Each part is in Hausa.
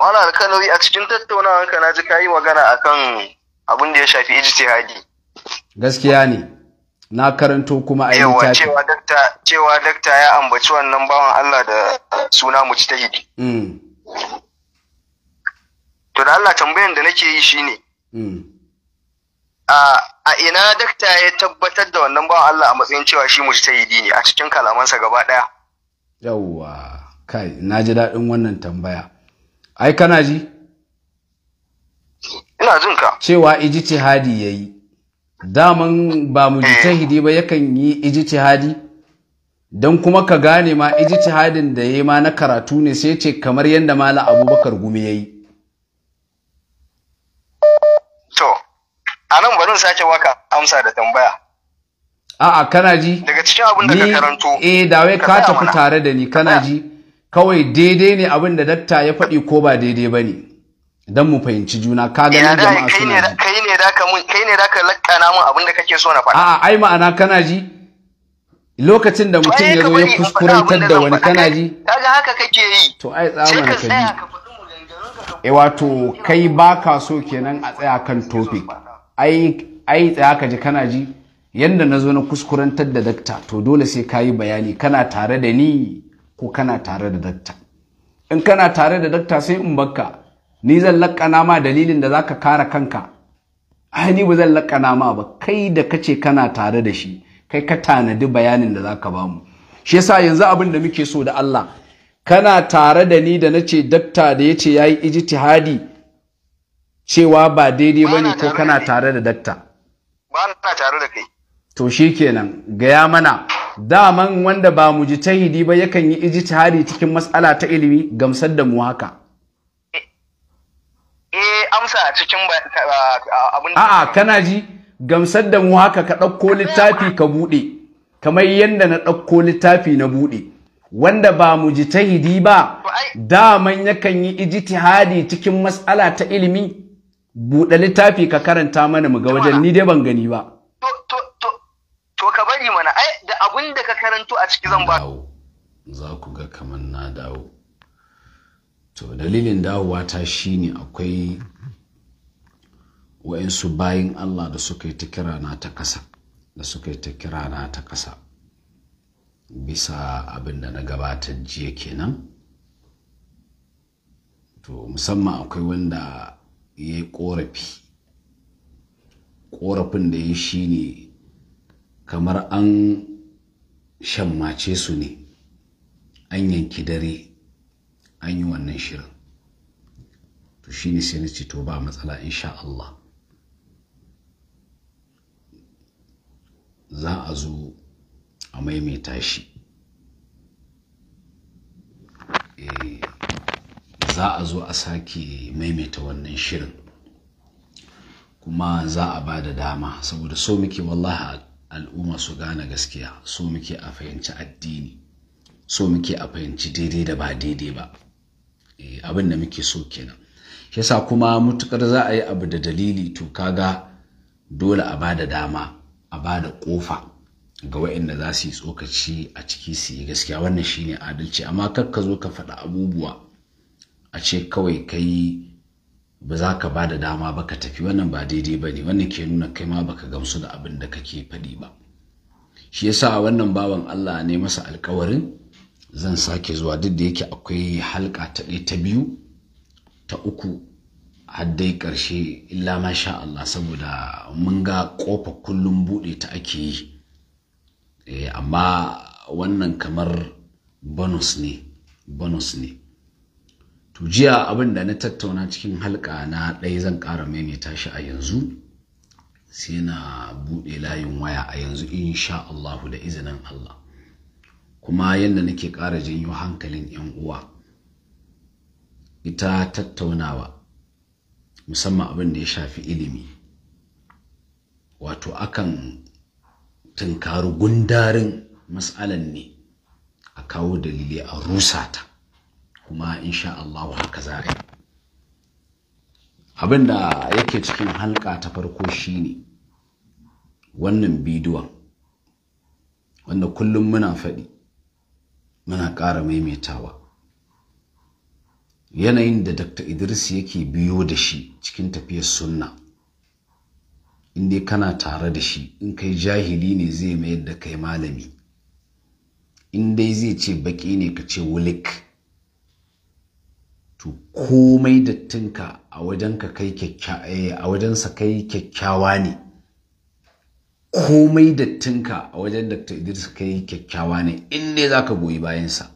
Mana alkanawi a cikin tattauna wanka na ji ka yi magana kan abin da ya shafi ijtihadi. Gaskiya ne. Na karanto kuma a yi cewa dakta cewa dakta ya ambaci wannan bawan Allah da suna mu ci ta hidi. Mm. To da Allah tambayan da nake yi shi ne. Mm. a ina dakta ya tabbatar da wannan bawan Allah a matsayin cewa shi mu ci ta hidi ne a cikin kalamansa gaba ɗaya. Yawwa, kai, na ji daɗin wannan tambaya. ai kana ji ina jin ka cewa ijtihadi yayi daman ba mujtahidi eh. ba yakan yi ijtihadi don kuma ka gane ma ijtihadin da yayi ma na karatu ne sai ce kamar yadda mala abubakar gumi yayi to anan in sake waka amsa da tambaya a'a kana ji daga cikin abin da ka karanto eh da wai ka tafi tare da ni kana eh. ji kawai daidai ne abin da dakta ya faɗi ko ba daidai ba ne don mu fahimci juna ka gani eh, jama'a suna kai ne da ka kai ne da ka lakkana mun abin da kake so na faɗa a'a ai ma'ana kana ji lokacin da mutum ya zo ya kuskurantar da wani kana ji kaga haka kake yi to ai tsama ka ji e wato kai baka so kenan a tsaya kan topic ai ai tsaya ka ji kana ji yanda na zo na kuskurantar da dakta to dole sai ka yi bayani kana tare da ni ko kana tare da dakta in kana tare da dakta sai in bakka ni zan lakkana ma dalilin da zaka kare kanka ai ni ba zan lakkana ma ba kai da kace kana tare da shi kai ka tanadi bayanin da zaka ba mu shi yasa yanzu abin da muke so da Allah kana tare da ni da nace dakta da yace yayi ijtihadi cewa ba daidai bane ko kana tare da dakta ba na tare da kai to shikenan gaya mana daman wanda ba mu ji tahidi ba yakan yi ijtihadi cikin matsala ta ilimi gamsar da mu haka eh, eh amsa cikin abin a'a kana ji gamsar da mu haka ka ɗauko littafi ka buɗe kamar yadda na ɗauko littafi na buɗe wanda ba mu ji tahidi ba daman yakan yi ijtihadi cikin matsala ta ilimi buɗe littafi ka karanta mana mu ga wajen ni dai ban gani ba karanto a ciki zan ba za ku ga kamar na dawo to dalilin dawowa ta shine akwai wa'insu bayan Allah da suka yi ta kira na ta kasa da suka yi ta kira na ta kasa bisa abin da na gabatar jiya kenan to musamman akwai wanda ya yi korafi korafin da ya shi ne kamar an shammace su ne an yanki dare an yi wannan shirin to shi ne sai na ce to ba matsala insha Allah za a zo a maimaita shi eh, za a zo a sake maimaita wannan shirin kuma za a ba da dama saboda so muke wallahi al'umma su gane gaskiya so muke a fahimci addini so muke a fahimci daidai da ba daidai ba eh, abin da muke so kenan yasa kuma mutukar za a yi abu da dalili to kaga dole a ba da dama a ba da kofa ga wa'inda za su yi tsokaci a ciki su yi gaskiya wannan shine adalci amma kar ka zo ka faɗa abubuwa a ce kawai kai ba za ka ba da dama ba ka tafi wannan ba daidai ba ne wannan ke nuna kai ma ba ka gamsu da abin da kake faɗi ba shi yasa wannan bawan Allah ne masa alkawarin zan sake zuwa duk da yake akwai halka ta ɗaya ta biyu ta uku haddai ƙarshe illa ma sha Allah saboda mun ga ƙofa kullum buɗe ta ake yi eh, amma wannan kamar bonus ne bonus ne to jiya abin da na tattauna cikin halka na ɗaya zan ƙara mai tashi a yanzu sai na buɗe layin waya a yanzu insha Allahu da izinin Allah kuma yadda nake ƙara janyo hankalin 'yan uwa ita tattaunawa musamman abin da ya shafi ilimi wato akan tunkaru gundarin matsalan ne a kawo dalilai a rusa ta kuma insha Allah haka za a yi abin da yake cikin halka ta farko shine wannan bidiyon wanda kullum muna faɗi muna ƙara maimaitawa yanayin da dr idris yake biyo da shi cikin tafiyar sunna inda kana tare da shi in kai jahili ne zai mayar da kai malami in dai zai ce baki ne ka ce wulik to komai dattinka a wajenka kai eh, a kai kyakkyawa ne komai dattinka a wajen Dr. Idris kai kyakkyawa ne in dai zaka goyi bayansa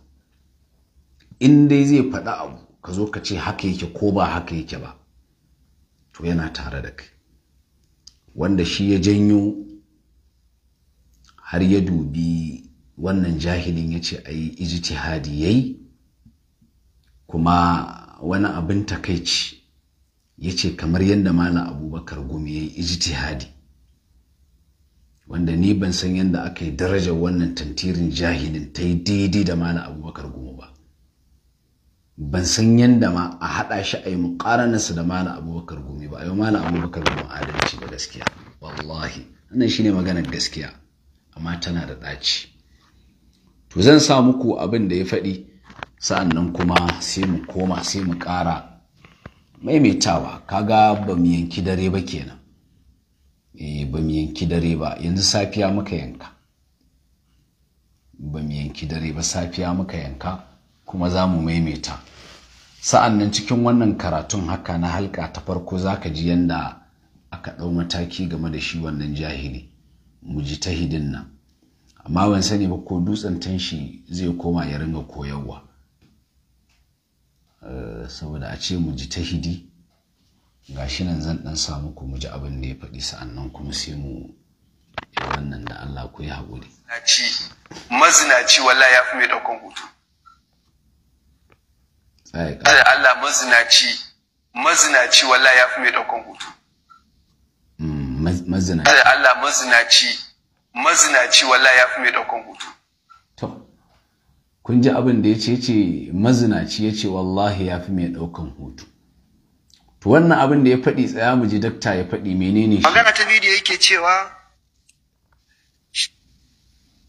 in dai zai faɗa abu ka zo ka ce haka yake ko ba haka yake ba to yana tare da kai wanda shi ya janyo har ya dubi wannan jahilin ya ce a yi ijtihadi yayi kuma wani abin takaici ya ce kamar yadda malam abubakar gumi ya yi ijtihadi wanda ni ban san yadda aka yi darajar wannan tantirin jahilin ta yi daidai da malam abubakar gumi ba ban san yadda ma a haɗa shi a yi muƙaranarsa da malam abubakar gumi ba a yi malam abubakar gumi adalci da gaskiya wallahi wannan ne maganar gaskiya amma tana da ɗaci to zan sa muku abin da ya faɗi sa'annan kuma sai mu koma sai mu ƙara maimaitawa kaga ba mu yanki dare ba kenan eh ba mu yanki dare ba yanzu safiya muka yanka ba mu yanki dare ba safiya muka yanka kuma za mu maimaita sa'annan cikin wannan karatun haka na halka ta farko za ka ji yadda aka ɗau mataki game da shi wannan jahili mu ji ta hidin nan amma ban sani ba ko dutsen tanshi zai koma ya ringa koyarwa Eh, saboda a ce mu ji ta hidi ga shi nan zan dan samu ku mu ji abin da ya faɗi sa'annan kuma sai mu wannan da Allah ku yi haƙuri. Mazinaci wala ya fi mai ɗaukan hutu. Kada Allah mazinaci mazinaci wala ya fi mai ɗaukan hutu. Mm, mazinaci. Kada Allah mazinaci mazinaci wala ya fi mai ɗaukan hutu. kun ji abin da ya ce ce mazinaci ya ce wallahi ya fi mai ɗaukan hutu to wannan abin da ya faɗi tsaya mu ji dakta ya faɗi menene shi magana ta bidiyo yake cewa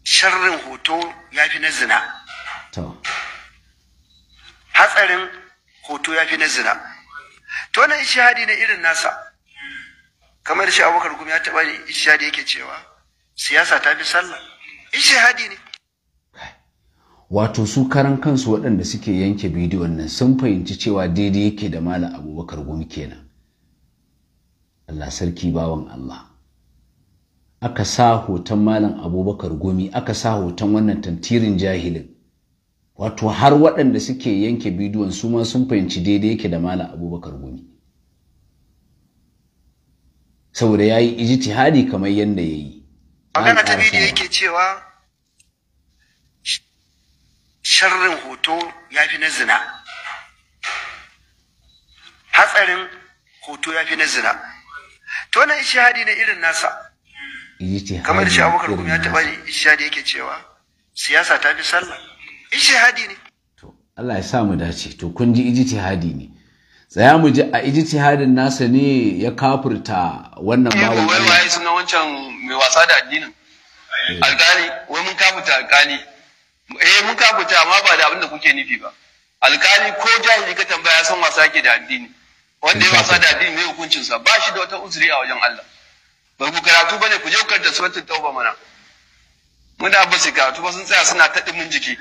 sharrin hoto ya fi na zina hatsarin hoto ya fi na zina to wannan ishihadi na irin nasa kamar shi abokan kuma ya taɓa ishihadi yake cewa siyasa ta fi sallah ishihadi ne wato su karan kansu waɗanda suke yanke bidiyon nan sun fahimci cewa daidai yake da malam abubakar gumi kenan allah sarki bawan allah aka sa hoton malam abubakar gumi aka sa hoton wannan tantirin jahilin wato har waɗanda suke yanke bidiyon su ma sun fahimci daidai yake da malam abubakar gumi saboda ya yi ijtihadi kamar yadda ya yi magana ta sharrin hoto ya fi na zina hatsarin hoto ya fi na zina to wannan ishihadi ne irin nasa kamar shi abubakar kuma ya taɓa yi ishihadi yake cewa siyasa ta fi sallah ishihadi ne to Allah ya sa mu dace to kun ji ijtihadi ne tsaya mu ji a ijtihadin nasa ne ya kafurta wannan eh, bawan Allah wai wai suna wancan mai wasa da addinin eh. alƙali wai mun kafuta alƙali eh mun kafirta amma ba da abin da kuke nufi ba alkali ko jahili ka tambaya san wasa ke da addini wanda ya wasa da addini mai hukuncin sa ba shi da wata uzuri a wajen Allah ba ku karatu bane ku je ku karanta suratul tauba mana mun da ba su karatu ba sun tsaya suna ta mun jiki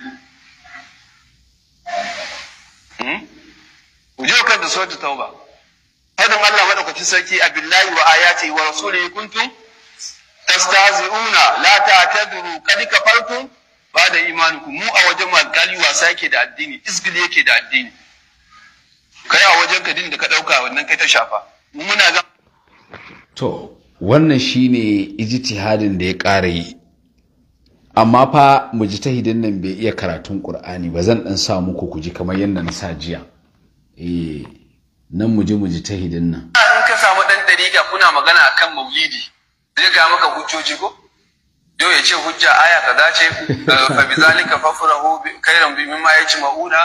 hmm? ku je ku karanta suratul tauba hadin Allah madaukakin sarki billahi wa ayati wa rasulihi kuntum tastazi'una la ta'tadiru kad kafartum ba da imanikum mu a wajen magali wasa yake da addini izgili yake da addini kai a wajen ka da ka dauka wannan kai ta shafa mu muna ga to wannan shine ijtihadin da ya ƙara yi amma fa mujtahidin nan bai iya karatun qur'ani ba zan dan sa muku ku ji kamar yanda na sa jiya eh nan mu ji mujtahidin nan in ka samu dan dariga kuna magana akan maulidi zai ga maka hujjoji ko yau ya ce hujja aya ta dace eh, fa bi zalika fafrahu kairan bi mimma ma'una.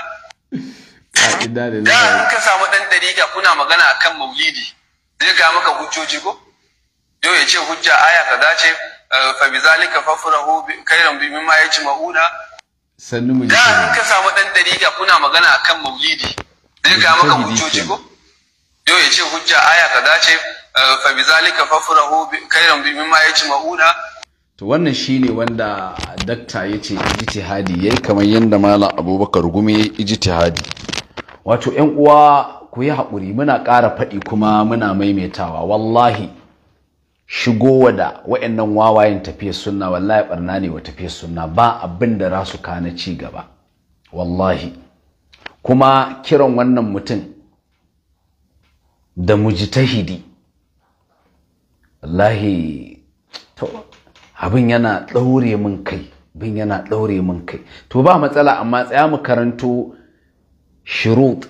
da ka samu dan dariƙa kuna magana akan maulidi zai ga maka hujjoji ko yau ya ce hujja aya ta dace eh, fa bi zalika fafrahu kairan bi mimma ma'una. sannu mu da in ka samu dan dariƙa kuna magana akan maulidi zai ga maka hujjoji ko yau ya ce hujja aya ta dace eh, fa bi zalika fafrahu kairan bi mimma ma'una. to wannan shine wanda dakta ya ce ijtihadi yi kamar yadda malam abubakar gumi ya ijtihadi wato yan uwa ku yi haƙuri muna ƙara faɗi kuma muna maimaitawa wallahi shigowa da wa'annan wawayen tafiya sunna wallahi barna ne wa tafiya sunna ba abin da za su kana ci gaba wallahi kuma kiran wannan mutum da mujtahidi wallahi abin yana ɗaure min kai abin yana ɗaure min kai to ba matsala amma tsaya mu karanto shirut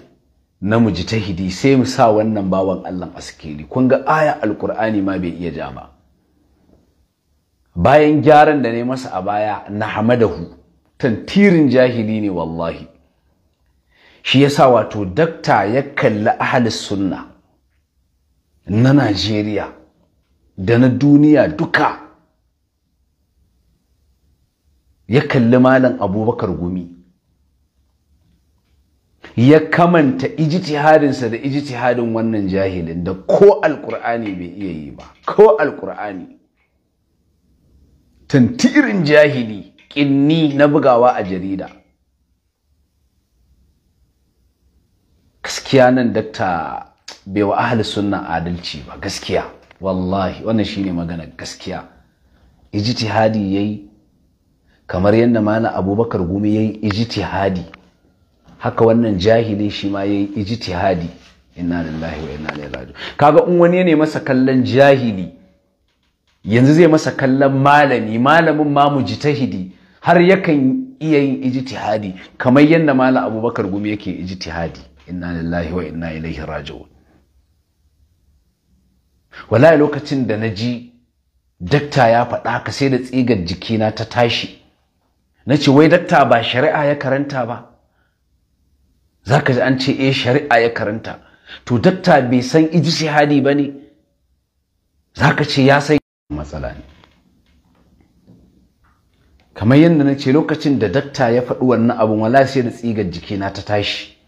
na hidi sai mu sa wannan bawan Allah askeli kun ga aya alkur'ani ma bai iya ja ba bayan gyaran da ne masa a baya na hamadahu tantirin jahili ne wallahi shi yasa wato dakta ya kalli ahalis sunna na Najeriya da na duniya duka ya kalli malam abubakar gumi ya kamanta ijtihadinsa da ijtihadin wannan jahilin da ko alkur'ani bai iya yi ba ko alkur'ani tantirin jahili ƙinni na bugawa a jarida gaskiya nan dakta bai wa ahli sunna adalci ba gaskiya wallahi wannan shine magana gaskiya ijtihadi yayi kamar yadda mana abubakar gumi ya yi ijtihadi haka wannan jahilin shi ma ya yi ijtihadi inna lillahi wa inna ilaihi raji'un kaga in wani ne masa kallon jahili yanzu zai masa kallon malami malamin ma mujtahidi har yakan iya yin ijtihadi kamar yadda mala abubakar gumi yake ijtihadi inna lillahi wa inna ilaihi raji'un wallahi lokacin da na ji dakta ya faɗa ka sai da tsigar jikina ta tashi na ce wai datta ba shari'a ya karanta ba za ka ji an ce eh shari'a ya karanta to datta bai san ijtihadi ba ne za ka ce ya san matsala ne kamar yadda na ce lokacin da dakta ya faɗi wannan abin wala sai da tsigar jikina ta tashi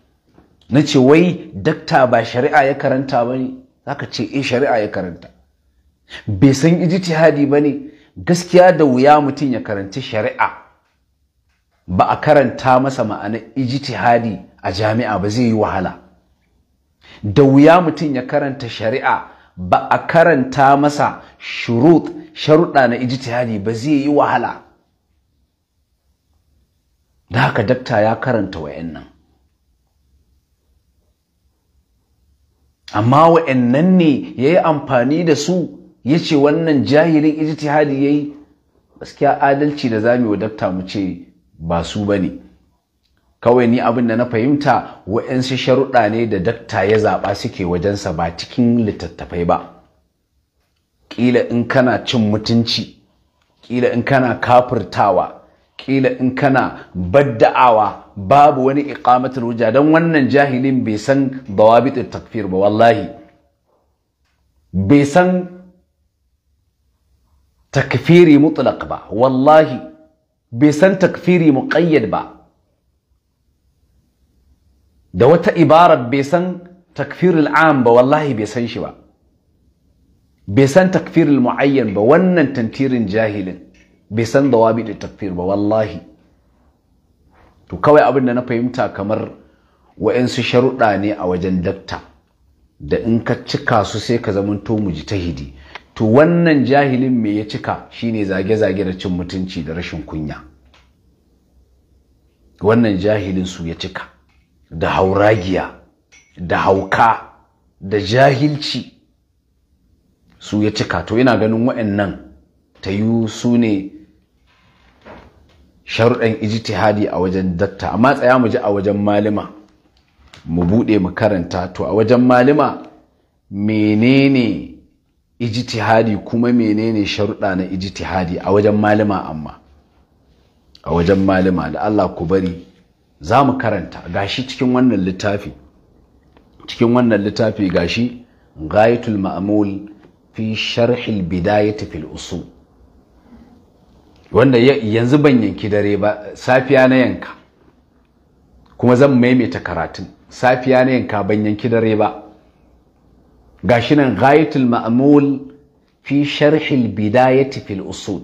na ce wai dakta ba shari'a ya karanta ba ne za ka ce eh shari'a ya karanta bai san ijtihadi ba ne gaskiya da wuya mutum ya karanci shari'a ba a karanta masa ma'anar ijtihadi a jami'a ba zai yi wahala da wuya mutum ya karanta shari'a ba a karanta masa shurut sharuɗa na ijtihadi ba zai yi wahala da haka dakta ya karanta nan amma nan ne ya yi amfani da su ya ce wannan jahilin ijtihadi ya yi gaskiya adalci da zami wa dakta mu ce ba su ba ne kawai ni abin da na fahimta wa'yansu sharuɗa ne da dakta ya zaɓa suke wajensa ba cikin littattafai ba ƙila in kana cin mutunci ƙila in kana kafirtawa ƙila in kana badda'awa babu wani iƙamatar wuja don wannan jahilin bai san dawabitul takfir ba wallahi bai san takfiri mutlaq ba wallahi bai san takfiri muƙayyad ba da wata ibarar bai san takfirul am ba wallahi bai san shi ba bai san takfirul muayyan ba wannan tantirin jahilin bai san dawabi da takfir ba wallahi to kawai abin da na fahimta kamar wa'yansu sharuɗa ne a wajen dakta da in ka cika su sai ka zamanto hidi to wannan jahilin me ya cika shine zage-zage da cin mutunci da rashin kunya wannan jahilin su ya cika da hauragiya da hauka da jahilci su ya cika to ina ganin waɗannan ta yi su ne sharuɗan ijtihadi a wajen datta amma tsaya mu ji a wajen malima mu buɗe mu karanta to a wajen malima menene ijtihadi kuma menene sharuɗa na ijtihadi a wajen malama amma a wajen malama da Allah ku bari za mu karanta gashi cikin wannan littafi cikin wannan littafi gashi ghayatul ma'mul fi sharhil bidayati fil usul wanda yanzu ban yanki dare ba safiya na yanka kuma zan maimaita karatun safiya na yanka ban yanki dare ba gashi nan ghayatul Ma'amul fi sharhil bidayati fil usul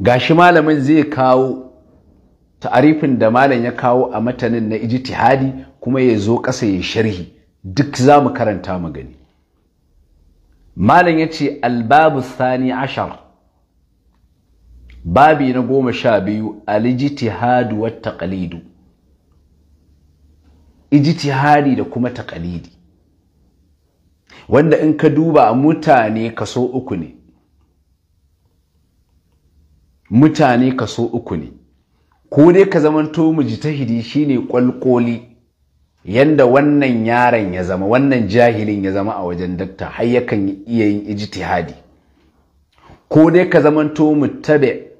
gashi malamin zai kawo ta'arifin da malam ya kawo a matanin na ijtihadi kuma ya zo ƙasa ya sharhi duk za mu karanta mu gani malam ya ce albabu sani ashar babi na goma sha biyu alijtihadu wat taqlidu ijtihadi da kuma taqlidi wanda in ka duba mutane kaso uku ne mutane kaso uku ne ko dai ka zamanto mujtahidi shine kwalkoli yanda wannan yaron ya zama wannan jahilin ya zama a wajen datta, har yakan iya yin ijtihadi ko dai ka zamanto muttabi'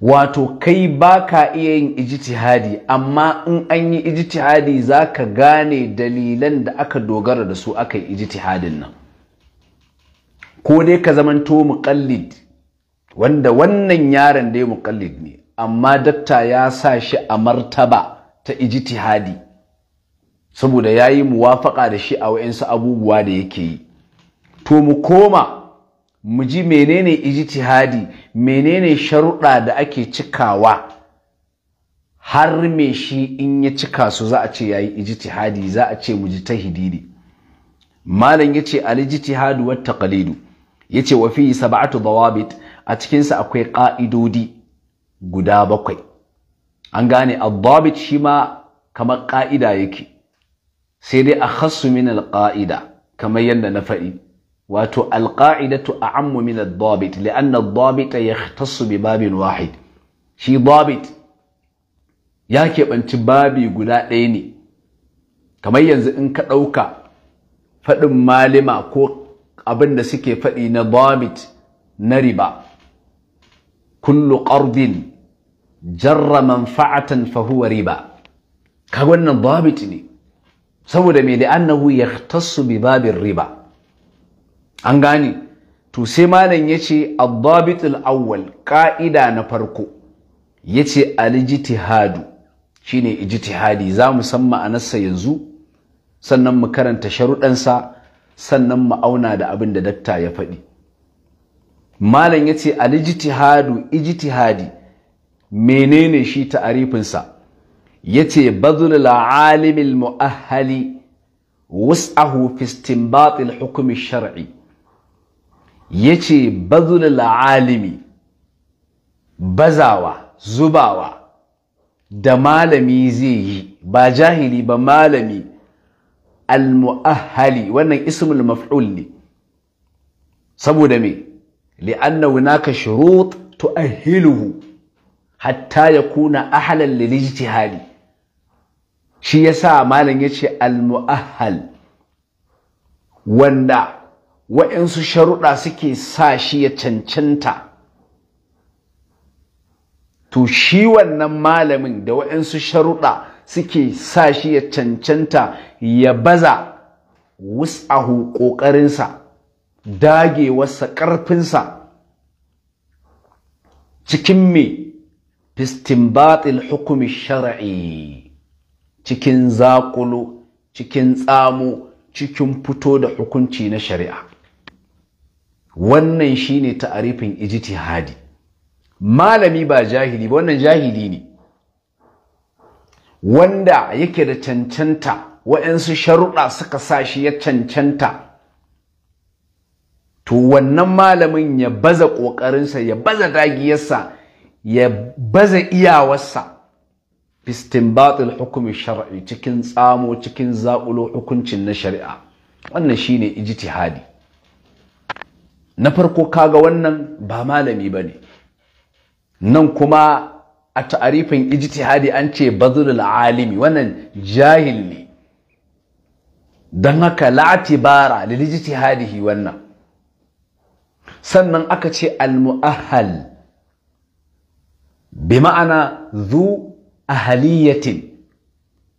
wato kai baka iya yin ijtihadi amma in an yi ijtihadi zaka gane dalilan da aka dogara da su aka yi ijtihadin nan ko dai ka zamanto muqallid wanda wannan yaron dai muqallid ne amma datta ya sa shi a martaba ta ijtihadi saboda yayi muwafaƙa da shi a wayansu abubuwa da yake yi to mu koma mu ji menene ijtihadi menene sharuɗa da ake cikawa har me shi in ya cika su za a ce yayi ijtihadi za a ce mujtahidi ne malam yace al ijtihadu wat taqlidu yace wa fi sab'atu dawabit a cikin sa akwai ƙa'idodi guda bakwai an gane ad-dabit shi ma kamar ƙa'ida yake sai dai a min al-qa'ida kamar yadda na faɗi wato alƙa'idatu a ammu min al-dabit li'anna al-dabit yahtassu bi babin wahid shi dabit ya keɓanci babi guda ɗaya ne kamar yanzu in ka ɗauka faɗin malima ko abin da suke faɗi na dabit na riba kullu ƙardin jarra manfa'atan fahuwa riba ka wannan dabit ne saboda mai da annahu yahtassu bi babin riba an gane to sai malam ya ce al awwal ƙa'ida na farko ya ce alijitihadu shine ijitihadi za mu san ma'anarsa yanzu sannan mu karanta sharuɗansa sannan mu auna da abin da dakta ya faɗi malam ya ce alijitihadu ijitihadi menene shi ta'arifinsa ya ce bazulul alimil mu'ahali wasu ahu fistin batil hukumin shar'i ya ce alimi bazawa zubawa da malami zai yi ba jahili ba malami almu'ahali wannan ismul maf'ul ne saboda me li'anna hunaka shurut tu'ahhiluhu hatta ya kuna lil ijtihadi shi yasa malam yace ce almu'ahal wanda wa'insu sharuɗa suke sa shi ya cancanta to shi wannan malamin da wa'insu sharuɗa suke sa shi ya cancanta ya baza wus'ahu ƙoƙarinsa dagewarsa ƙarfinsa cikin me fistimbatil hukumi shari'i cikin zaƙulo cikin tsamo cikin fito da hukunci na shari'a wannan shine ta'arifin ijtihadi malami ba jahili ba wannan jahili ne wanda yake da cancanta wa'ansu sharuɗa suka sa shi ya cancanta to wannan malamin ya baza ƙoƙarinsa ya baza dagiyarsa ya baza iyawarsa istinbatul hukumi shar'i cikin tsamo cikin zaƙulo hukuncin na shari'a wannan shine ijtihadi na farko kaga wannan ba malami ba ne nan kuma a ta'arifin ijtihadi an ce bazulul alimi wannan jahil ne don haka la'atibara lil ijtihadihi wannan sannan aka ce almu'ahal bi ma'ana zu ahaliyatin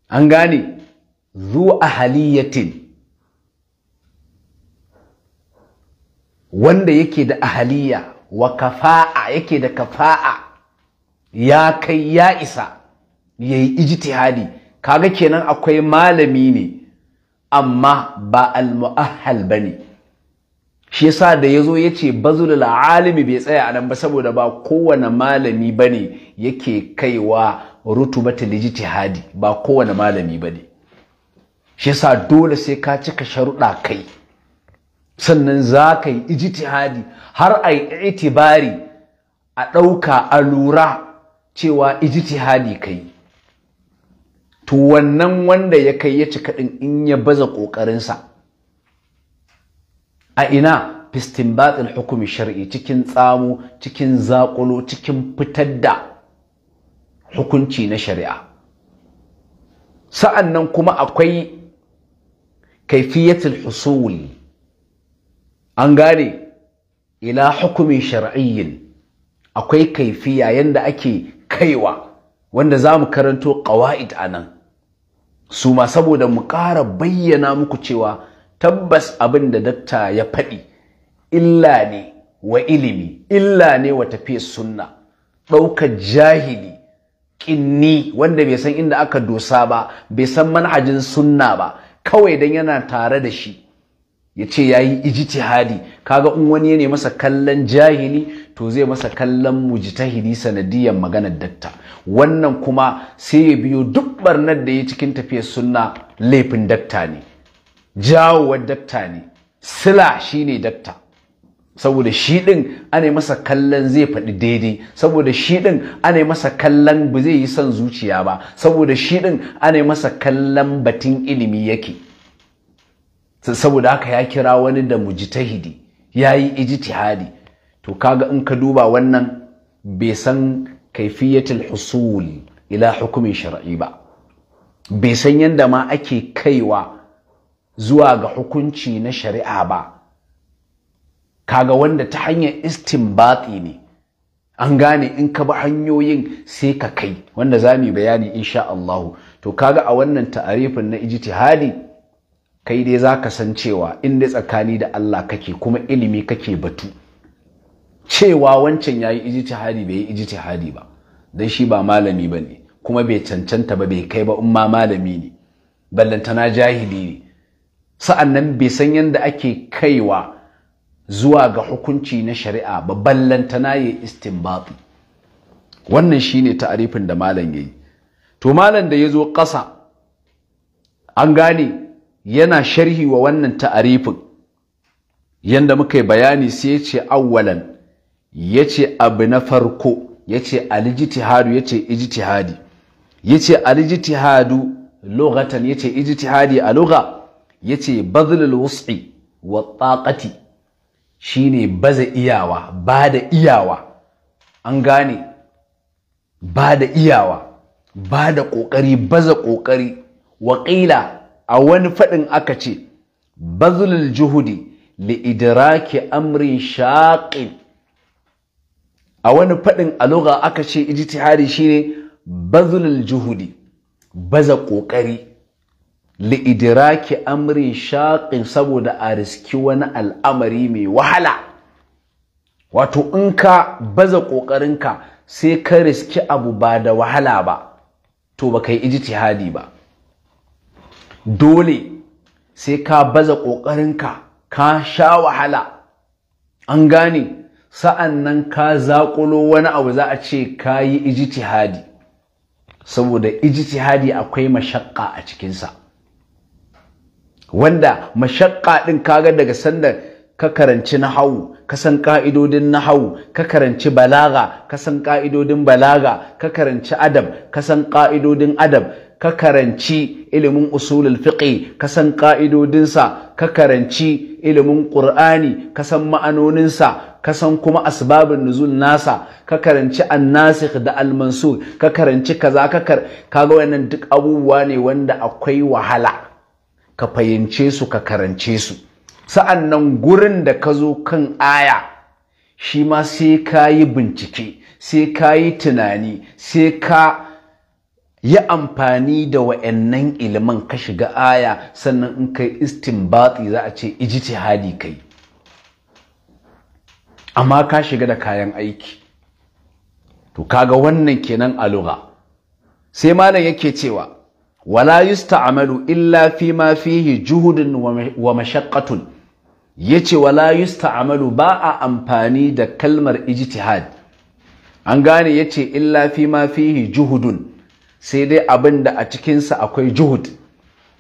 an gane zu ahaliyatin wanda yake da ahaliya wa kafa'a yake da kafa'a ya kai ya isa ya yi ijtihadi kaga kenan akwai malami ne amma ba al-mu'ahhal bane shi yasa da yazo yace al alimi bai tsaya a nan ba saboda ba kowane malami bane yake kaiwa rutubatul ijtihadi ba kowane malami bane shi yasa dole sai ka cika sharuɗa kai sannan za ka yi ijtihadi har a yi itibari a ɗauka a lura cewa ijtihadi ka yi to wannan wanda ya kai ya cika ɗin in ya baza ƙoƙarinsa a ina fistin batin hukumi shari'i cikin tsamo cikin zaƙulo cikin fitar da hukunci na shari'a sa'an nan kuma akwai kaifiyatul husuli an gane ila hukumin shar'iyyin akwai kaifiya yanda ake kaiwa wanda za mu karanto ƙawa'id a nan su ma saboda mu ƙara bayyana muku cewa tabbas abin da dakta ya faɗi illa ne wa ilimi illa ne wa tafiyar sunna ɗaukar jahili ƙinni wanda bai san inda aka dosa ba bai san manhajin sunna ba kawai don yana tare da shi ya ce ya yi ijtihadi kaga in wani ya ne masa kallon jahili to zai masa kallon mujtahidi sanadiyar maganar datta wannan kuma sai ya biyo duk barnar da ya cikin tafiyar sunna laifin datta ne jawowar datta ne sila shi ne datta saboda shi ɗin ana masa kallon zai faɗi daidai saboda shi ɗin ana masa kallon ba zai yi son zuciya ba saboda shi ɗin ana masa kallon batun ilimi yake saboda haka ya kira wani da mujtahidi ya yi ijtihadi to kaga in ka duba wannan bai san kaifiyatul husul ila hukumin shar'i ba bai san yadda ma ake kaiwa zuwa ga hukunci na shari'a ba kaga wanda ta hanyar istin istinbati ne an gane in ka bi hanyoyin sai ka kai wanda za mu yi bayani insha Allah to kaga a wannan ta'arifin na ijtihadi kai dai za ka san cewa in dai tsakani da Allah kake kuma ilimi kake batu cewa wancan ya yi ijtihadi bai yi ijtihadi ba dan shi ba malami ba ne kuma bai cancanta ba bai kai ba in ma malami ne ballantana jahili ne sa'an nan bai san yadda ake kaiwa zuwa ga hukunci na shari'a ba ballantana ya istinbati wannan shine ta'arifin da malam ya yi. to malam da ya zo ƙasa an gane yana sharhi wa wannan ta'arifin yanda muka yi bayani sai ya ce awwalan ya ce abu na farko ya ce alijitihadu ya ce ijtihadi ya ce alijitihadu lughatan ya ce ijtihadi a lugha ya ce bazlul wus'i wa taqati shine baza iyawa ba iyawa an gane Bada iyawa Bada da ƙoƙari baza ƙoƙari waƙila a wani faɗin aka ce bazulul juhudi li idraki amrin shaqin a wani faɗin a lugha aka ce ijtihadi shine bazulul juhudi baza ƙoƙari li idraki amrin shaqin saboda a riski wani al'amari mai wahala wato in ka baza ƙoƙarinka sai ka riski abu ba da wahala ba to baka yi ijtihadi ba dole sai ka baza ƙoƙarinka ka ka sha wahala an gane sa'an nan ka zaƙulo wani abu za a ce ka yi ijtihadi saboda ijtihadi akwai mashakka a cikinsa wanda mashakka ɗin kaga daga sanda ka karanci hau ka san ka'idodin hau ka karanci balaga ka san ka'idodin balaga ka karanci adab ka san ka'idodin adab ka karanci ilimin usulul fiqi ka san ka'idodinsa ka karanci ilimin qur'ani ka san ma'anoninsa ka san kuma asbabun nuzul nasa ka karanci annasikh da almansur ka karanci kaza ka kaga wannan duk abubuwa ne wanda akwai wahala ka fahimce su ka karance su sa'annan gurin da ka zo kan aya shi ma sai ka yi bincike sai ka yi tunani sai ka yi amfani da wa'annan iliman ka shiga aya sannan in kai istinbati za a ce ijtihadi kai amma ka shiga da kayan aiki to kaga wannan kenan a lugha sai malam yake cewa wala yusta'malu illa fi ma fihi juhudun wa mashaqqatun yace wala yusta'malu ba a amfani da kalmar ijtihad an gane yace illa fi ma fihi juhudun sai dai abin da a cikinsa akwai juhud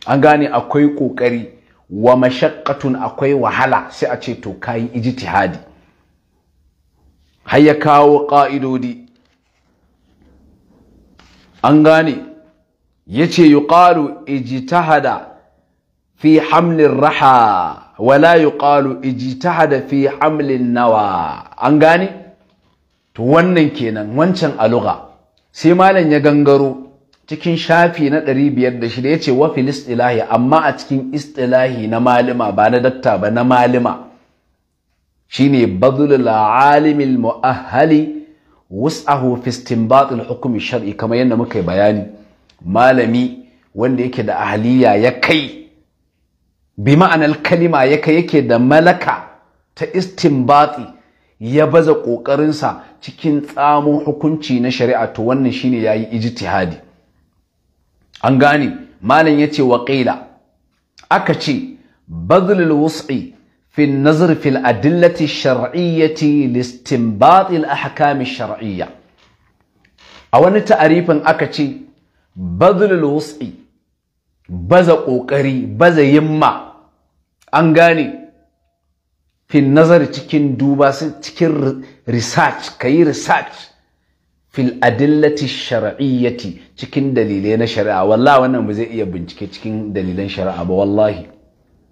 an gane akwai ƙoƙari wa mashakkatun akwai wahala sai a ce to kayi ijtihadi har ya kawo ƙa'idodi an gane ya ce iji ijtihada fi hamlin raha wala iji ijtihada fi hamlin nawa an gane to wannan kenan wancan aluga sai malam ya gangaro cikin shafi na ɗari 506 ce wa filistilahi amma a cikin istilahi na malima ba na datta ba na malima shine ne alim alimil muahhali wus'ahu fi shar'i kamar yadda muka yi bayani malami wanda yake da ahaliyya ya kai bi ma'anar kalima ya kai yake da malaka ta istinbati ya baza ƙoƙarinsa cikin tsamo hukunci na shari'a to wannan shine yi ijtihadi an gane malam ya ce waƙila aka ce bazilil wus'i fi nazar fil adillati shar'iyyati listinbatil ahkami shar'iyya a wani ta'arifin aka ce bazilil wus'i baza ƙoƙari baza yamma. an gane fi nazar cikin duba cikin research kayi research fil adillati shar'iyyati cikin dalilai na shari'a wallahi wannan ba zai iya bincike cikin dalilan shari'a ba wallahi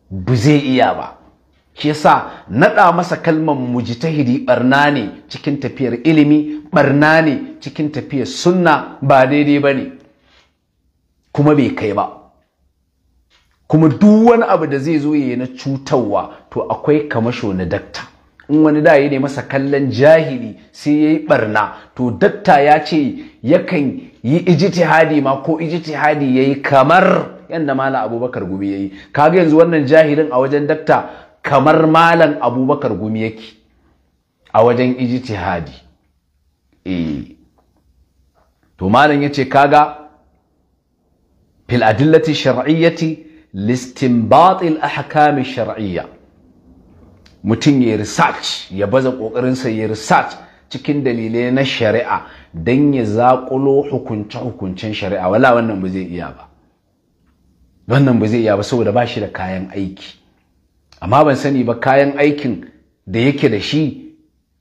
ba zai iya ba shi yasa naɗa masa kalmar mujtahidi barna ne cikin tafiyar ilimi barna ne cikin tafiyar sunna ba daidai bane kuma bai kai ba kuma duk wani abu da zai zo yi na cutarwa to akwai kamasho na dakta in wani da ya ne masa kallon jahili sai ya yi barna to datta ya ce yakan yi ijtihadi ma ko ijtihadi ya yi kamar yadda malam abubakar gumi ya yi kaga yanzu wannan jahilin a wajen datta kamar malam abubakar gumi yake a wajen ijtihadi eh to malam yace kaga fil adillati shar'iyyati batil a ahkam shar'iyya mutum ya research ya baza kokarinsa ya research cikin dalilai na shari'a don ya zaƙulo hukunce-hukuncen shari'a wala wannan ba zai iya ba wannan ba zai iya ba saboda ba shi da kayan aiki amma ban sani ba kayan aikin da yake da shi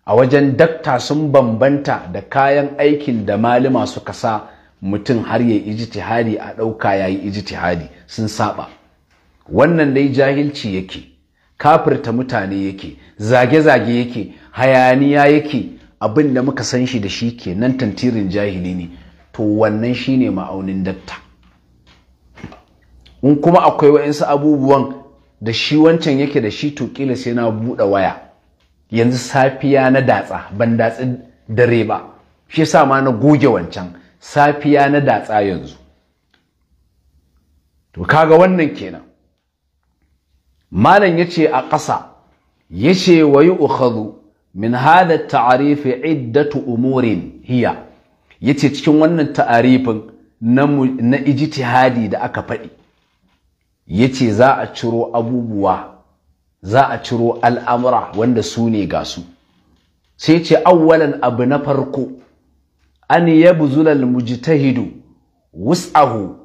a wajen dakta sun bambanta da kayan aikin da maluma suka sa mutum har ya ijtihadi a ɗauka ya yi ijtihadi sun saba wannan dai jahilci yake kafirta mutane yake zage-zage yake hayaniya yake abin da muka san shi da shi ke nan tantirin jahili ne to wannan shi ne ma'aunin datta in kuma akwai wa'insu abubuwan da shi wancan yake da shi to kila sai na buɗe waya yanzu safiya na datsa ban datsi dare ba shi sa ma na goge wancan safiya na datsa yanzu to kaga wannan kenan malam yace a ƙasa yace wa yu'khadhu min hada ta'arif iddatu umurin hiya yace cikin wannan tarifin na na ijtihadi da aka faɗi yace za a ciro abubuwa za a ciro al'amura wanda su ne ga su sai ce awwalan abu na farko an yabzula al-mujtahidu wus'ahu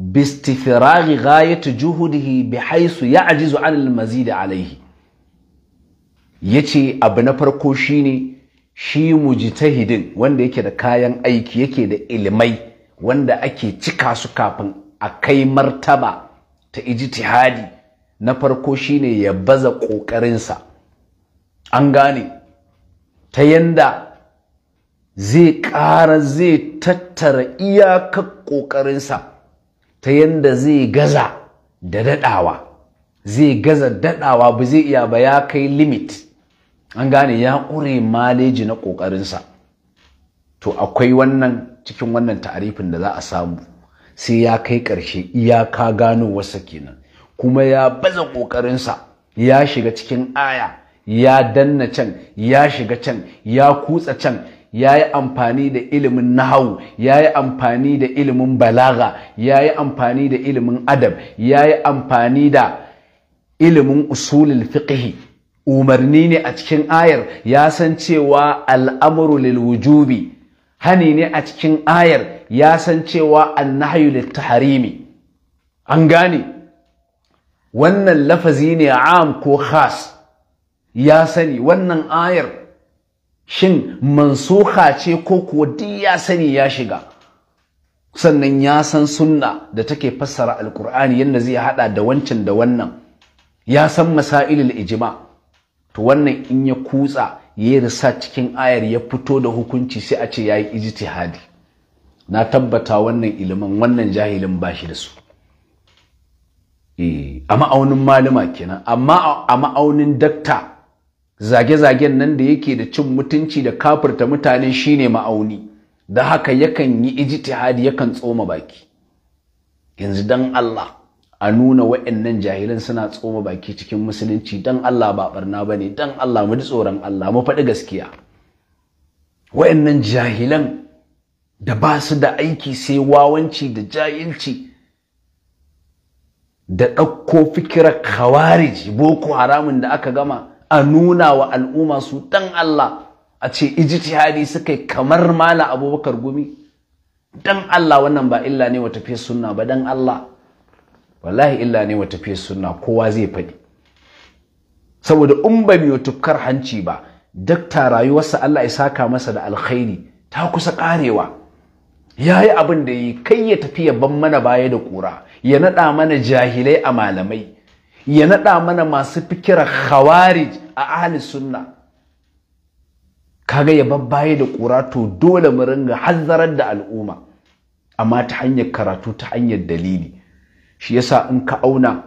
باستفراغ غاية جهده بحيث يعجز عن المزيد عليه yace abu na farko shine shi mujtahidin wanda yake da kayan aiki yake da ilmai wanda ake cika su kafin a kai martaba ta ijtihadi na farko shine ya baza ƙoƙarinsa an gane ta yanda zai ƙara zai tattara iyakar ƙoƙarinsa ta yanda zai gaza da daɗawa zai gaza daɗawa ba zai iya ba ya kai limit an gane ya ƙure maleji na ƙoƙarinsa to akwai wannan cikin wannan ta'arifin da za a samu sai ya kai ƙarshe ka iyaka ganowarsa kenan kuma ya baza ƙoƙarinsa ya shiga cikin aya ya danna can ya shiga can ya kutsa can ya yi amfani da ilimin nahawu ya yi amfani da ilimin balaga ya yi amfani da ilimin adab ya yi amfani da ilimin usulul fiqhi umarni ne a cikin ayar ya san cewa al'amuru lil wujubi hani ne a cikin ayar ya san cewa annahyu lit tahrimi an gane wannan lafazi ne am ko khas ya sani wannan ayar shin mansuha ce ko kuwa duk ya sani ya shiga sannan ya san sunna da take fassara alkur'ani yadda zai hada da wancan da wannan ya san masailul ijima to wannan in ya kutsa ya yi risa cikin ayar ya fito da hukunci sai a ce ya yi ijtihadi na tabbata wannan ilimin wannan jahilin ba shi da su eh, a ma'aunin malama kenan amma a ma'aunin dakta zage-zagen nan da yake da cin mutunci da kafirta mutane shine ma'auni da haka yakan yi ijtihadi yakan tsoma baki yanzu dan Allah a nuna wa'annan jahilan suna tsoma baki cikin musulunci dan Allah ba barna ba ne. dan Allah mu ji tsoron Allah mu faɗi gaskiya wa'annan jahilan da ba su da aiki sai wawanci da jahilci da ɗauko fikirar khawarij boko haramun da aka gama a nuna wa al'umma su dan Allah a ce ijtihadi suka yi kamar mala abubakar gumi dan Allah wannan ba illa ne wa tafiya sunna ba dan Allah wallahi illa ne wa tafiya sunna kowa zai faɗi saboda in ba mai tufkar hanci ba dakta rayuwarsa Allah ya saka masa da alkhairi ta kusa karewa ya yi abin da yi kai ya tafi ya ban mana baya da kura ya naɗa mana jahilai a malamai ya naɗa mana masu fikira khawarij a ahli sunna kaga ya babbaye da ƙura to dole mu ringa hazzarar da al'umma amma ta hanyar karatu ta hanyar dalili shi yasa in ka auna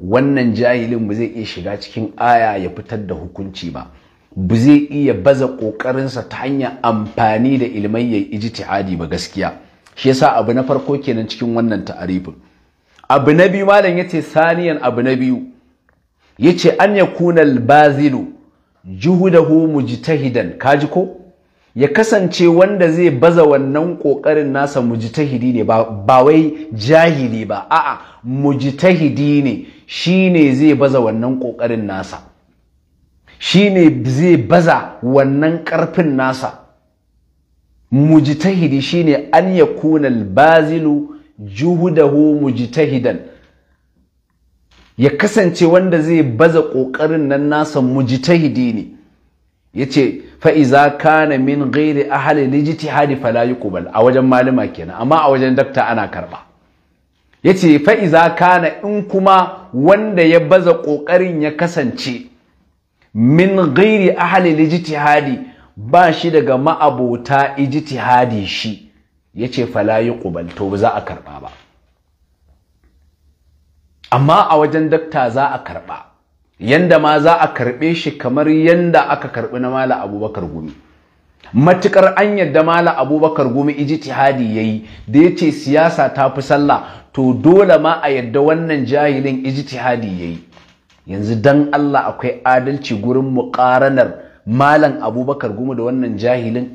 wannan jahilin ba zai iya shiga cikin aya ya fitar da hukunci ba ba zai iya baza ƙoƙarinsa ta hanyar amfani da ilmai ya ijtihadi ba gaskiya shi yasa abu na farko kenan cikin wannan ta'arifin abu na biyu malam ya ce saniyan abu na biyu Ya ce an ya kuna albazilu juhudahu mujtahidan kaji ko ya kasance wanda zai baza wannan kokarin nasa mujtahidi ne ba wai jahili ba a'a mujtahidi ne shine zai baza wannan kokarin nasa shine zai baza wannan karfin nasa mujtahidi shine an ya kuna albazilu juhudahu mujtahidan ya kasance wanda zai baza kokarin nan nasa mujtahidi ne yace fa iza kana min ghairi ahli lijtihadi fala yuqbal a wajen malama kenan amma a wajen dakta ana karba yace fa iza kana in kuma wanda ya baza kokarin ya kasance min ghairi ahli lijtihadi ba shi daga ma'abota ijtihadi shi yace fala ƙubal to za a karɓa ba amma a wajen dakta za a karɓa, yanda ma za a karɓe shi kamar yadda aka karɓi na mala abubakar gumi matukar an yadda mala abubakar gumi ijtihadi yi, da ya ce siyasa ta fi sallah to dole ma a yadda wannan jahilin ijtihadi yi. yanzu dan Allah akwai adalci gurin muƙaranar malam abubakar gumi da wannan jahilin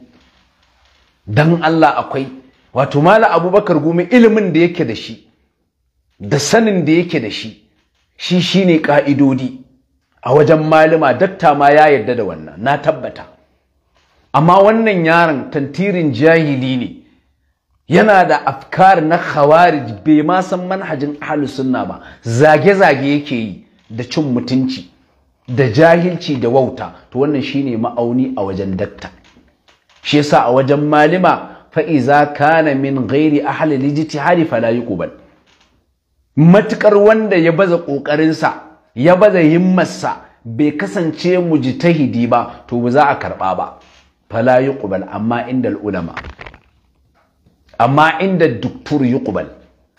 dan Allah akwai wato mala abubakar gumi ilimin da yake da shi da sanin da yake da shi shi shi ne ka'idodi a wajen malima dakta ma ya yarda da wannan na tabbata amma wannan yaron tantirin jahili ne yana da afkar na khawarij bai ma san manhajin ahlus sunna ba zage-zage yake yi da cin mutunci da jahilci da wauta to wannan shine ma'auni a wajen dakta shi yasa a wajen malima Fa'iza iza kana min ghairi ahli hari fala yuqbal matukar wanda ya baza ƙoƙarinsa, ya baza himmarsa bai kasance mu mujtahidi ba to ba za a karɓa ba fala yuqbal amma inda ulama amma inda duktur yuqbal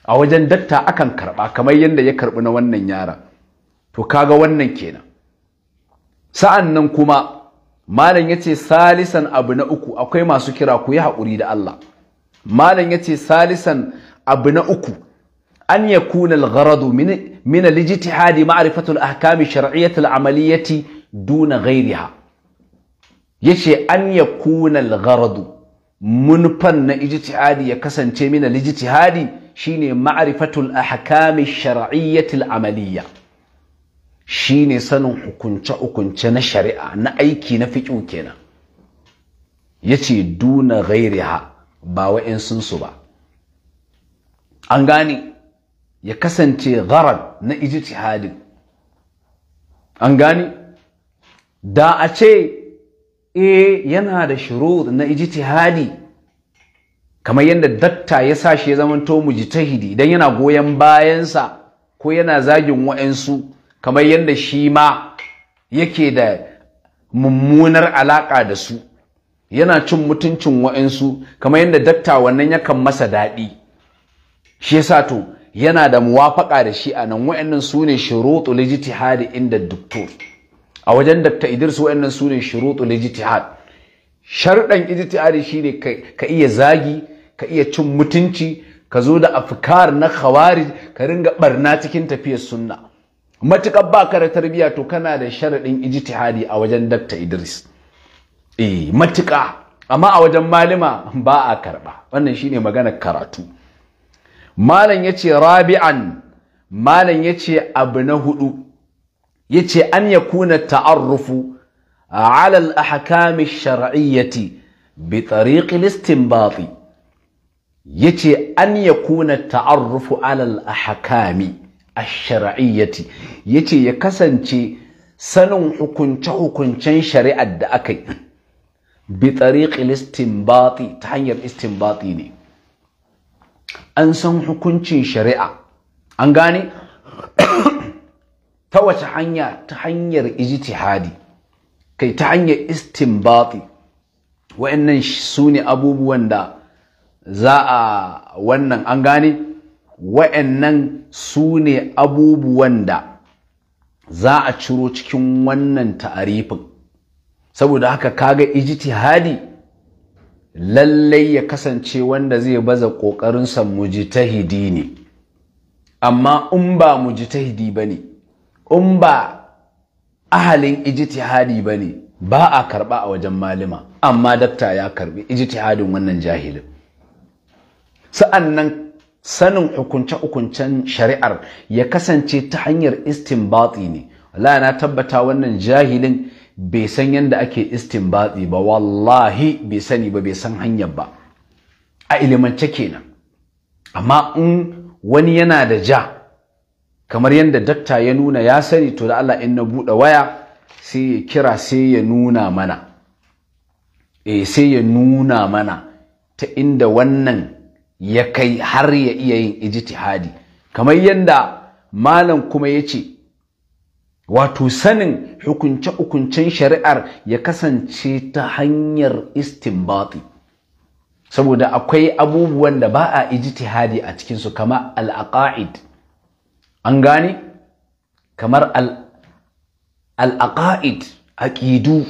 a wajen datta akan karɓa kamar yadda ya karɓi na wannan yara to kaga wannan kenan sa'an nan kuma malam yace salisan abu na uku akwai masu kira ku yi haƙuri da Allah malam yace salisan abu na uku an ya al-gharadu min min al-ijtihadi ma'rifatu al amaliyati duna ghayriha yace an ya al-gharadu munfan na ijtihadi ya kasance min al shine ma'rifatul ahkam shar'iyyah al amaliyati. shine sanin hukunce-hukunce na shari'a na aiki na fiƙo kenan ya ce duna ha ba wa'in su ba an gane ya kasance gharar na ijtihadin an gane da a ce e yana da shiru na ijtihadi kamar yadda dakta ya sa shi ya zamanto mujtahidi idan yana goyon bayansa ko yana zagin wa'ansu kamar yadda shi ma yake da mummunar alaƙa da su yana cin mutuncin wa'insu kamar yadda dakta wannan yakan masa daɗi shi yasa to yana da muwafaƙa da shi a nan wa'annan su ne shuruɗu lijtihad inda doktor a wajen dakta Idris wa'annan su ne shuruɗu lijtihad sharɗan shi ne ka iya zagi ka iya cin mutunci ka zo da afkar na khawarij ka ringa ɓarna cikin tafiyar sunna matukar baka da tarbiyya to kana da sharaɗin ijtihadi a wajen Dr. Idris E, matuƙa amma a wajen malima ba a karɓa. wannan shine magana karatu malam yace rabi'an malam yace abu na ya yace an yakuna ta'arrufu a al-ahkam ash-shar'iyyati bi tariq al-istinbat yace an yakuna ta'arrufu alal al-ahkami ash-shar'iyyati yace ya kasance sanin hukunce-hukuncen shari'ar da aka yi bi tariqil istinbati ta hanyar istinbati ne an san hukuncin shari'a an gane ta wace hanya ta hanyar ijtihadi kai ta hanyar istinbati wa'annan su ne abubuwan da za a wannan an gane wa'annan su ne abubuwan da za a ciro cikin wannan ta'arifin saboda haka kaga ijtihadi lallai ya kasance wanda zai baza ƙoƙarinsa mujtahidi ne amma in ba mujtahidi ba ne in ba ahalin ijtihadi ba ne ba a karɓa a wajen malima amma dakta ya karɓi ijtihadin wannan jahilin sa'annan sanin hukunce-hukuncen shari'ar ya kasance ta hanyar istinbati ne wallahi na tabbata wannan jahilin bai san yadda ake istinbati ba wallahi bai sani ba bai san hanyar ba a ilimance kenan amma in wani yana da ja kamar yadda dakta ya nuna ya sani to da Allah in na buɗe waya sai ya kira sai ya nuna mana eh sai ya nuna mana ta inda wannan ya kai har ya iya yin ijtihadi kamar yadda malam kuma ya ce wato sanin hukunce-hukuncen shari'ar ya kasance ta hanyar istinbati saboda akwai abubuwan da ba a ijtihadi a cikinsu kamar al'aqa'id an gane kamar al'aqa'id aƙidu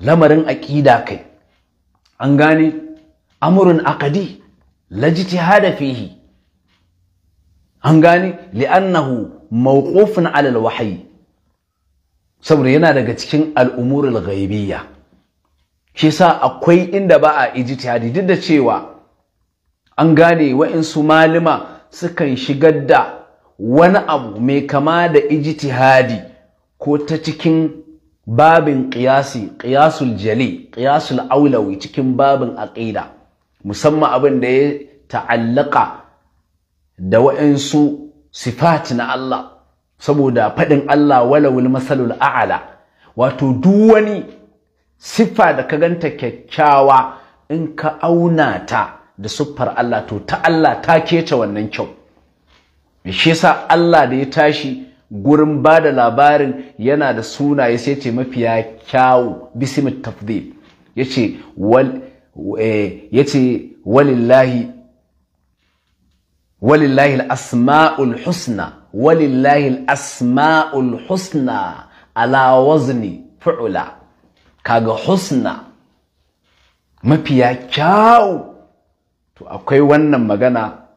lamarin aƙida kai an gane amurin akadi lajtihada fihi an gane li'annahu mawqufun 'ala wahyi saboda yana daga cikin al'umur al-ghaibiyya shi sa akwai inda ba a ijtihadi duk da cewa an gane wa'insu malima sukan shigar da wani abu mai kama da ijtihadi ko ta cikin babin ƙiyasi ƙiyasul jali ƙiyasul aulawi cikin babin aƙida musamman abin da ya ta'allaka da wa'insu sifat na Allah saboda faɗin Allah walawul masalul a'ala wato duk wani siffa da ka ganta kyakkyawa in ka auna ta da siffar Allah to ta Allah ta kece wannan kyau shi yasa Allah da ya tashi gurin ba da labarin yana da sunaye sai ce mafiya kyawu bismi tafdhil yace wal Eh, ya ce walillahi al’asma’ul asma'ul husna walillahi asma'ul husna ala wazni fi’ula kaga husna mafiya kyau. to akwai wannan magana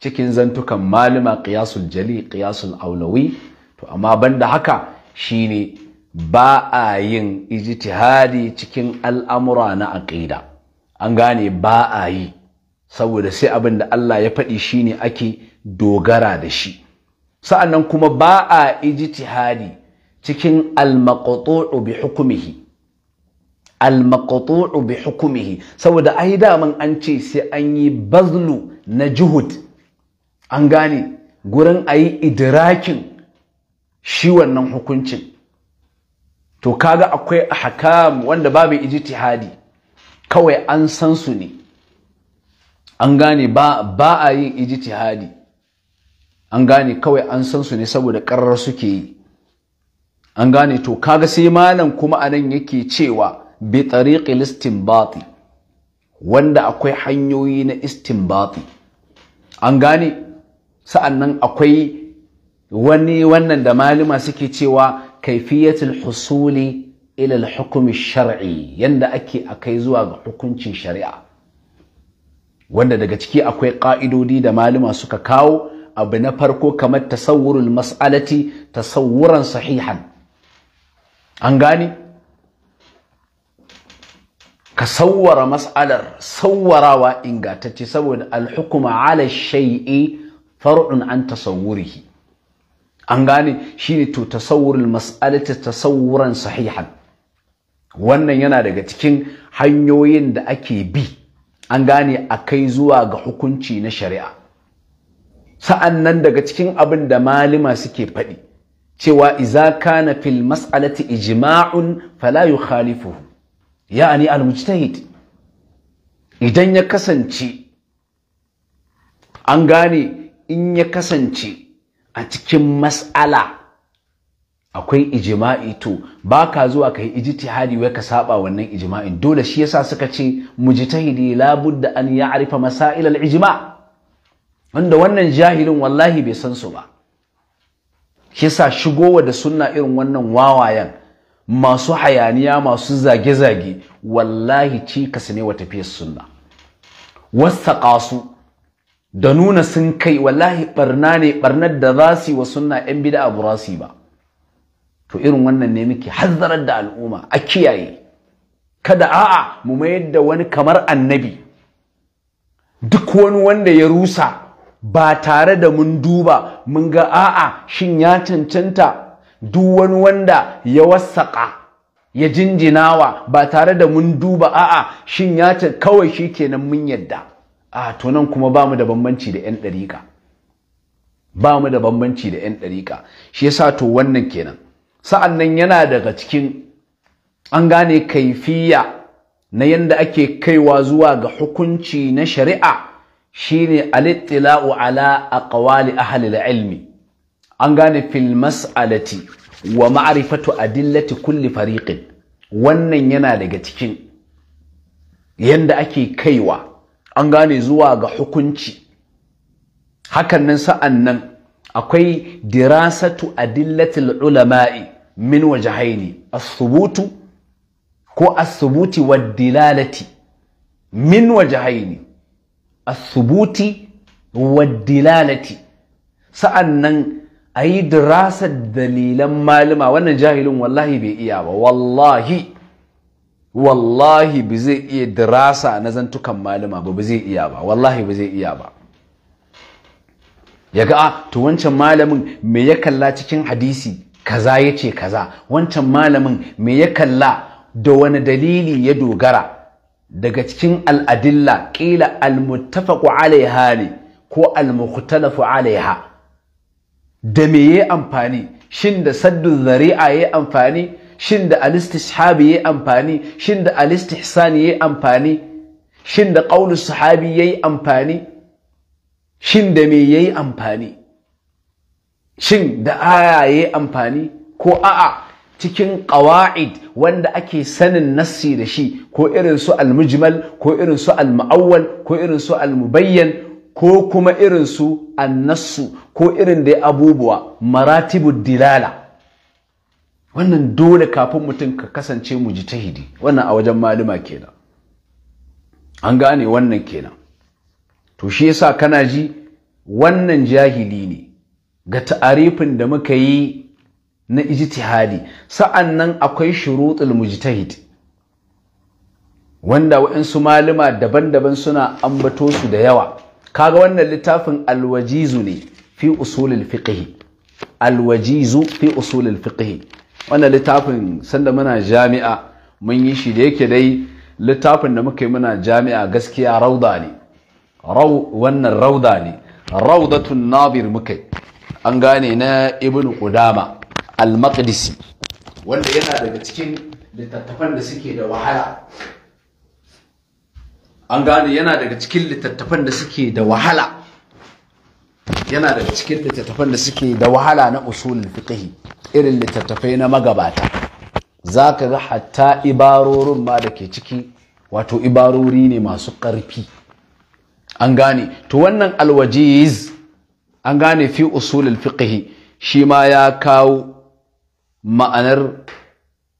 cikin zantukan malima qiyasul jali qiyasul aulawi to amma banda haka shine ba a yin ijtihadi cikin al'amura na aqida an gane ba a yi saboda sai abin da Allah ya faɗi shi ne ake dogara da shi sa'annan kuma ba a ijtihadi cikin almaqtu'u bi hukumihi almaqtu'u bi hukumihi saboda ai daman an ce sai an yi bazlu na juhud an gane gurin a yi idirakin shi wannan hukuncin to kaga akwai ahkam wanda babu ijtihadi kawai an san su ne an gane ba a yin ijtihadi an gane kawai an san su ne saboda ƙarar suke yi an gane to kaga sai malam kuma anan yake cewa bi tariqi istinbati wanda akwai hanyoyi na istinbati an gane sa'annan akwai wani wannan da malama suke cewa kaifiyatul husuli ilal hukumi shar'i yanda ake akai zuwa ga hukuncin shari'a wanda daga ciki akwai ƙa'idodi da malama suka kawo abu na farko kamar tasawurul mas'alati tasawuran sahihan an gane ka sawwara mas'alar sawwarawa ingantacce saboda alhukuma ala shay'i far'un an tasawurihi an gane shine to tasawurul mas'alati tasawuran sahihan wannan yana daga cikin hanyoyin da ake bi an gane a kai zuwa ga hukunci na shari'a sa'an nan daga cikin abin da malima suke faɗi cewa iza kana fil mas'alati ijma'un fala yukhalifuhu ya'ani al-mujtahid idan ya kasance an gane in ya kasance a cikin mas'ala akwai ijima'i to ba ka zuwa ka yi ijtihadi wai ka saba wannan ijima'in dole shi yasa suka ce mujtahidi budda an ya'rifa masail al-ijma' wanda wannan jahilin wallahi bai san su ba shi yasa shigowa da sunna irin wannan wawayen masu hayaniya masu zage-zage wallahi ci cikas ne wa tafiyar sunna wasaƙa su da nuna sun kai wallahi barna ne barnar da za su yi wa sunna 'yan bida abu ba to irin wannan ne muke hazzarar da al'umma a kiyaye kada a'a mu mayar da wani kamar annabi duk wani wanda ya rusa ba tare da mun duba mun ga a'a shin ya cancanta duk wani wanda ya wasaƙa ya jinjinawa ba tare da mun duba a'a shin ya can kawai shi kenan mun yadda a to nan kuma ba mu da bambanci da 'yan ɗariƙa ba mu da bambanci da 'yan ɗariƙa shi yasa to wannan kenan sa'annan yana daga cikin an gane kaifiya na yadda ake kaiwa zuwa ga hukunci na shari'a shine alittila'u ala ƙawali a al-ilmi an gane fil mas'alati wa ma'arifatu adillati kulli fariƙin, wannan yana daga cikin Yadda ake kaiwa an gane zuwa ga hukunci hakan nan sa'an nan akwai dirasatu adillatil ulama'i min wajahaini asubutu ko asubuti wa dilalati min wajahaini as-subuti sa'an dilalati a ayi dirasar dalilan malama wannan jahilin wallahi bai iya ba wallahi wallahi ba zai iya dirasa na zantukan malama ba ba zai iya ba wallahi ba zai iya ba ya ga a ah, to wancan malamin me ya kalla cikin hadisi kaza ya ce kaza wancan malamin me ya kalla da wani dalili ya dogara daga cikin al'adilla ƙila almutafaku alaiha ne ko almuhtalafu alaiha da me ya amfani shin da saddun zari'a ya amfani shin da alistishabi ya amfani shin da alistihsani ya amfani shin da ƙaunin sahabi ya amfani shin da me ya amfani shin da aya ya amfani ko a'a cikin ƙawa'id wanda ake sanin nassi da shi ko irin su almujmal ko irin su almu'awwal ko irin su almubayyan ko kuma irin su annassu ko irin da abubuwa maratibu dilala wannan dole kafin mutum ka kasance mu tahidi wannan a wajen maluma kenan an gane wannan kenan to shi yasa kana ji wannan jahili ne ga ta'arifin da muka yi na ijtihadi sa'an nan akwai shuruɗul mujtahid wanda waɗansu malama daban-daban suna ambato su da yawa kaga wannan littafin alwajizu ne fi usulul fiqh alwajizu fi usulul fiqh wannan littafin sanda muna jami'a mun yi shi da yake dai littafin da muka yi muna jami'a gaskiya rauda ne wannan rauda ne raudatun nabir muka yi an gane na ibn qudama al-maqdisi wanda yana daga cikin littattafan da suke da wahala an gane yana daga cikin littattafan da suke da wahala yana daga cikin littattafan da suke da wahala na usulul fiqh irin littattafai na magabata zaka ga hatta ibarorin ma da ke ciki wato ibarori ne masu ƙarfi an gane to wannan alwajiz an gane fi usulul fiqh shi ma ya kawo ma'anar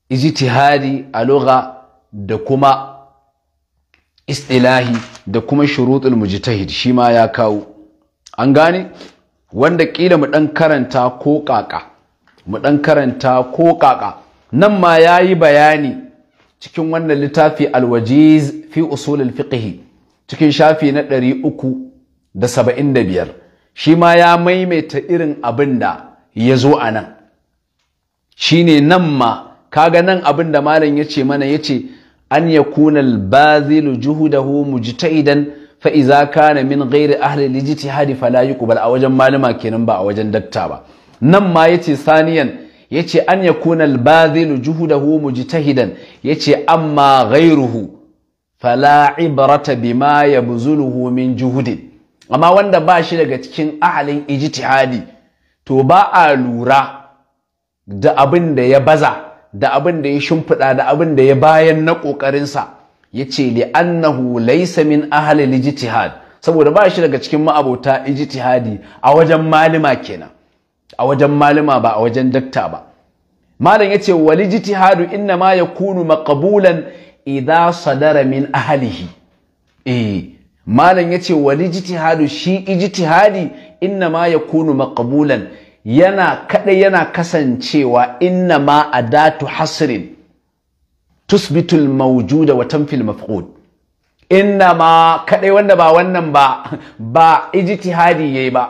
ijtihadi a lugha da kuma istilahi da kuma shurutul mujtahid shi ma ya kawo an gane wanda kila mu dan karanta ko kaka mu dan karanta ko kaka nan ma yayi bayani cikin wannan littafi alwajiz fi usulul fiqh cikin shafi na 375 shi ma ya maimaita irin abin da ya zo a nan shi ne nan ma kaga nan abin da malam ya ce mana ya ce an ya kuna albazilu juhudahu mujtahidan fa iza kana min gairi ahli lijtihadi fala yuqbal a wajen malama kenan ba a wajen dakta ba nan ma yace saniyan yace an ya yakuna albazilu juhudahu mujtahidan yace amma ghairuhu fala ibrata bima yabzuluhu min juhudin amma wanda ba shi daga cikin ahalin ijtihadi to ba a lura da abin da ya baza da abin da ya shimfiɗa da abin da ya bayan na ƙoƙarinsa ya ce li'annahu laisa min ahalin ijtihad saboda ba shi daga cikin ma'abota ijtihadi a wajen malima kenan a wajen malima ba a wajen dakta ba malam ce wal ijtihadu inna ma yakunu maqbulan idza sadara min ahlihi eh malam ce wani jitihadu shi ijtihadi inna ma kunu maqbulan yana kadai yana kasancewa inna ma adatu hasrin tusbitu mawjuda wa tanfi mafqud inna ma kadai wanda ba wannan ba ba ijtihadi yayi ba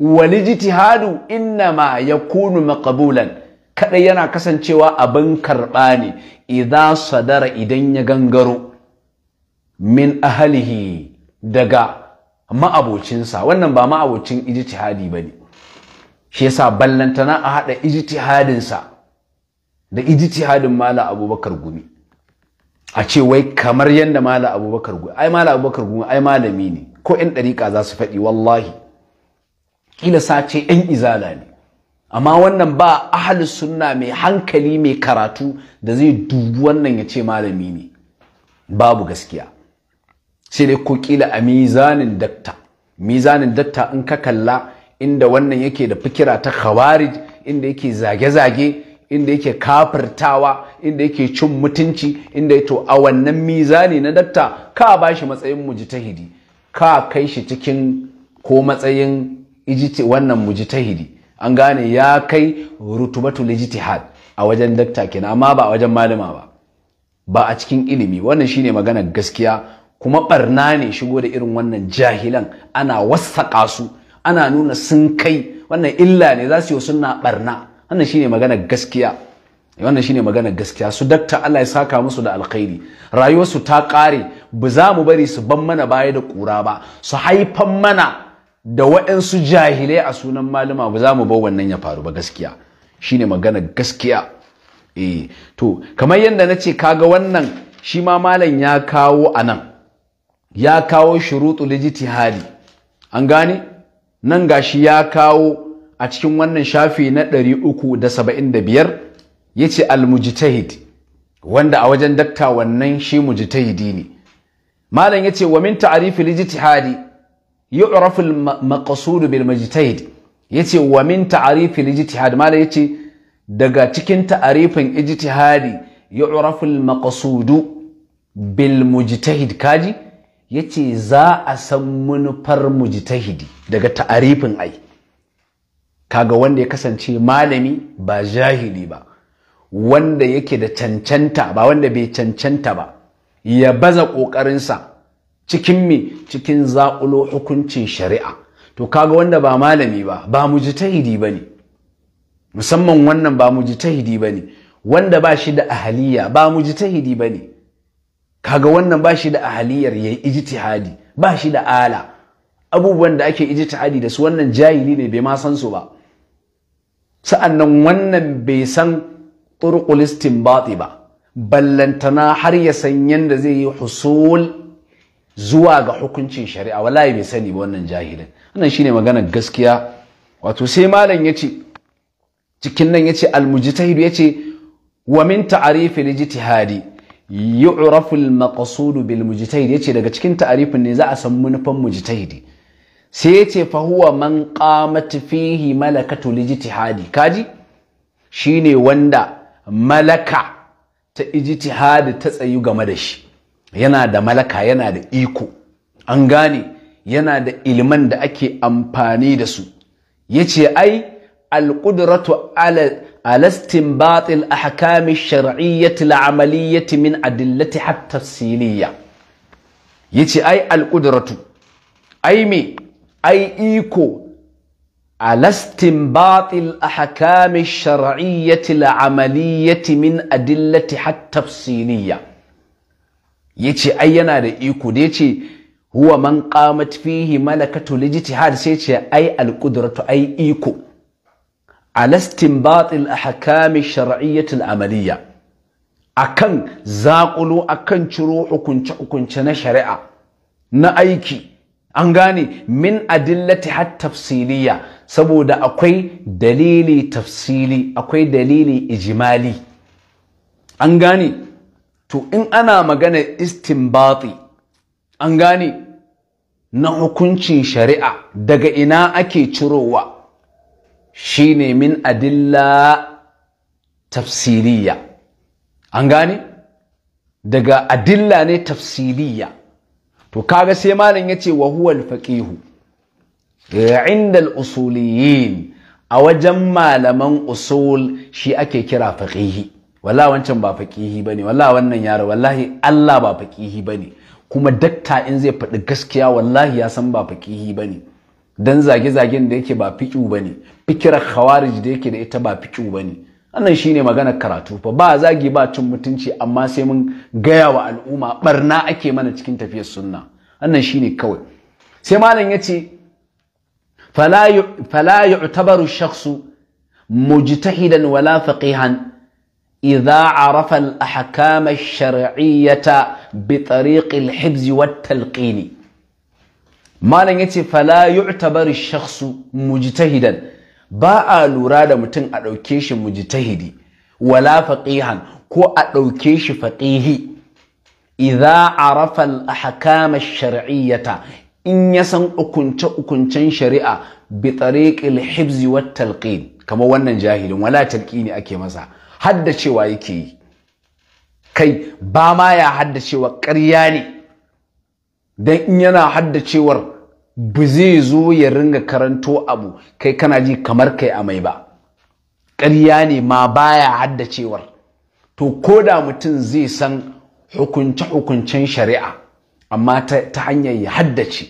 wal ijtihadu inna ma kunu maqbulan kadai yana kasancewa abin karba ne idan sadara idan ya gangaro min ahalihi daga ma'abocinsa wannan ba ma'abocin ijtihadi ba ne shi yasa ballantana a haɗa ijtihadinsa da ijtihadin mala abubakar gumi a ce wai kamar yadda mala abubakar gumi ai mala abubakar gumi ai malami ne ko yan ɗariƙa za su faɗi wallahi sa ce yan izala ne amma wannan ba ahal sunna mai hankali mai karatu da zai dubi wannan ya ce malami ne babu gaskiya sai dai ko kila a mizanin dakta mizanin dakta in ka kalla inda wannan yake da fikira ta khawarij inda yake zage-zage inda yake kafirtawa inda yake cin mutunci inda ya to a wannan mizani na dakta ka ba shi matsayin mujtahidi ka kai shi cikin ko matsayin ijiti wannan mujtahidi an gane ya kai rutubatul ijtihad a wajen dakta kenan amma ba a wajen malama ba ba a cikin ilimi wannan shine magana gaskiya kuma barna ne shigo da irin wannan jahilan ana wasaƙa su ana nuna sun kai wannan illa ne za su yi suna barna wannan shine magana gaskiya wannan shine magana gaskiya su dakta Allah ya saka musu da alkhairi rayuwarsu ta ƙare ba za mu bari su ban mana baya da ƙura ba su haifan mana da waɗansu jahilai a sunan malama ba za mu bar wannan ya faru ba gaskiya shine magana gaskiya eh to kamar yadda na ce kaga wannan shi ma malam ya kawo a nan ya kawo shuruɗu lijtihadi an gane nan gashi ya kawo a cikin wannan shafi na 375 yace al-mujtahid wanda a wajen dakta wannan shi mujtahidi ne malam yace wa min ta'rif ijtihadi yu'raf maqsud bil mujtahid yace wa min ta'rif al malam yace daga cikin ta'rifin ijtihadi yu'raf al-maqsud bil mujtahid kaji ya ce za a san munufar mujtahidi daga ta'arifin ai kaga wanda ya kasance malami ba jahili ba wanda yake da cancanta ba wanda bai cancanta ba ya baza kokarinsa cikin me cikin zaƙulo hukuncin shari'a to kaga wanda ba malami ba ba mujtahidi ba ne musamman wannan ba mujtahidi ba ne wanda ba shi da ahaliya ba mujtahidi ba ne kaga wannan bashi da ahaliyar ya yi ijtihadi ba shi da ala abubuwan da ake ijtihadi da su wannan jahili ne bai ma san su ba sa'annan wannan bai san turqul istinbati ba ballantana har ya san yanda zai yi husul zuwa ga hukuncin shari'a wallahi bai sani ba wannan jahilin wannan shine maganar gaskiya wato sai malam yace cikin nan yace ya yace wa min ta'rifil ijtihadi yu'rafu al-maqsudu bil mujtahid yace daga cikin ta'arifin ne za a san munufan mujtahidi sai yace fa huwa man qamat fihi malakatu lijtihadi kaji shine wanda malaka ta ijtihadi ta tsayu game da shi yana da malaka yana da iko an gane yana da ilman da ake amfani da su yace ai al-qudratu ala alastin batil a hakami shari'iyyati la'amaliyyati min adillati hatta siliya ya ce ai alƙudratu ai me ai iko alastin batil a hakami shari'iyyati la'amaliyyati min adillati hatta siliya ya ce ai yana da iko da ya ce huwa man qamat fihi malakatu lijtihad sai ce ai alqudratu ai iko ala istinbat al-ahkam ash-shar'iyyah al-amaliyya akan zaƙulo akan ciro hukunce hukunce na shari'a na aiki an gane min adillati har tafsiriyya saboda akwai dalili tafsili akwai dalili ijimali an gane to in ana magana istinbati an gane na hukuncin shari'a daga ina ake cirowa Shi ne min adilla tafsiriya an gane daga adilla ne tafsiriya to kaga sai malam yace wa huwa faƙihu. inda al-usuliyin a wajen malaman usul shi ake kira faqihi walla wancan ba faqihi bane walla wannan yaro wallahi Allah ba faqihi bane kuma dakta in zai faɗi gaskiya wallahi ya san ba faqihi bane dan zage-zagen da yake ba fiƙu ba ne fikirar khawarij da yake da ita ba fiƙu ba ne wannan shine maganar karatu fa ba zagi ba cin mutunci amma sai mun gaya wa al'umma ɓarna ake mana cikin tafiyar sunna wannan shine kawai sai malam yace fala yu'tabaru shakhsu mujtahidan wala faqihan idza arafa al-ahkam ash-shar'iyyah bi tariq al-hibz wat-talqini malam yace fala yu'tabaru shakhsu mujtahidan ba a lura da mutum a ɗauke shi mujtahidi wala faqihan ko a ɗauke shi faqihi idza arafa al-ahkam ash-shar'iyyata in ya san ukunce ukuncen shari'a bi tariqil hibzi wat talqin kamar wannan jahilin wala talqini ake masa hadda cewa yake yi kai ba ma ya hadda ƙarya ne Don in yana haddacewar ba zai zo ya ringa karanto abu kai kana ji kamar kai amai ba ƙarya ne ma baya haddacewar to ko da mutum zai san hukunce-hukuncen shari'a amma ta hanyar ya haddace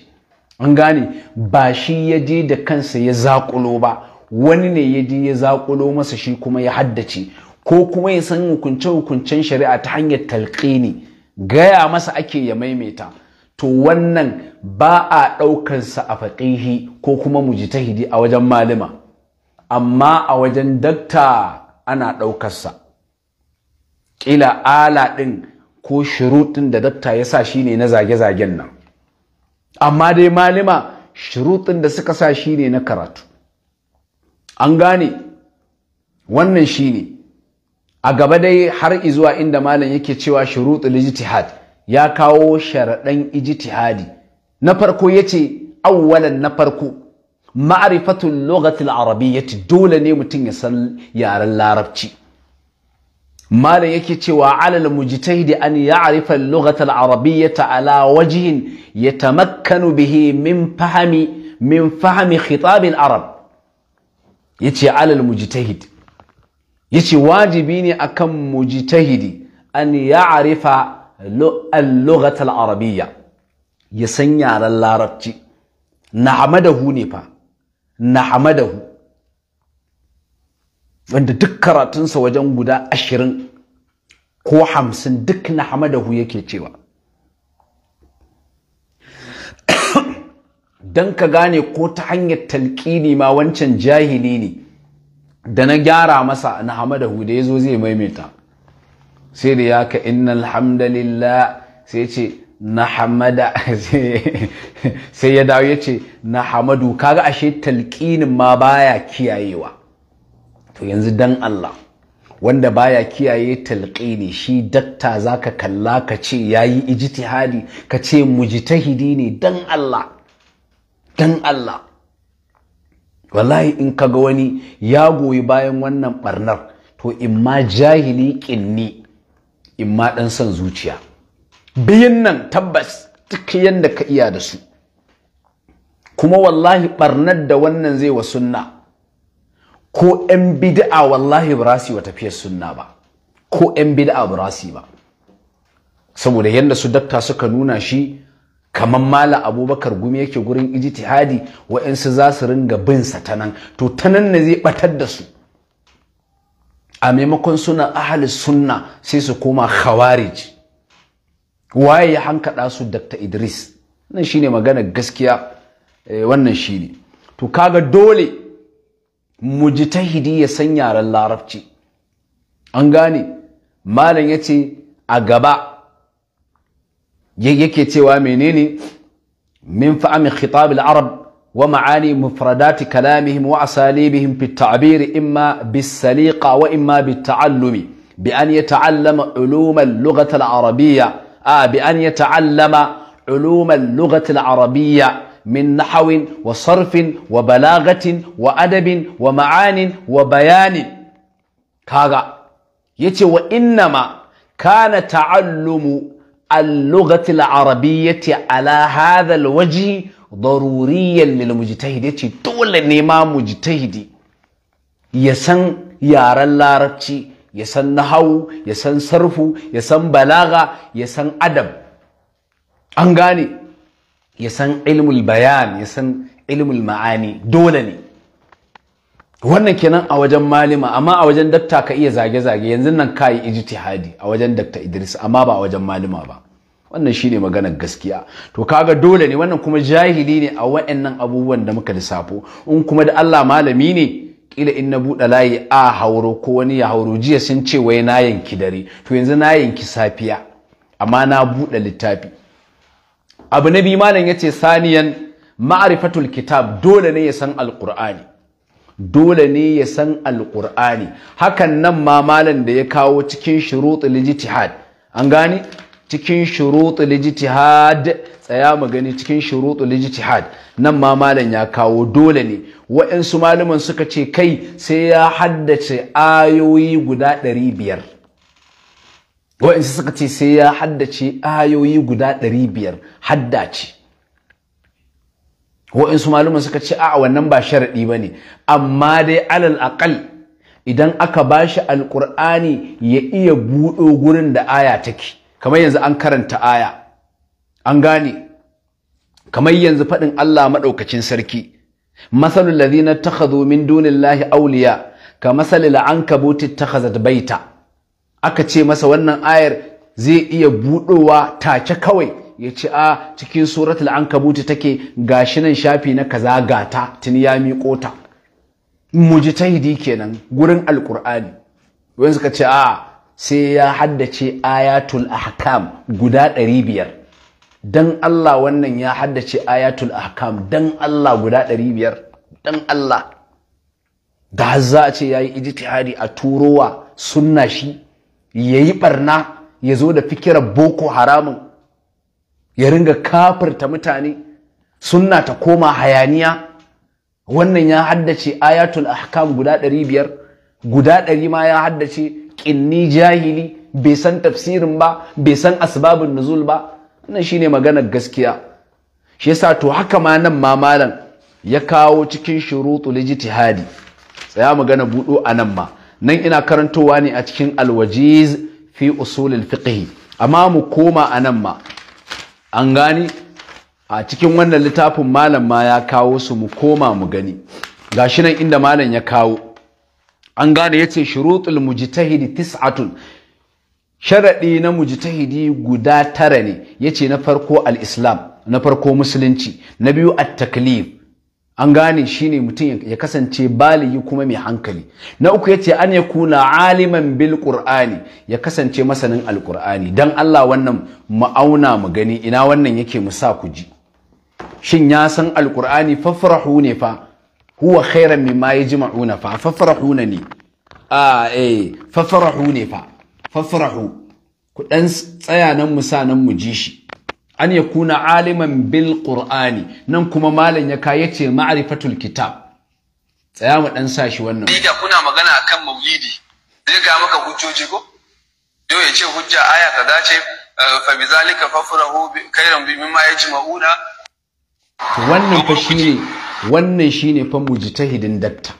an gane ba shi ya je da kansa ya zaƙulo ba wani ne ya je ya zaƙulo masa shi kuma ya haddace ko kuma ya san hukunce-hukuncen shari'a ta hanyar talƙini gaya masa ake ya maimaita to wannan ba a ɗaukansa a faƙihi ko kuma mujtahidi a wajen malima amma a wajen dakta ana ɗaukarsa ƙila ala ɗin ko shuruɗin da dakta ya sa shine na zage-zagen nan amma dai malima shuruɗin da suka sa shine na karatu an gane wannan shine a gaba dai har izuwa inda malam yake cewa shuruɗul ijtihad ya kawo sharaɗan ijtihadi na farko yace awwalan na farko ma'rifatul lughatil arabiyyati dole ne mutum ya san yaren larabci malam yake cewa alal mujtahidi an ya'rifa al-lughata al-arabiyyata ala wajhin yatamakkanu bihi min fahmi min fahmi khitab al-arab yace alal mujtahid yace wajibi ne akan mujtahidi an ya'rifa al-lughata al ya san yaran larabci na'amadahu ne fa wanda duk karatunsa wajen guda ashirin ko hamsin duk na'amadahu yake cewa don ka gane ko ta hanyar talƙini ma wancan jahili ne da na gyara masa na'amadahu da ya zo zai maimaita sai da ya ka inna alhamdulillah sai ce na hamada sai ya dawo ya ce na hamadu kaga ashe talqinin ma baya kiyayewa to yanzu dan Allah wanda baya kiyaye talƙini shi dakta zaka kalla ka ce yayi ijtihadi ka ce mujtahidi ne dan Allah dan Allah wallahi in kaga wani ya goyi bayan wannan barnar to imma jahili kinni. in ma ɗan son zuciya biyun nan tabbas duk yadda ka iya da su kuma wallahi ɓarnar da wannan zai wa sunna ko 'yan bid'a wallahi ba rasi wa tafiyar sunna ba ko 'yan bid'a ba rasi ba saboda yadda su dakta suka nuna shi kamar mala abubakar gumi yake gurin ijtihadi wa'yansu za su ringa bin sa ta nan to ta nan ne zai ɓatar da su a maimakon suna ahalis sunna sai su koma khawarij waye ya hankada su Dr. Idris nan shine magana gaskiya eh, wannan shine to kaga dole mujtahidi ya san yaran larabci an gane malam yace a gaba yake cewa menene min fa'am khitab al-arab ومعاني مفردات كلامهم وأساليبهم في التعبير إما بالسليقة وإما بالتعلم بأن يتعلم علوم اللغة العربية آه بأن يتعلم علوم اللغة العربية من نحو وصرف وبلاغة وأدب ومعان وبيان كاغا يتي وإنما كان تعلم اللغة العربية على هذا الوجه daruriyan lil mujtahid yace dole ne ma mujtahidi ya san yaren larabci ya san nahawu ya san sarfu ya san balaga ya san adab an gane ya san ilmul bayan ya san ilmul ma'ani dole ne wannan kenan a wajen malima amma a wajen dakta ka iya zage-zage yanzu nan ka yi ijtihadi a wajen dakta idris amma ba a wajen malima ba wannan shine maganar gaskiya to kaga dole ne wannan kuma jahili ne a wa'annan abubuwan da muka lissafo in kuma da Allah malami ne kila in na buɗe layi a hauro ko wani ya hauro jiya sun ce wai na yanki dare to yanzu na yanki safiya amma na buɗe littafi abu na biyu malam yace saniyan ma'rifatul kitab dole ne ya san alqur'ani dole ne ya san alqur'ani hakan nan ma malam da ya kawo cikin shurutul ijtihad an gane cikin shuruɗu had tsaya magani cikin shuruɗu had. nan ma malam ya kawo dole ne wa'ansu malaman suka ce kai sai ya haddace ayoyi guda ɗari biyar wa'ansu suka ce sai ya haddace ayoyi guda ɗari biyar haddace wa'ansu malaman suka ce a wannan ba sharaɗi ba ne amma dai alal aƙal idan aka bashi alƙur'ani ya iya buɗo gurin da aya take kamar yanzu an karanta aya an gane kamar yanzu faɗin Allah maɗaukacin sarki masalul ladhina takhadhu min dunillahi awliya ka masalil ankabuti takhazat baita aka ce masa wannan ayar zai iya budowa take kawai ya ce a ah, cikin suratul ankabuti take gashi nan shafi na kaza gata tuni ya miƙo ta mujtahidi kenan gurin alqur'ani wani suka ce a ah, sai ya haddace ayatul ahkam guda ɗari biyar don Allah wannan ya haddace ayatul ahkam don Allah guda ɗari biyar don Allah da za a ce ya yi ijtihadi a turowa sunna shi ya yi barna ya zo da fikirar boko haramun ya ringa kafirta mutane sunna ta koma hayaniya wannan ya haddace ayatul ahkam guda ɗari biyar guda ɗari ma ya haddace ƙinni jahili bai san tafsirin ba bai san asbabun nuzul ba wannan shine maganar gaskiya shi yasa to haka ma nan ma malam ya kawo cikin shurutul ijtihadi tsaya magana a nan ma nan ina karantowa ne a cikin alwajiz fi usulil fiqh amma mu koma anan ma an gani a cikin wannan littafin malam ma ya kawo su mu koma mu gani Ga shi nan inda malam ya kawo an gane yace shurutul mujtahidi tis'atun sharaɗi na mujtahidi guda tara ne yace na farko Al'islam, na farko musulunci na biyu at-taklif an gane shi ne mutum ya kasance baliyi kuma mai hankali na uku yace an ya kuna aliman bil qur'ani ya kasance masanin alqur'ani dan Allah wannan mu mu gani ina wannan yake mu sa ku ji shin ya san alqur'ani fafrahu ne fa huwa khairan mimma yajma'una fa fafrahuna ni. a eh fafrahu ne fa fafrahu ku dan tsaya nan mu sa nan mu ji shi an yakuna aliman bil qur'ani nan kuma malam ya kai yace ma'rifatul kitab tsaya mu dan sa shi wannan da kuna magana akan maulidi zai ga maka hujjoji ko yau ya ce hujja aya kaza ce eh, fa bizalika fafrahu khairan mimma yajma'una wannan fa shine wannan shine fa mujtahidin dakta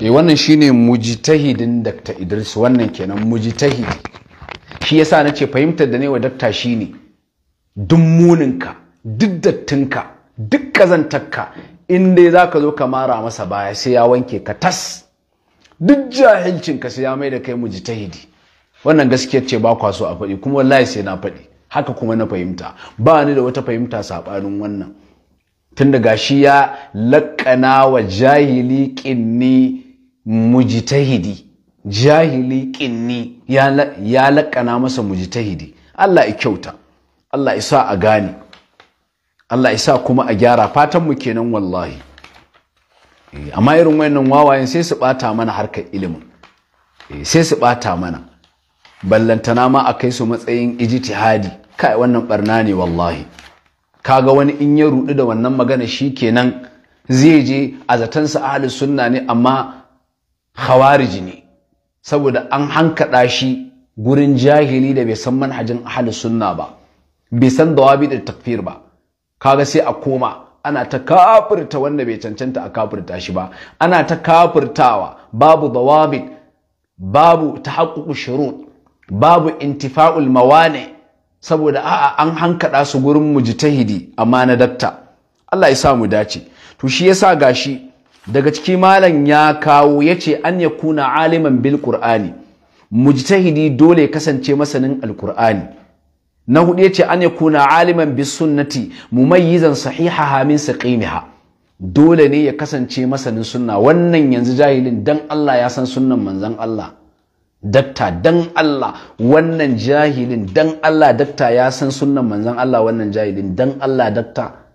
eh wannan shine mujtahidin dakta Idris wannan kenan mujitahidi shi yasa nace fahimtar da ne wa dakta shine duk muninka duk dattinka duk kazantarka in dai zaka zo ka mara masa baya sai ya wanke ka tas duk ka sai ya mai da kai mujtahidi wannan gaskiyar ce ba kwaso a faɗi kuma wallahi sai na faɗi haka kuma na fahimta ba ni da wata fahimta saɓanin wannan tun daga shi ya laƙana wa jahili ƙinni mujitahidi jahili ƙinni ya lakana masa mujitahidi Allah ya kyauta Allah isa a gane Allah isa kuma a gyara fatanmu kenan wallahi eh, amma irin wannan wawayen sai su bata mana harkar ilimin eh, sai su bata mana ballantana ma a kai su matsayin ijtihadi kai wannan barna ne wallahi kaga wani in ya rudu da wannan magana shi kenan zai je a zatansa ahli sunna ne amma khawariji ne saboda an hankada shi gurin jahili da bai san manhajin ahli sunna ba bai san dawabi da takfir ba kaga sai a koma ana ta kafirta wanda bai cancanta a kafirta shi ba ana ta kafirtawa babu dawabi, babu tahaqquq shurut babu intifa'ul mawani saboda a'a an hankada su gurin mujtahidi amma na datta Allah ya sa mu dace to shi yasa gashi daga ciki malam ya kawo yace an yakuna aliman bil qur'ani mujtahidi dole kasance masanin alqur'ani na hudu yace an yakuna aliman bis sunnati mumayyizan sahihaha min saqimiha dole ne ya kasance masanin sunna wannan yanzu jahilin dan Allah ya san sunnan manzon Allah dakta dan Allah wannan jahilin dan Allah dakta ya san sunnan manzon Allah wannan jahilin dan Allah dakta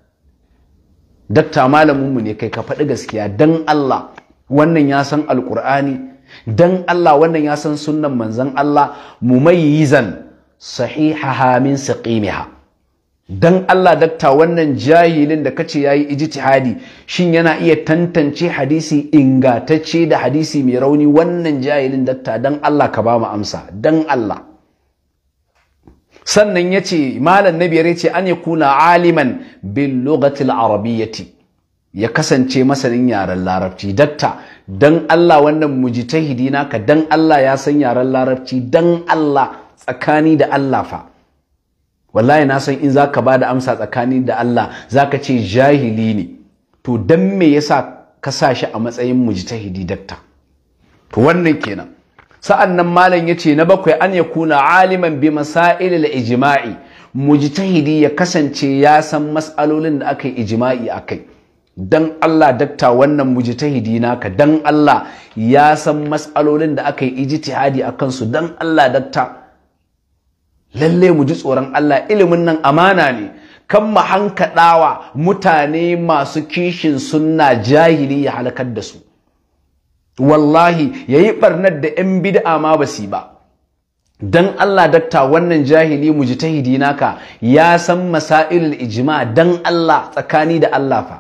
dakta malamin mu ne kai ka faɗi gaskiya dan Allah wannan ya san alqur'ani dan Allah wannan ya san sunnan manzon Allah mumayyizan sahihaha min saqimiha dan Allah dakta wannan jahilin da kace yayi ijtihadi shin yana iya tantance hadisi ingatacce da hadisi mai rauni wannan jahilin dakta dan Allah ka ba amsa dan Allah sannan yace malam na biyar ce an yakuna aliman bil lughati al arabiyyati ya kasance masanin yaren larabci dakta dan Allah wannan mujtahidi naka dan Allah ya san yaren larabci dan Allah tsakani da Allah fa wallahi na san in zaka bada amsa tsakani da Allah zaka ce jahili ne to dan me yasa ka sa shi a matsayin mujtahidi dakta to wannan kenan sa'an nan malam yace na bakwai an yakuna aliman bi masail al ijma'i mujtahidi ya kasance ya san mas'alolin da aka yi ijma'i akai dan Allah dakta wannan mujtahidi naka dan Allah ya san mas'alolin da aka yi ijtihadi akan su dan Allah dakta lalle mu ji tsoron Allah ilimin nan amana ne kan mu hankaɗawa mutane masu kishin sunna jahili ya halakar da su wallahi yayi barnar da 'yan bid'a ma basi ba dan Allah datta wannan jahili mu ji ta hidina naka ya san masailul ijma dan Allah tsakani da Allah fa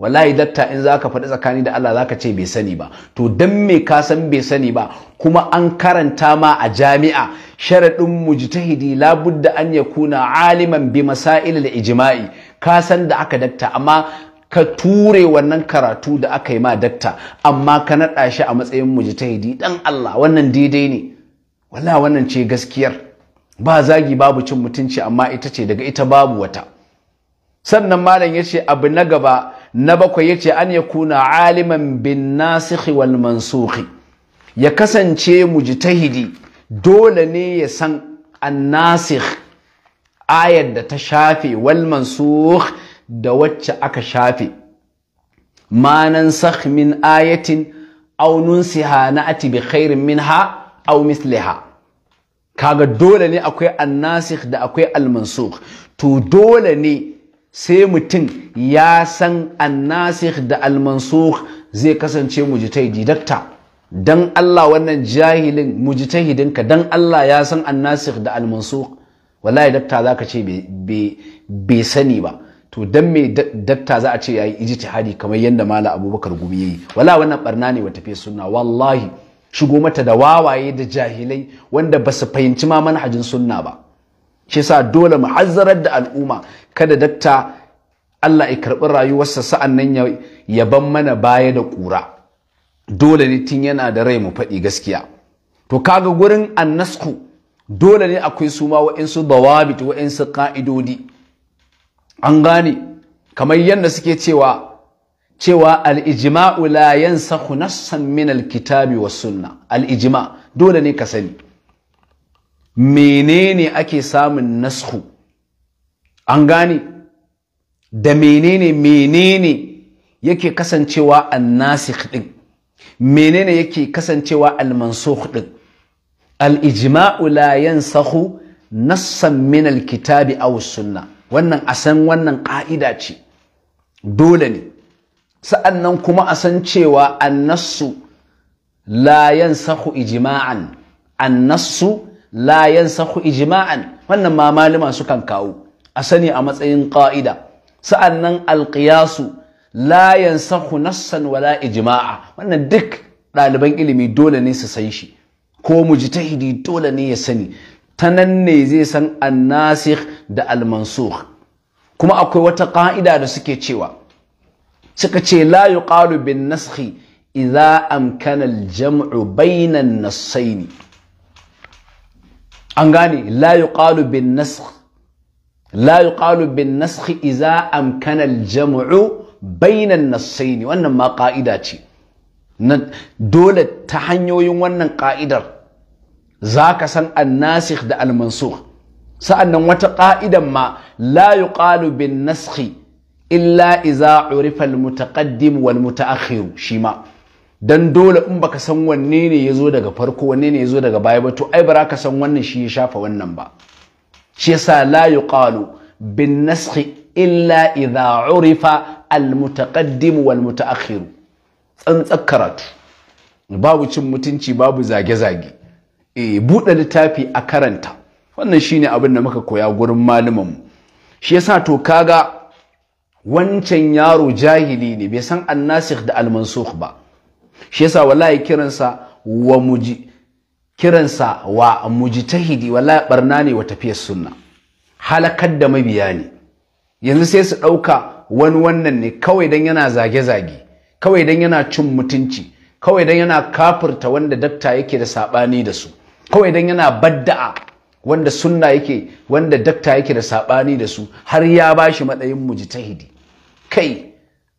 wallahi datta in zaka faɗi tsakani da Allah zaka ce bai sani ba to dan me ka san bai sani ba kuma an karanta ma a jami'a sharaɗin mujtahidi labudda an ya kuna aliman bi masail da ijima'i ka san da aka dakta amma ka ture wannan karatu da aka yi ma dakta amma ka naɗa shi a matsayin mujtahidi dan Allah wannan daidai ne wala wannan ce gaskiyar ba zagi babu cin mutunci amma ita ce daga ita babu wata sannan malam yace abu na gaba na bakwai yace an ya kuna aliman bin nasikh wal mansukh ya kasance mujtahidi dole ne ya san annasikh ayar da ta shafe wal mansukh da wacce aka shafe manan sakh min ayatin aw na na'ti bi khairin minha aw misliha kaga dole ne akwai annasikh da akwai almansukh to dole ne sai mutum ya san annasikh da almansukh zai kasance mujtahidi dakta dan Allah wannan jahilin mu ji hidinka dan Allah ya san annasikh da almansukh wallahi dakta zaka ce bai sani ba to dan me dakta za a ce yayi ijtihadi kamar yadda mala abubakar gumi yayi wallahi wannan barna ne wa tafi sunna wallahi shigo mata da wawaye da jahilai wanda ba su fahimci ma manhajin sunna ba shi sa dole mu hazzarar da al'umma kada dakta Allah ya karbi rayuwarsa sa'an nan ya ban mana baya da ƙura dole ne tun yana da rai mu faɗi gaskiya to kaga gurin annasku dole ne akwai su ma wa'insu dawabit wa'insu ka'idodi. an gane kamar yadda suke cewa cewa al'ijima'u la yansakhu nassan min alkitabi wa sunna al'ijima dole ne ka sani menene ake samun nasku an gane da menene menene yake kasancewa annasikh din menene yake kasancewa al-mansukh din al-ijma'u la yansakhu nassan min al-kitabi aw sunna wannan a san wannan ka'ida ce dole ne sa'annan kuma a san cewa an-nassu la yansakhu ijma'an an-nassu la yansakhu ijma'an wannan ma malama sukan kawo a sani a matsayin ka'ida sa'annan al-qiyasu la yansahu nassan wala ijma'a wannan duk ɗaliban ilimi dole ne su san shi ko mujtahidi dole ne ya sani ta nan ne zai san annasikh da almansukh kuma akwai wata ƙa'ida da suke cewa suka ce la yuqalu bin naskhi idza amkana al bayna an-nassayn an gane la yuqalu bin naskh la yuqalu bin naskh idza amkana al-jam'u bainan nassaini wannan ma ƙa'ida ce dole ta hanyoyin wannan ƙa'idar za ka san annasikh da almansukh sa'annan wata ƙa'idan ma la yuqalu bin naskhi illa iza urifa almutaqaddim wal mutaakhir shi ma dan dole in baka san wanne ne yazo daga farko wanne ne yazo daga baya ba to ai ba ka san wannan shi ya shafa wannan ba shi yasa la yuqalu bin naskhi illa idha urifa al-mutaqaddim wal mutaakhir tsantsar karatu babu cin mutunci babu zage-zage Eh buɗe littafi a karanta wannan shine abin da muka koya gurin mu. shi yasa to kaga wancan yaro jahili ne bai san annasikh da almansukh ba shi yasa wallahi kiransa wa muji kiransa wa mujtahidi wallahi barna ne wa tafiyar sunna halakar da mabiya ne yanzu sai su ɗauka wani wannan ne kawai don yana zage-zage kawai don yana cin mutunci kawai don yana kafirta wanda dakta yake da saɓani da su kawai don yana badda'a wanda sunna yake wanda dakta yake da saɓani da su har ya ba shi matsayin mujitahidi kai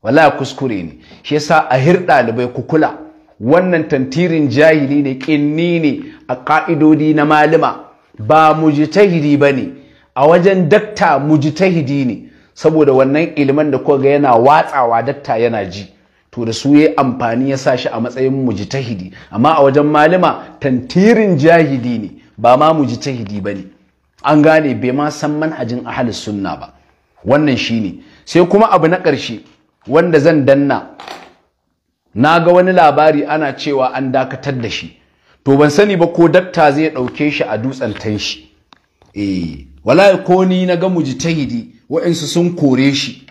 wala kuskure ne shi yasa a hir ɗalibai ku kula wannan tantirin jahili ne ƙinni ne a ƙa'idodi na malima ba mujtahidi ba ne a wajen dakta mujtahidi ne saboda wannan ilimin da kuka ga yana watsawa datta yana ji to da su ya amfani ya sa shi a matsayin mujtahidi amma a wajen malima tantirin jahidi ne ba ma mujtahidi ba ne an gane bai ma san manhajin ahalus sunna ba wannan shine sai kuma abu na ƙarshe wanda zan danna na ga wani labari ana cewa an dakatar da shi to ban sani ba ko dakta zai ɗauke shi a dutsen tanshi eh wallahi ko ni na ga mujtahidi wa'insu sun kore shi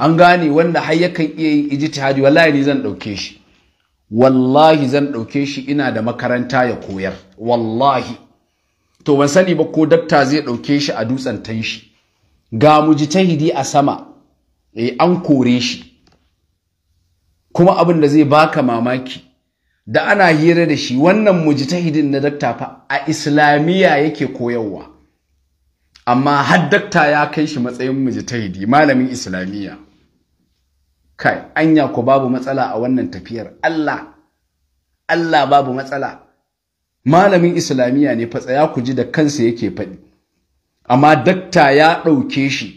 an gane wanda har yakan iya yin ijtihadi wallahi ni zan ɗauke shi wallahi zan ɗauke shi ina da makaranta ya koyar wallahi to ban sani ba ko dakta zai ɗauke shi a dutsen tanshi ga tahidi a sama eh an kore shi kuma abin da zai baka mamaki da ana hira da shi wannan mujtahidin na dakta fa a islamiyya yake koyarwa amma har dakta ya kai shi matsayin mujtahidi malamin islamiyya kai anya ku babu matsala a wannan tafiyar Allah Allah babu matsala malamin islamiyya ne fa tsaya ku ji da kansa yake faɗi amma dakta ya ɗauke shi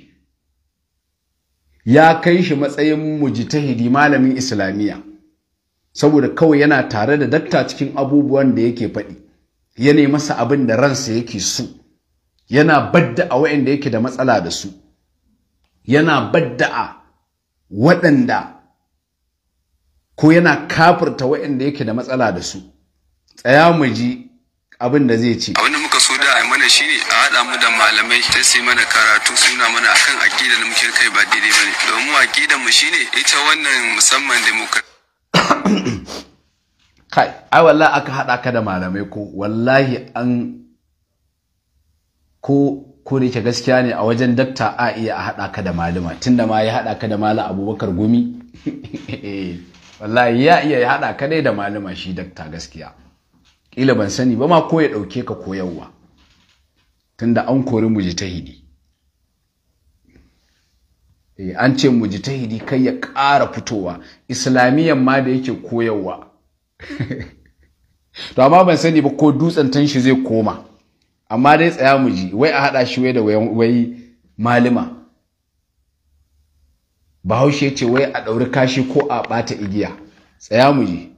ya kai shi matsayin mujtahidi malamin islamiyya saboda kawai yana tare da dakta cikin abubuwan da yake faɗi ya masa abin da ransa yake so yana badda'a waɗanda yake da matsala da su yana badda'a waɗanda ko yana kafirta waɗanda yake da matsala da su tsaya mu ji abin da zai ce abin muka so da mana mana shine a haɗa mu da malamai ta sai mana karatu suna mana akan aƙida da muke kai ba daidai ba ne, domin aƙidan mu shine ita wannan musamman demokrasi kai ai wallahi aka haɗa ka da malamai ko wallahi an ko ko da yake gaskiya ne a wajen dakta a iya a haɗa ka da malama tunda ma ya haɗa ka da malam abubakar gumi wallahi ya iya ya haɗa ka dai da malama shi dakta gaskiya ƙila ban sani ba ma ko ya ɗauke ka koyarwa tunda an kori mujtahidi eh, an ce mujtahidi kai ya ƙara fitowa islamiyyan ma da yake koyarwa to amma ban sani ba ko dutsen tanshi zai koma amma dai tsaya mu ji wai a haɗa shi wai da wai malima bahaushe ce wai a ɗauri kashi ko a ɓata igiya tsaya mu ji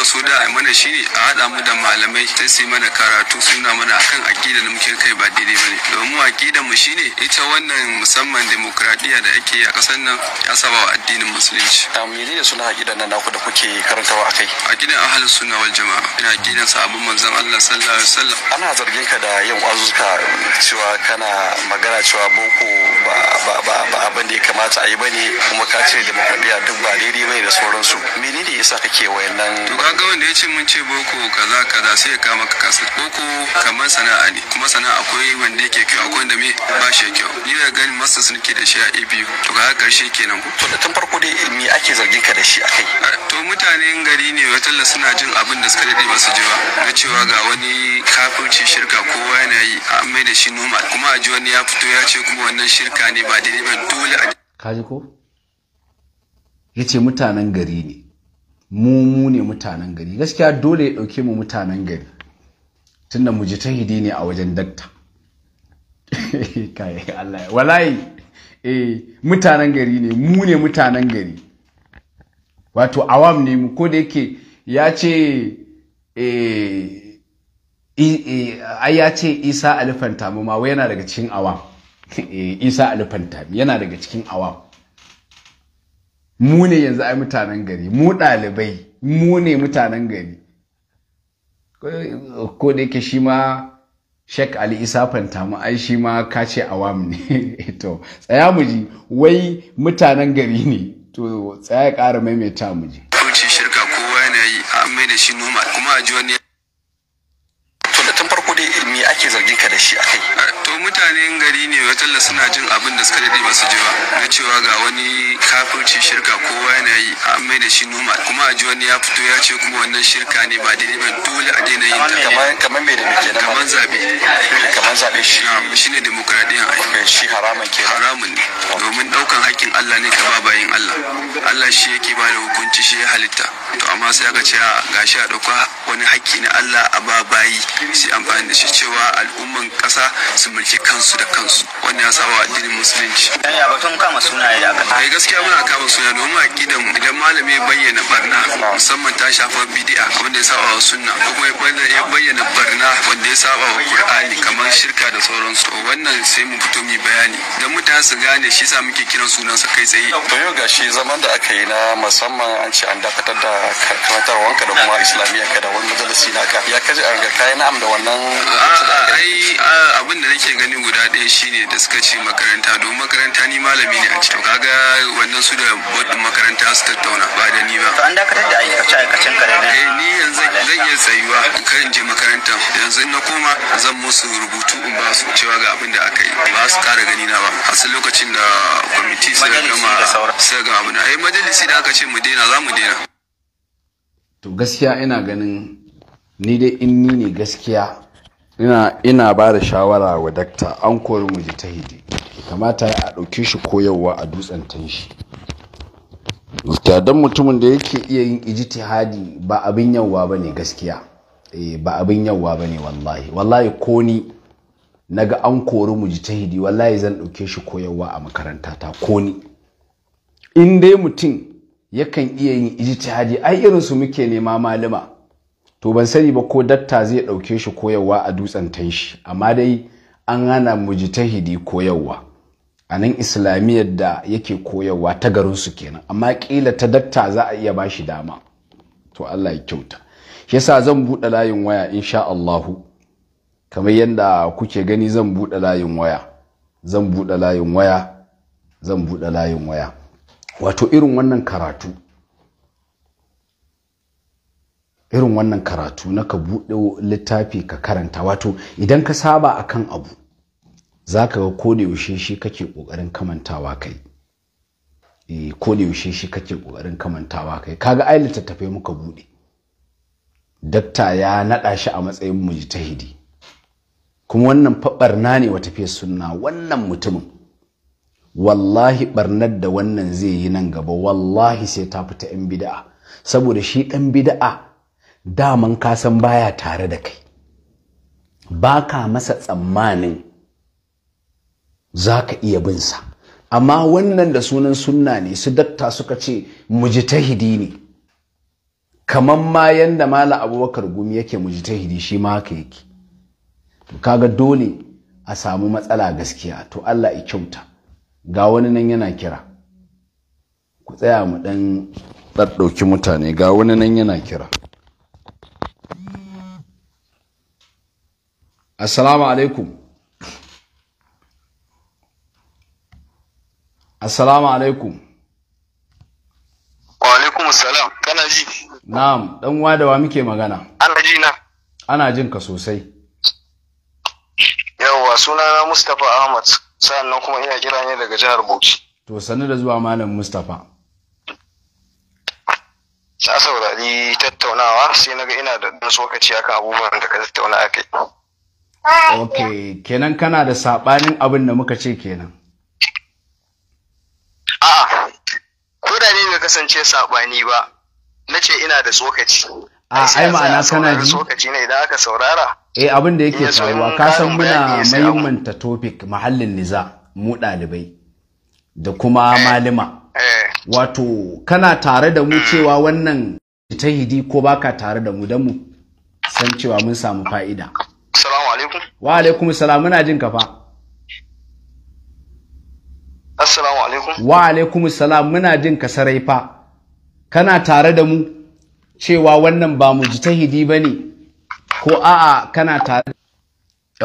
muka so da a mana ne a haɗa mu da malamai ta sai mana karatu suna mana akan aƙida da muke kai ba daidai ba ne domin aƙidan mu shine ita wannan musamman demokradiya da ake a ƙasar nan ya saba wa addinin musulunci a suna aƙidan nan naku da kuke karantawa a kai. aƙidan ahal suna wal jama'a ina aƙidan sabon manzon Allah sallallahu alaihi wasallam ana zargin ka da yin azuka cewa kana magana cewa boko ba ba ba abin da ya kamata a yi bane kuma ka ce demokradiya duk ba daidai bane da sauransu menene yasa kake wayannan kaga wanda ya ce mun ce boko kaza kaza sai ya kawo maka kasa boko kamar sana'a ne kuma sana'a akwai wanda yake kyau akwai wanda me ba shi kyau ni da gani masa sun ke da shi a ABU to ga karshe kenan to da tun farko dai me ake zargin ka da shi akai to mutanen gari ne watalla suna jin abin da suka dade ba su ji ba na cewa ga wani kafirci shirka kowa yana yi a mai da shi noma kuma a ji wani ya fito ya ce kuma wannan shirka ne ba daidai ba dole a kaji ko yace mutanen gari ne mu mu ne mutanen gari gaskiya dole ya ɗauke mu mutanen gari tunda mu ji ta hidi ne a wajen dakta walayi eh mutanen gari ne mu ne mutanen gari wato awam ne mu ko da yake ya ce eh, eh, ai ya ce isa alifanta mu ma yana daga cikin awam eh, isa alifanta yana daga cikin awam mu ne yanzu a mutanen gari mu ɗalibai mu ne mutanen gari ko da yake shi ma shek Ali Isa Fantamu ai shi ma ka ce awam ne to tsaya mu ji wai mutanen gari ne to tsaya ƙara maimaita mu ji. shirka kowa yana yi a mai da shi noma kuma a ji wani ake zargin ka da shi a kai to mutanen gari ne watalla suna jin abin da suka daɗe ba su ji ba na cewa ga wani kafirci shirka kowa yana yi an mai da shi noma kuma a ji wani ya fito ya ce kuma wannan shirka ne ba daidai ba dole a daina yin ta kamar mai da mai kenan kamar zabe kamar zabe shi shi ne a yi shi haramun ke haramun ne domin daukan haƙƙin Allah ne ka ba bayin Allah Allah shi yake ba da hukunci shi ya halitta to amma sai aka ce gashi a dauka wani haƙƙi na Allah a ba bayi sai amfani da shi cewa al'umman kasa su mulki kansu da kansu wannan ya saba addinin musulunci dan ya batun kama sunaye da aka kai eh, gaskiya muna kama suna domin aqidan idan malami ya bayyana barna musamman ta shafa bid'a wanda ya saba wa sunna ko kuma ya bayyana barna wanda ya saba wa qur'ani kamar shirka da sauransu to wannan sai mu fito mu bayani dan mutane su gane shi sa muke kiran sa kai tsaye to yau gashi zaman da aka yi na musamman an ce an dakatar da wanka da kuma islamiyya ka da wani majalisi naka ya kaji a ga kayan am da wannan ah, ah, ai abin da nake gani guda ɗaya shine da suka ce makaranta don makaranta ni malami ne a ce to kaga wannan su da wadin makaranta su tattauna ba da ni ba to an dakatar da aikace aikacen ka da eh, ni yanzu zan iya tsayuwa kan je makaranta yanzu na koma zan musu rubutu in ba su cewa ga abin da aka yi ba su kara gani na ba har lokacin da kwamiti suka gama suka gama abin ai eh, majalisi da aka ce mu daina za mu daina to gaskiya ina ganin ni dai in ni ne gaskiya ina ina ba da shawara wa dakta an kori mu ji tahidi kamata a dauke shi koyarwa a dutsen tanshi don mutumin da yake iya yin ijtihadi ba abin yawa ba ne gaskiya eh, ba abin yawa ba wallahi wallahi ko ni na ga an kori mu wallahi zan ɗauke shi koyarwa a makaranta ta ko ni in dai mutum yakan iya yin ijtihadi ai irin su muke nema malama to ban sani ba ko datta zai ɗauke shi koyarwa a dutsen tanshi amma dai an hana mujtahidi koyarwa a nan islamiyyar da yake koyarwa ta garinsu kenan amma kila ta datta za a iya ba shi dama to Allah ya kyauta shi yasa zan buɗe layin waya insha Allahu kamar yadda kuke gani zan buɗe layin waya zan buɗe layin waya zan buɗe layin waya wato irin wannan karatu irin wannan karatu na ka buɗe littafi ka karanta wato idan ka saba a kan abu za ka ga kodayaushe shi kake ƙoƙarin kamantawa kai eh, kodayaushe shi kake ƙoƙarin kamantawa kai kaga ai littattafai muka buɗe dakta ya naɗa shi a matsayin mujtahidi kuma wannan fa barna ne wata fiye sunna wannan mutumin wallahi barnar da wannan zai yi nan gaba wallahi sai ta fita yan bida'a saboda shi ɗan bida'a daman kasan baya tare da kai ba ka masa tsammanin za ka iya sa. amma wannan da sunan sunna ne su datta suka ce hidi ne kamar ma yadda mala abubakar gumi yake ta hidi shi ma haka yake kaga dole a samu matsala gaskiya to Allah ya kyauta ga wani nan yana kira ku tsaya mu dan ɗaɗɗauki mutane ga wani nan yana kira Assalamu alaikum. Assalamu alaikum. Wa alaikum salam, kana ji? Na'am, dan uwa da wa muke magana? Ana ji na. Ana jin ka sosai. Yawwa, sunana Mustapha Ahmad, sannan kuma ina kira ne daga jihar Bauchi. To sanin da zuwa malam Mustapha. Na saurari tattaunawa sai na ga ina da dan sokaci akan abubuwan da ka tattauna akai. ok kenan kana da saɓanin abin da muka ce kenan a'a ko da ne bai kasance saɓani ba na ce ina da tsokaci a ai ma'ana kana ji tsokaci ne idan aka saurara eh abin da yake faruwa ka san muna mahimmanta topic mahallin niza mu ɗalibai da kuma eh, malima eh. wato kana tare da mu hmm. cewa wannan ta hidi, ko baka tare da mu don mu san cewa mun samu fa'ida alaikum. Wa alaikum salam muna jin ka fa. Assalamu alaikum. Wa alaikum salam muna jin ka sarai fa. Kana tare da mu cewa wannan ba mu ji ta hidi ba ne ko a'a kana tare da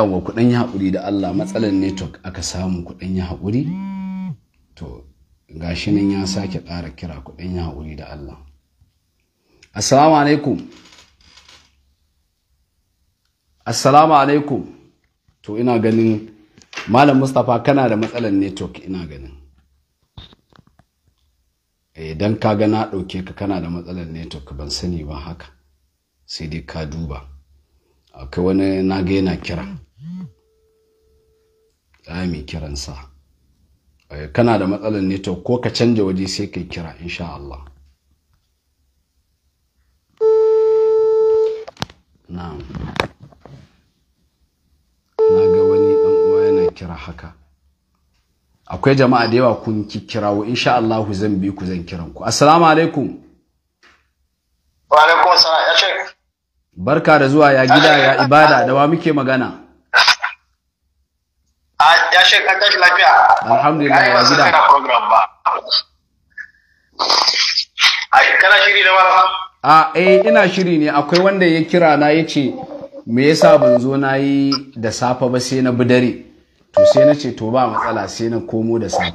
yawwa kuɗin ya haƙuri da Allah matsalar network aka samu kuɗin ya haƙuri to gashi nan ya sake ƙara kira kuɗin ya haƙuri da Allah. Assalamu alaikum. assalamu alaikum to ina ganin malam mustapha kana da matsalar network ina ganin idan eh, ka ga na ɗauke ka kana da matsalar network ban sani ba haka sai dai ka duba akwai wani na ga yana kira ai mai kiransa eh, kana da matsalar network ko ka canja waje sai kai kira insha Allah na'am na ga wani dan uwa yana kira haka akwai jama'a da yawa kun ki kirawo insha Allah zan bi ku zan kiran ku assalamu alaikum wa alaikum assalam ya ce barka da zuwa ya gida ya ibada da wa muke magana ya ce ka tashi lafiya alhamdulillah ya gida kana shiri da ba a eh ina shiri ne akwai wanda ya kira na yace me yasa ban zo na yi da safe ba sai na bi dare to sai na ce to ba matsala sai na komo da safe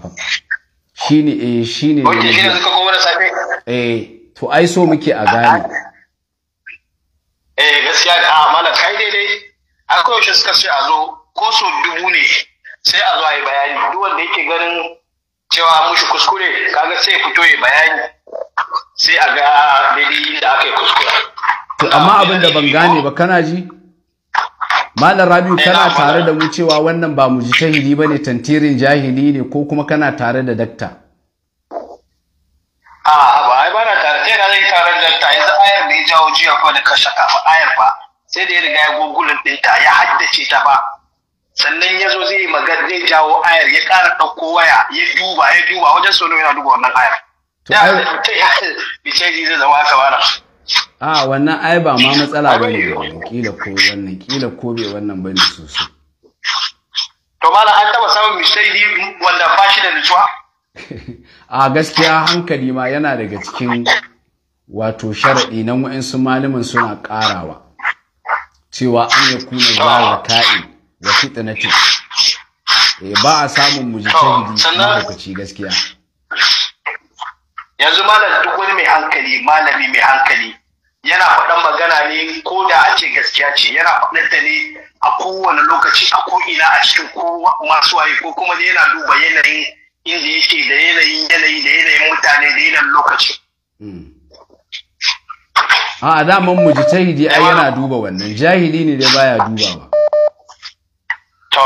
shine eh shine ne ne suka komo da safe eh to ai so muke a gane eh gaskiya da ah, malam kai daidai akwai yaushe suka ce a zo ko so dubu ne sai a zo a yi bayani duk wanda yake ganin cewa mushi kuskure kaga sai fito ya bayani sai a ga daidai inda aka yi kuskure amma abin da ban gane ba kana ji malam rabiu kana tare da mu cewa wannan ba mujtahidi bane tantirin jahili ne ko kuma kana tare da dakta a ba ai ba na tare da zai tare da dakta yanzu ayar da ya jawo jiya ko da ka shaka ayar ba sai da ya riga ya gungulun ɗinta ya haddace ta ba sannan ya zo zai magana zai jawo ayar ya ƙara ɗauko waya ya duba ya duba wajen sono yana duba wannan ayar. Ya, ta zai zama haka ba a wannan ai ba ma matsala ba ne kila ko wannan kila ko bai wannan ba ne sosai to malam an taba samun misali wanda fashi da nutsuwa a gaskiya hankali ma yana daga cikin wato sharaɗi nan su malamin suna ƙarawa cewa an ya kuna zara ka'i wa eh ba a samun mujtahidi lokaci gaskiya yanzu malam duk wani mai hankali malami mai hankali yana faɗan magana ne ko da a ce gaskiya ce yana faɗan ta ne a kowane lokaci a ko'ina a cikin ko masu waye ko kuma yana duba yanayin inda yake da yanayin yanayi da yanayin mutane da yanayin lokaci. Hmm. A daman mujtahidi ai yana duba wannan jahili ne dai baya duba ba. To,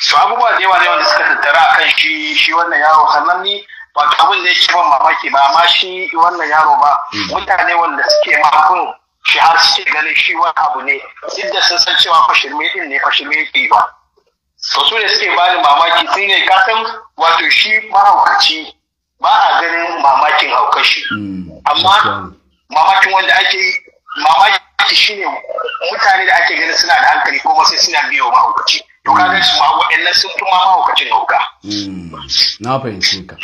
su abubuwa da yawa ne wanda suka tattara a kan shi wannan yaro sannan ni wato abin da yake ban mamaki ba ma shi wannan yaro ba hmm. mutane wanda suke mafin shi har suke ganin shi wani abu ne duk da sun san cewa fashirme din ne fashirme yake ba to su ne suke bani mamaki sun ne kasan wato shi mahaukaci ba a ganin mamakin shi, hmm. amma mamakin wanda ake yi mamaki ne mutane da ake ganin suna da hankali kuma sai suna biyo mahaukaci to kaga hmm. su ma waɗannan sun fi ma mahaukacin hauka na fahimci ka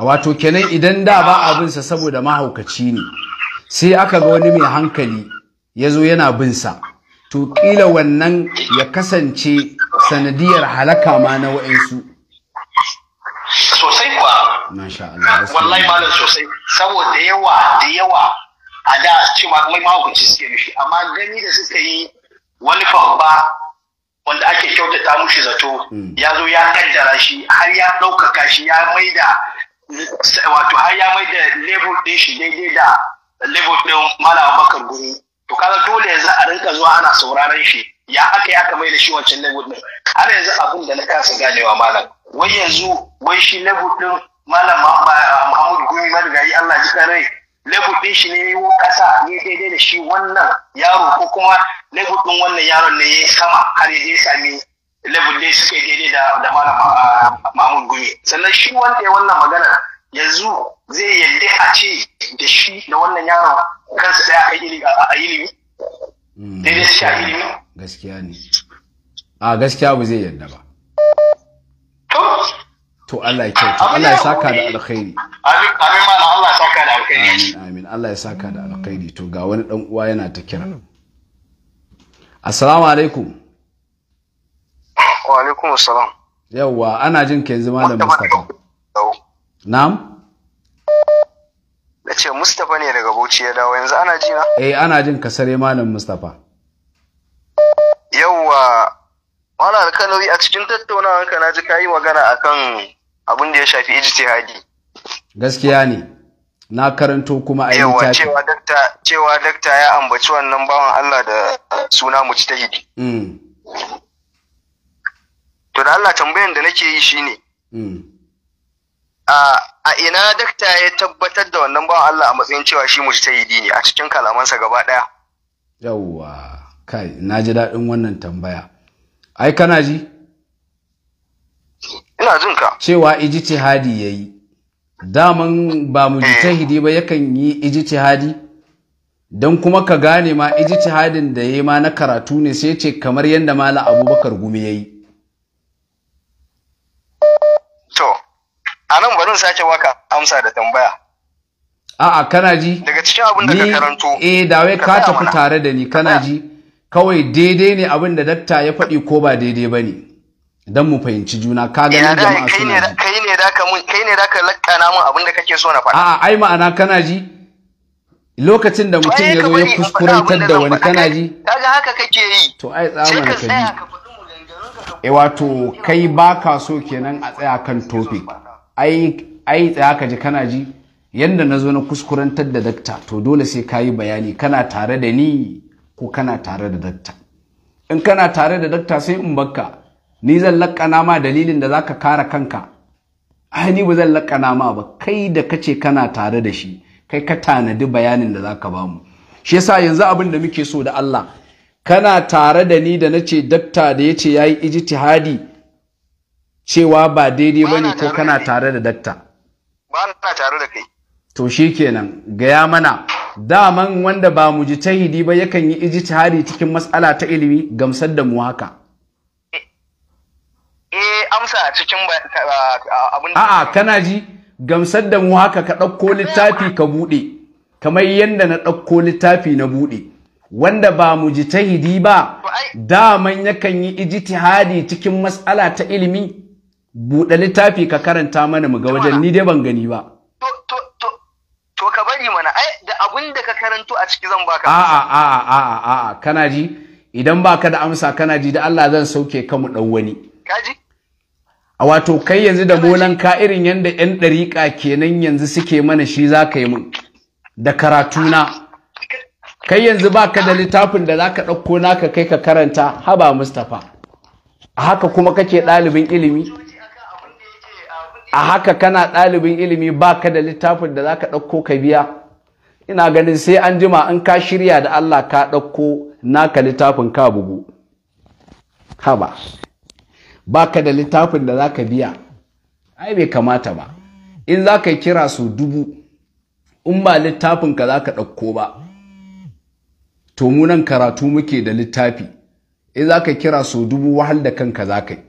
A wato kenan idan da ba abin sa saboda mahaukaci ne sai aka ga wani mai hankali ya zo yana bin sa to kila wannan ya kasance sanadiyar halaka ma na wa'insu sosai kuwa masha Allah wallahi malam sosai saboda yawa da yawa a da cewa mai mahaukaci suke nufi amma gani da suka yi wani babba wanda ake kyautata mushi zato hmm. ya zo ya kaddara shi har ya ɗaukaka shi ya maida wato har ya mai da level ɗin shi daidai da level ɗin malam bakar guri to kaga dole yanzu a rinka zuwa ana sauraron shi ya aka ya mai da shi wancan level din har yanzu abin da na kasa ganewa malam wai yanzu wai shi level din malam mahmud gumi marigayi allah ji karai level ɗin shi ne yiwo ƙasa ne daidai da shi wannan yaro ko kuma level ɗin wannan yaron ne ya sama har ya je sami level dai suke daidai da da malam Mahmud Gumi sannan shi wanda ya wannan magana yanzu zai yadda a ce da shi da wannan yaro kansa daya a ilimi a ilimi hmm, daidai su a ilimi gaskiya ne a gaskiya ba zai yadda ba to Allah ya kyauta Allah ya saka da alkhairi amin amin ma Allah ya saka da alkhairi amin amin Allah ya saka da alkhairi to ga wani dan uwa yana ta kira assalamu alaikum wa alaikum assalam yawwa ana jin ka yanzu malam mustapha na'am da ce mustapha ne daga bauchi ya dawo yanzu ana ji na eh ana jin ka sare malam mustapha yawwa malam alkalawi a cikin tattaunawar ka na ji ka yi magana akan abin da ya shafi ijtihadi gaskiya ne na karanto kuma a yawa cewa dakta cewa dakta ya ambaci wannan bawan Allah da suna mu ci mujtahidi mm to da Allah tambayan da nake yi shine hmm. a ina dakta ya tabbatar da wannan bawan Allah a matsayin cewa shi mujtahidi ne a cikin kalamansa gaba daya yawwa kai na ji daɗin wannan tambaya ai kana ji ina jin ka cewa ijtihadi yayi daman ba eh. mujtahidi ba yakan yi ijtihadi don kuma ka gane ma ijtihadin da yayi ma na karatu ne sai ce kamar yadda Malam abubakar gumi yayi barin sake waka amsa da tambaya a'a kana ji daga cikin abin da ka karanto eh da wai ka tafi tare da ni kana ji kawai daidai ne abin da dakta ya faɗi ko ba daidai ba ne don mu fahimci juna ka ganin jama'a suna ji kai ne da ka mun kai ne da ka lakka na mun abin da kake so na faɗa a'a ai ma'ana kana ji lokacin da mutum ya zo ya kuskurantar da wani kana ji Ka ga haka kake yi to ai tsamana ka ji eh wato kai baka so kenan a tsaya kan topic ai tsaya ka ji kana ji yadda na zo na kuskurantar da dakta to dole sai ka yi bayani kana tare da ni ko kana tare da dakta in kana tare da dakta sai in bakka ni zan laƙana ma dalilin da za ka kare kanka ni ba zan laƙana ma ba kai da ka kace kana tare da shi kai ka tanadi bayanin da za ka bamu shi yasa yanzu abin da muke so da Allah kana tare da ni da na ce dakta da ya ce ya yi ijtihadi cewa ba daidai ba ne ko kana tare da dakta ba na tare da kai to shi kenan gaya mana daman wanda ba mu ji tahidi ba yakan yi ijtihadi cikin matsala ta ilimi gamsar da mu haka eh, eh amsa cikin abin a'a kana ji gamsar da mu haka ka ɗauko littafi ka buɗe kamar yadda na ɗauko littafi na buɗe wanda ba mu ji tahidi ba daman yakan yi ijtihadi cikin matsala ta ilimi buɗe littafi ka karanta mana mu ga wajen ni dai ban gani ba to ka bari mana ai da abun da ka karanto a ciki zan baka a'a a'a a'a a'a kana ji idan baka da amsa kana ji da Allah zan sauke ka mu dau wani kaji a wato kai yanzu da bolan ka irin yanda yan ɗariƙa kenan yanzu suke mana shi za ka yi mun da karatuna kai yanzu ba ka da littafin da za ka ɗauko naka kai ka karanta haba mustapha a haka kuma kake ɗalibin ilimi a haka kana ɗalibin ilimi ba ka da littafin da za ka ɗauko ka biya ina ganin sai an jima in ka shirya da Allah ka ɗauko naka littafin ka bugu haba ka da littafin da za ka biya ai bai kamata ba in za ka kira su dubu in ba littafin ka za ka ɗauko ba to mu nan karatu muke da littafi in za ka kira su dubu wahal da kanka za ka yi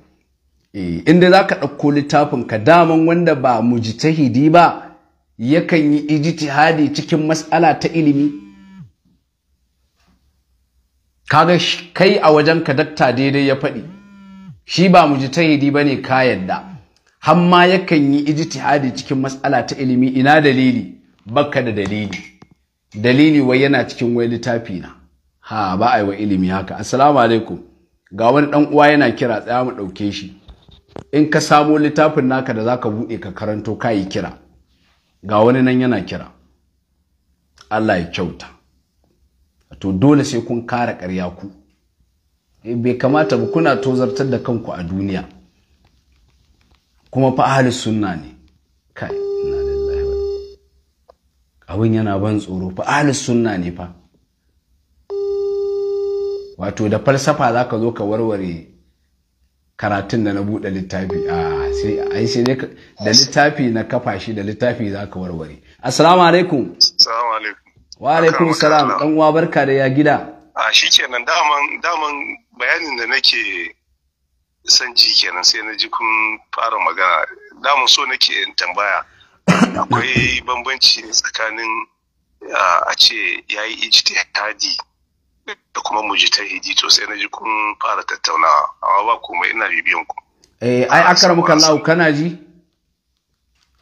Eh, inda za ka ɗauko littafin ka daman wanda ba mujtahidi ba yakan yi ijtihadi cikin mas'ala ta ilimi kaga kai a wajen ka datta daidai ya faɗi shi ba ba ne ka yadda hamma yakan yi ijtihadi cikin mas'ala ta ilimi ina dalili baka da dalili dalili wai yana cikin wai littafi na ha ba a yi wa ilimi haka assalamu alaikum ga wani ɗan uwa yana kira tsaya mu dauke shi in ka samo littafin naka da zaka buɗe ka karanto kayi kira ga wani nan yana kira Allah ya kyauta to dole sai kun kara karya ku eh, bai kamata ba kuna tozartar da kanku a duniya kuma fa ahli sunna ne kai abin yana ban tsoro fa ahli sunna ne fa wato da falsafa zaka zo ka warware karatun da na buɗe littafi a sai yi sai ne da littafi na kafa shi da littafi za ka warware assalamu alaikum assalamu alaikum wa alaikum salam dan uwa barka da ya gida a shikenan daman daman bayanin da nake san ji kenan sai na ji kun fara magana daman so nake in tambaya akwai bambanci tsakanin a ce yayi ijtihadi da kuma mu ji ta hiji to sai na ji kun fara tattaunawa amma ba komai ina bibiyan ku eh ai akramuka kallahu kana ji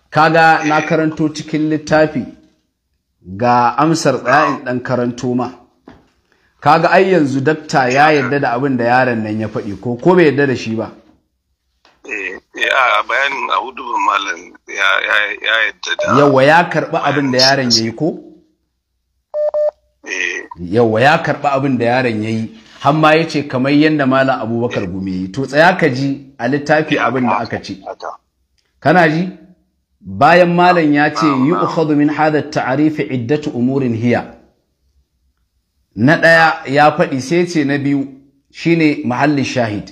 kaga na eh. karanto cikin littafi ga amsar tsayin dan karanto ma kaga ai yanzu dakta ya yarda da abin da yaron nan ya faɗi ko ko bai yarda da shi ba eh, eh, ya bayanin a hudu malam ya yarda da yawa ya karɓi abin da yaron ya yi ko Eh. yauwa ya karɓi abin da yaron ya yi hamma ya ce kamar yadda malam abubakar eh. gumi yi to tsaya ka ji a littafi abin da aka ce kana ji bayan malam ya ce yi ukhadu min hada ta'arifi iddatu umurin hiya na ɗaya ya faɗi sai ce na biyu shine mahallin shahid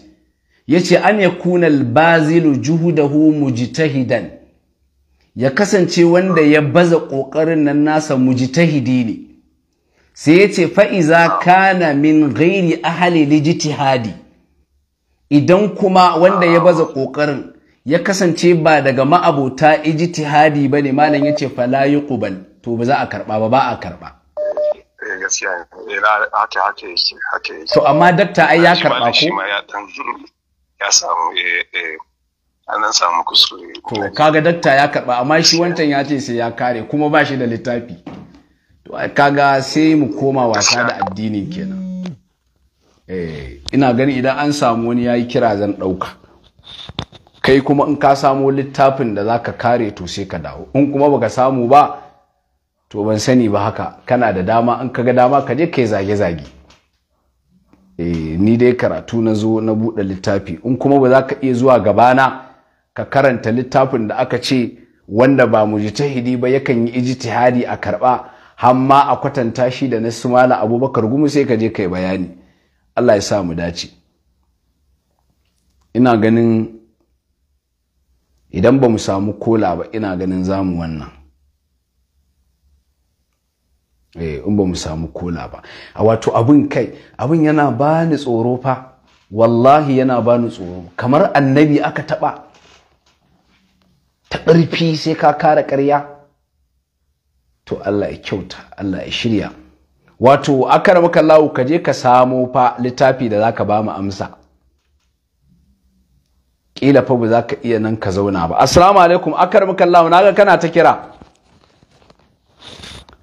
yace an yakuna da juhudahu mujtahidan ya kasance wanda ya baza ƙoƙarin nan nasa mujtahidi ne sai ya ce fa'iza kana min gairi ahali lijitihadi idan kuma wanda ya baza ƙoƙarin ya kasance ba daga ma'abota ijtihadi ba ne malam ya ce fala yi ƙubal to ba za a karɓa ba ba a karɓa. Eh, eh, to amma dakta ai ya karɓa ko? Ya samu anan eh, samu kusuri kaga dakta ya karɓa amma shi wancan ya ce sai ya kare kuma ba shi da littafi. kaga sai mu koma wasa da addinin kenan eh ina gani idan an samu wani yayi kira zan dauka kai kuma in ka samu littafin da zaka kare to sai ka dawo in kuma baka samu ba to ban sani ba haka kana da dama in kaga dama ka je kai zage zage eh ni dai karatu na zo na bude littafi in kuma ba za ka iya zuwa gabana ka karanta littafin da aka ce wanda ba mujtahidi ba yakan yi ijtihadi a karba hamma a kwatanta shi da na sumala abubakar gumu sai ka je kai bayani Allah ya sa mu dace ina ganin idan ba mu samu kola ba ina ganin zamu wannan eh in ba mu samu kola ba a wato abin kai abin yana ba ni tsoro fa wallahi yana ba ni tsoro kamar annabi aka taba ta ƙarfi sai ka kara ƙarya to Allah ya kyauta Allah ya shirya wato maka Allah ka je ka samo fa littafi da zaka ba mu amsa kila fa ba za ka iya nan ka zauna ba assalamu alaikum maka Allah naga kana ta kira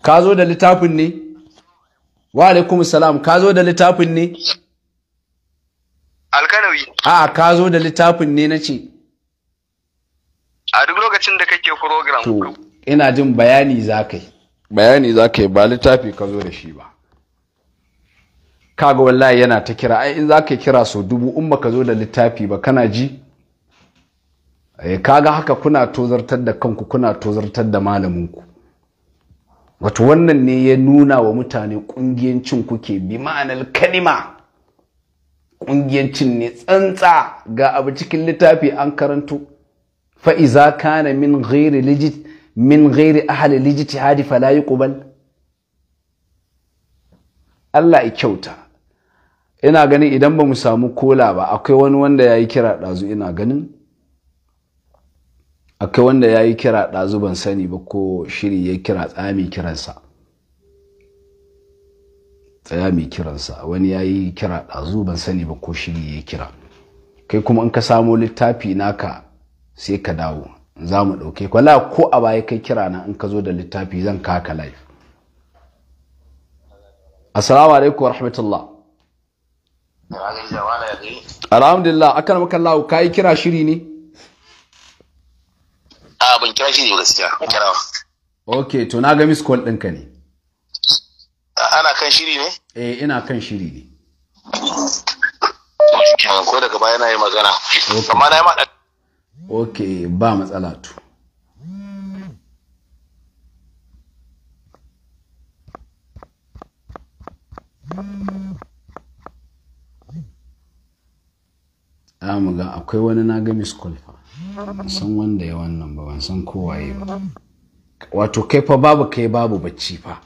ka zo da littafin ne wa alaikum salam ka zo da littafin ne alkalawi a ka zo da littafin ne na ce a duk lokacin da kake program ina jin bayani za kai. bayani za ka yi ba littafi ka zo da shi ba kaga wallahi yana ta kira ai in za ka kira so dubu in ba ka zo da littafi ba kana ji eh, kaga haka kuna tozartar da kanku kuna tozartar da malaminku wato wannan ne ya nuna wa mutane ƙungiyancin kuke bi ma'anar kalima ƙungiyancin ne tsantsa ga abu cikin littafi an karanto fa'iza kana min ghairi legit min ghairi ahli lijtihadi fala yuqbal Allah ya kyauta ina ganin idan ba mu samu kola ba akwai wani wanda ya yi kira ɗazu ina ganin akwai wanda ya yi kira ɗazu ban sani ba ko shiri ya kira tsami kiransa tsaya mai kiransa wani ya yi kira ɗazu ban sani ba ko shiri ya kira kai kuma in ka samo littafi naka sai ka dawo za mu ɗauke kwala ko a baya kai kira na in ka zo da littafi zan kaka laif. assalamu alaikum rahmatullah alhamdulillah akan makallahu kayi kira shiri ne a ban kira shiri gaskiya kira ok to na ga miss call ɗinka ne ana kan shiri ne eh ina kan shiri ne ko daga baya na yi magana amma na yi ma ok ba matsala tu mu ga akwai wani na ga miskulfa san wanda ya wannan ba ban san kowaye ba wato kai fa babu kai babu bacci fa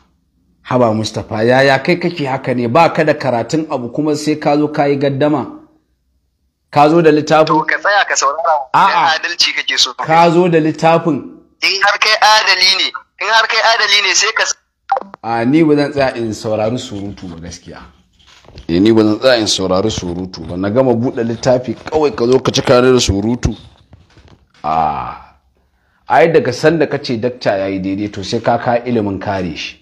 haba mustapha yaya kai kake haka ne ba ka da karatun abu kuma sai ka zo ka yi gaddama ka zo da littafin to ka tsaya ka saurara a'a adalci kake so ka zo da littafin in har kai adali ne in har kai adali ne sai ka a ni ba zan tsaya in saurari surutu ba gaskiya eh ni ba zan tsaya in saurari surutu ba na gama buɗe littafi kawai ka zo ka cika da surutu a ai daga sanda kace dakta yayi daidai to sai ka ka ilimin kare shi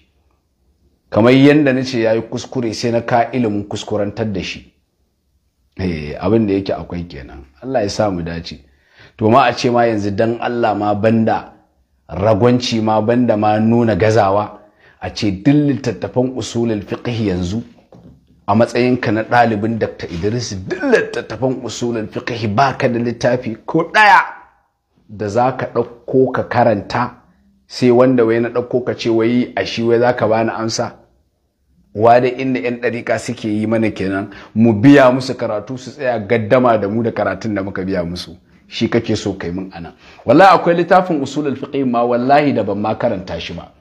kamar yadda na ce ya yi kuskure sai na ka ilimin kuskurantar da shi Eh, abin da yake akwai kenan Allah ya sa mu dace to ma a ce ma yanzu dan Allah ma banda ragwanci ma banda ma nuna gazawa a ce duk littattafan usulul fiqh yanzu a matsayinka na ɗalibin Dr. Idris duk littattafan usulul fiqh baka da littafi ko ɗaya da zaka ka ɗauko ka karanta sai wanda wai na ɗauko ka ce wai a shi wai zaka bani amsa wada inda 'yan ɗariƙa suke yi mana kenan mu biya musu karatu su tsaya gaddama da mu da karatun da muka biya musu shi kake so kai mun ana wallahi akwai littafin usul alfiqi ma wallahi da ban ma karanta shi ba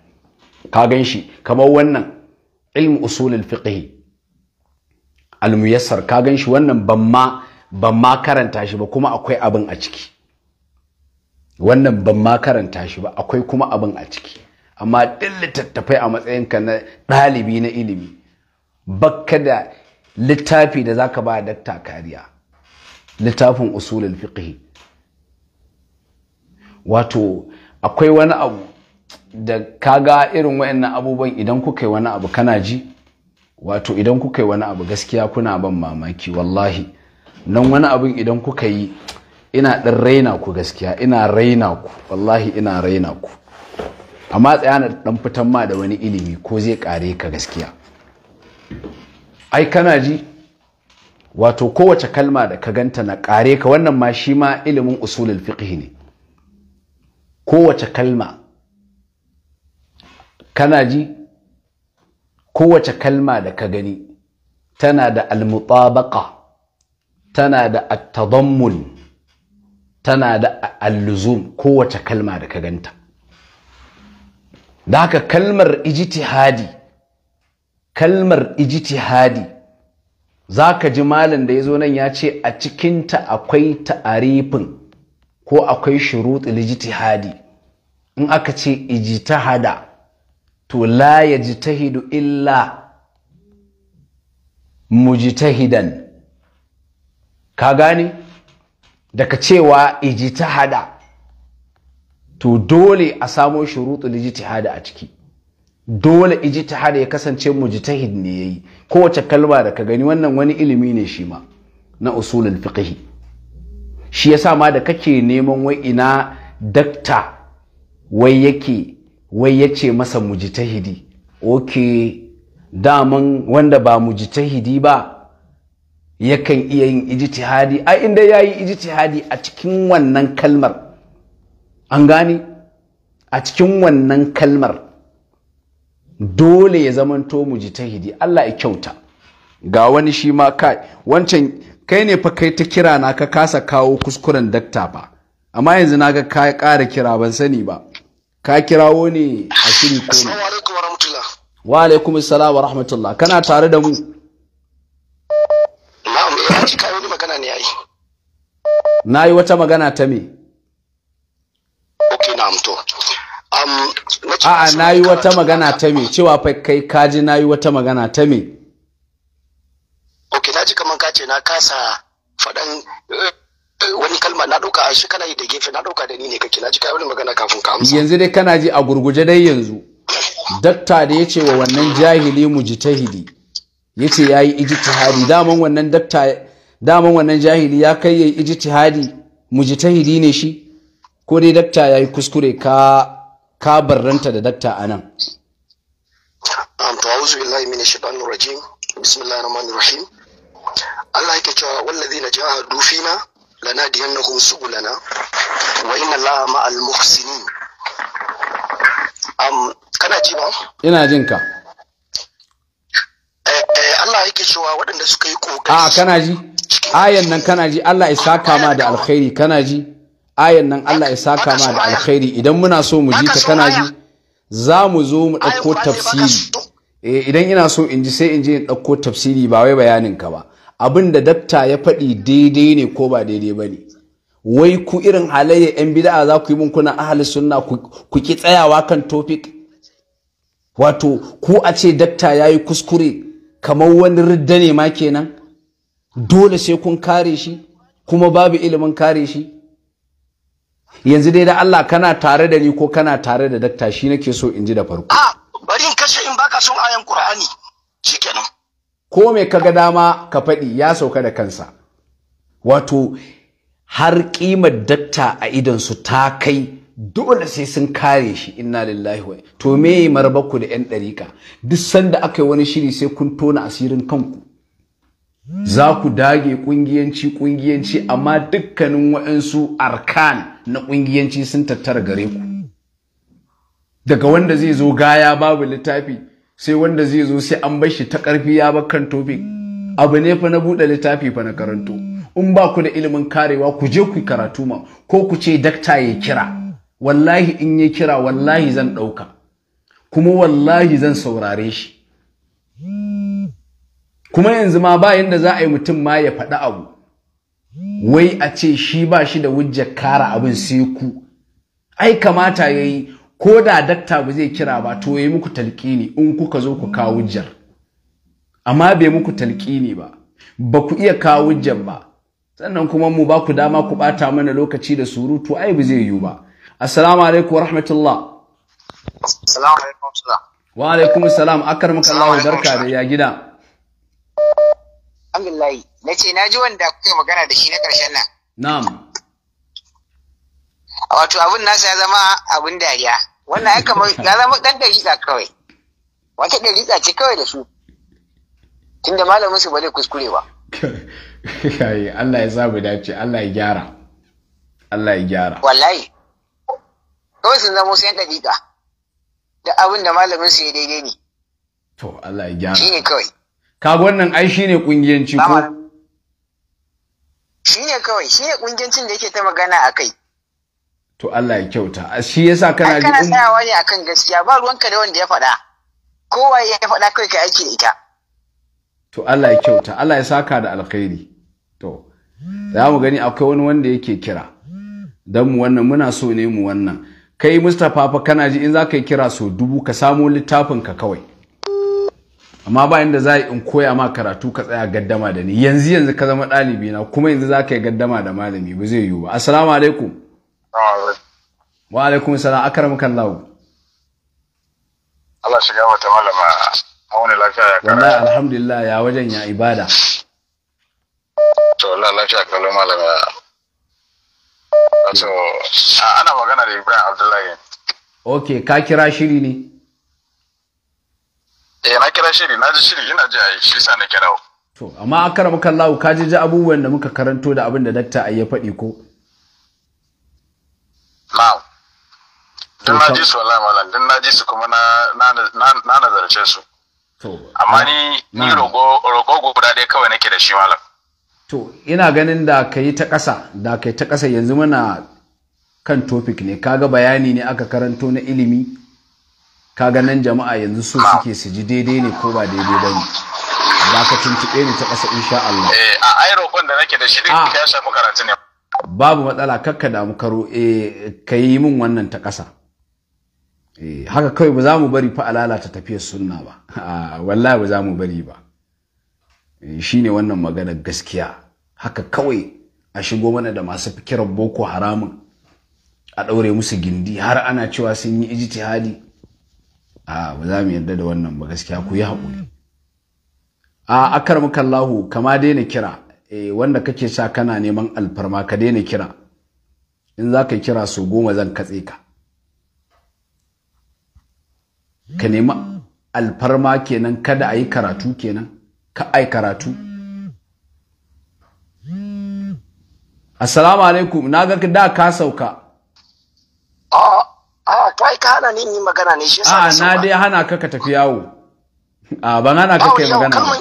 ka gan shi kamar wannan ilmu usul alfiqi almuyassar ka gan shi wannan ban ma ban ma karanta shi ba kuma akwai abin a ciki wannan ban ma karanta shi ba akwai kuma abin a ciki amma ɗin littattafai a matsayinka na ɗalibi na ilimi bakka da littafi da za ka ba dakta kariya littafin usulul fiqh wato akwai wani abu da kaga irin wayannan abubuwan idan kuka yi wani abu kana ji wato idan kuka yi wani abu gaskiya kuna ban mamaki wallahi nan wani abin idan kuka yi ina ɗan raina ku gaskiya ina raina ku wallahi ina raina ku A tsaya na dan fitan ma da wani ilimi ko zai kare ka gaskiya ai kana ji wato kowace kalma da ka ganta na kare ka wannan ma shi ma ilimin usulul fiqh ne kowace kalma kana ji kowace kalma da ka gani tana da almutabaqa tana da at tana da alluzum kowace kalma da ka ganta da haka kalmar ijtihadi kalmar ijtihadi za ka ji malam da ya zo nan ya ce a cikinta akwai ta'arifin ko akwai Ijiti ijtihadi in aka ce ijtihada to la yajtahidu illa mujtahidan ka gane daga cewa ijtihada to dole a samo lijiti ijtihadi a ciki dole ijtihadi ya kasance mujtahid ne yayi kowace kalma da ka gani wannan wani ilimi ne shi ma na usulul fiqh shi yasa ma da kake neman wai ina dakta wai yake wai yace masa mujtahidi okay daman wanda ba mujtahidi ba yakan iya yin ijtihadi ai inda yayi ijtihadi a cikin wannan kalmar an gani a cikin wannan kalmar dole ya zamanto mu ji ta hidi Allah ya kyauta ga wani shi ma kai wancan kai ne fa kai ta kira na ka kasa kawo kuskuren dakta ba amma yanzu na ga ka ƙara kira ban sani ba ka kirawo ne a shiri ko ne wa alaikum assalam wa rahmatullah kana tare da mu na'am eh, Na yi wata magana ta me okay na'am to um a a na yi wata magana ta me cewa fa kai kaji na yi wata magana ta me okay naji kaman ka ce na kasa fadan eh, wani kalma na dauka a shi kana yi da gefe na dauka da ni ne kake na ji kai wani magana kafin ka amsa yanzu dai kana ji a gurguje dai yanzu dakta da ya ce wa wannan jahili mujtahidi ya ce ya yi ijtihadi daman wannan dakta daman wannan jahili ya kai ya yi ijtihadi mujtahidi ne shi ko dai dakta ya yi kuskure ka ka barranta da dakta a nan Allah yake cewa shaitanir rajim bismillahir rahmanir rahim Allah yake cewa wallazina jahadu fina lanadiyannahum subulana wa ina allaha ma'al muhsinin um kana ji ba ina jin ka Eh, eh, Allah yake cewa waɗanda suka yi kokari a kana ji ayan nan kana ji Allah isa kama da alkhairi kana ji ayan nan Allah ya saka ma da alkhairi idan muna so mu ji ta kana ji za mu zo mu ɗauko tafsiri eh, idan ina so in ji sai in je in ɗauko tafsiri ba wai bayanin ka ba abin da dakta ya faɗi daidai ne ko ba daidai ba ne wai ku irin halayya yan bida'a za ku yi mun kuna ahli sunna ku ki tsayawa kan topic wato ku a ce dakta ya yi kuskure kamar wani ridda ne ma kenan dole sai kun kare shi kuma babu ilimin kare shi yanzu dai da Allah kana tare da ni ko kana tare da dakta shi nake so in ji da farko a ah, bari in kashe in baka son ayan qur'ani shikenan ko me kaga dama ka faɗi ya sauka da kansa wato har kimar dakta a idan su ta kai dole sai sun kare shi inna lillahi wa to me marbaku da yan dariƙa duk sanda aka yi wani shiri sai kun tona asirin kanku za ku dage kungiyanci kungiyanci amma dukkanin waɗansu arkan na kungiyanci sun tattara gare ku daga wanda zai zo gaya babu littafi sai wanda zai zo sai an bashi ta ƙarfi ya bakan abu ne fa na buɗe littafi fa na karanto in ba ku da ilimin karewa ku je ku karatu ma ko ku ce dakta ya kira wallahi in ya kira wallahi zan ɗauka kuma wallahi zan saurare shi kuma yanzu ma ba yanda za a yi mutum ma ya faɗi abu wai a ce shi ba shi da wujjar kara abin sai ku ai kamata ya yi ko da dakta ba zai kira ba to ya muku talƙini in kuka zo ku kawo wujjar amma bai muku talƙini ba ba ku iya kawo wujjar ba sannan kuma mu ba ku dama ku ɓata mana lokaci da surutu ai ba zai yiwu ba assalamu alaikum rahmatullah assalamu alaikum wa alaikum akar muka Allah barka da ya gida Alhamdulillah. na ce na ji wanda kuka magana da shi na ƙarshen nan na'am wato abin nasa ya zama abin dariya wannan ya kamar ya zama ɗan dariƙa kawai wata dariƙa ce kawai da su tunda malamin su ba zai kuskure ba Allah ya samu dace Allah ya gyara Allah ya gyara wallahi kawai sun zama sai ɗariƙa da abin da malamin su ya daidai ne to Allah ya gyara ne kawai kaga wannan ai shine ƙungiyanci ko shine kawai shine kungiyancin da yake ta magana a kai to Allah ya kyauta shi yasa kana ji kana tsayawa ne akan gaskiya ba ruwanka da wanda ya faɗa kowa ya faɗa kai ka aiki ita to Allah ya kyauta Allah ya saka da alkhairi to za mu gani akwai wani wanda yake kira dan mu wannan muna so ne mu wannan kai Mustapha fa kana ji in za ka yi kira so dubu ka samo littafin ka kawai amma ba inda za in koya ma karatu ka tsaya gaddama da ni yanzu yanzu ka zama ɗalibi na kuma yanzu za ka yi gaddama da malami ba zai yiwu ba assalamu alaikum wa alaikum salam akram kallahu Allah shiga wata malama wani lafiya ya kara wallahi alhamdulillah ya wajen ya ibada to wallahi lafiya kallon malama wato ana magana da Ibrahim Abdullahi okay ka kira shiri ne eh na kira shiri na ji shiri ina ji ai shi sa na kira to amma a karama kallahu ka ji abubuwan da muka karanto da abin da dakta ai ya faɗi ko na'am din na ji su wallahi malam din na ji su kuma na na nazarce su amma ni ni rogo rogo guda ɗaya kawai nake da shi malam to ina ganin da ka yi ta ƙasa da kai ta ƙasa yanzu muna kan topic ne kaga bayani ne aka karanto na ilimi kaga nan jama'a yanzu so suke su ji daidai ne ko ba daidai ba ne ba ka tuntuɓe ni ta ƙasa insha Allah. Eh, a ai da nake da shi duk ah. ya shafi karatu ne. Babu matsala kakka damu karo eh ka yi min wannan ta ƙasa. Eh, haka kawai ba za mu bari fa lalata tafiyar sunna ba. Ah, wallahi ba za mu bari ba. Eh, shi ne wannan maganar gaskiya. Haka kawai a shigo mana da masu fikirar boko haramun a ɗaure musu gindi har ana cewa sun yi ijtihadi. hadi a ba za mu yarda da wannan ba gaskiya ku yi haƙuri a akar lahu kama daina kira eh, wanda kake sa kana neman alfarma ka daina kira in za ka kira su goma zan katse ka ka nemi alfarma kenan kada a yi karatu kenan ka ai karatu assalamu alaikum na ga da ka sauka to ai ka hana ni yi magana ne shi yasa ah, na dai hana ka ka tafi yawo a ah, ban hana ka kai magana kalman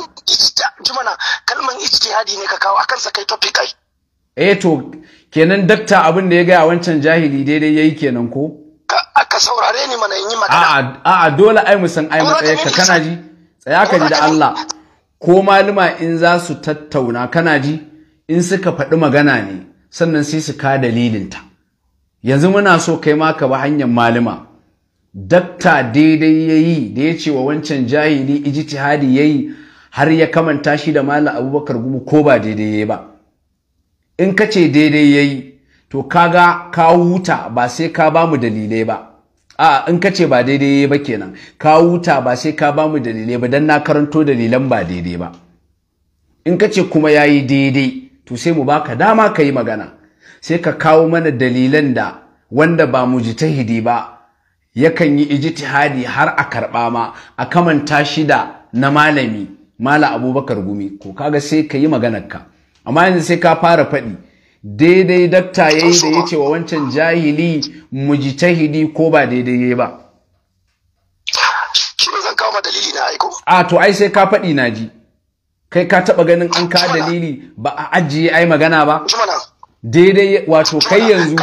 jumana kalman ijtihadi ne ka kawo akan sa kai topic kai. eh to kenan dakta abin da ya ga wancan jahili daidai yayi kenan ko Aka saurare ni mana in yi magana a'a a'a dole ai mu san ai matsayin ka kana ji tsaya ka ji da Allah ko malama in za su tattauna kana ji in suka faɗi magana ne sannan sai su ka dalilinta yanzu muna so kai ma ka bi hanyar malima dakta daidai yayi da ya ce wa wancan jahili ijtihadi yi har ya kamanta shi da malam abubakar gumu ko ba daidai ba in ka ce daidai yi to kaga ka wuta ba sai ka ba mu dalilai ba a in ka ce ba daidai ba kenan ka wuta ba sai ka ba mu dalilai ba don na karanto dalilan ba daidai ba in ka ce kuma ya yi daidai to sai mu baka dama ka yi magana sai ka kawo mana dalilan da wanda ba mu jitahidi ba yakan yi ijtihadi har a karɓa ma a kamanta shi da na malami mala abubakar gumi ko kaga sai ka yi maganarka. amma yanzu sai ka fara faɗi daidai dakta yayi da ya ce wa wancan jahili mu mujtahidi ko ba daidai yi ba a to ai sai ka faɗi na ji kai ka taɓa ganin an ka dalili ba a ajiye ai magana ba daidai wato kai yanzu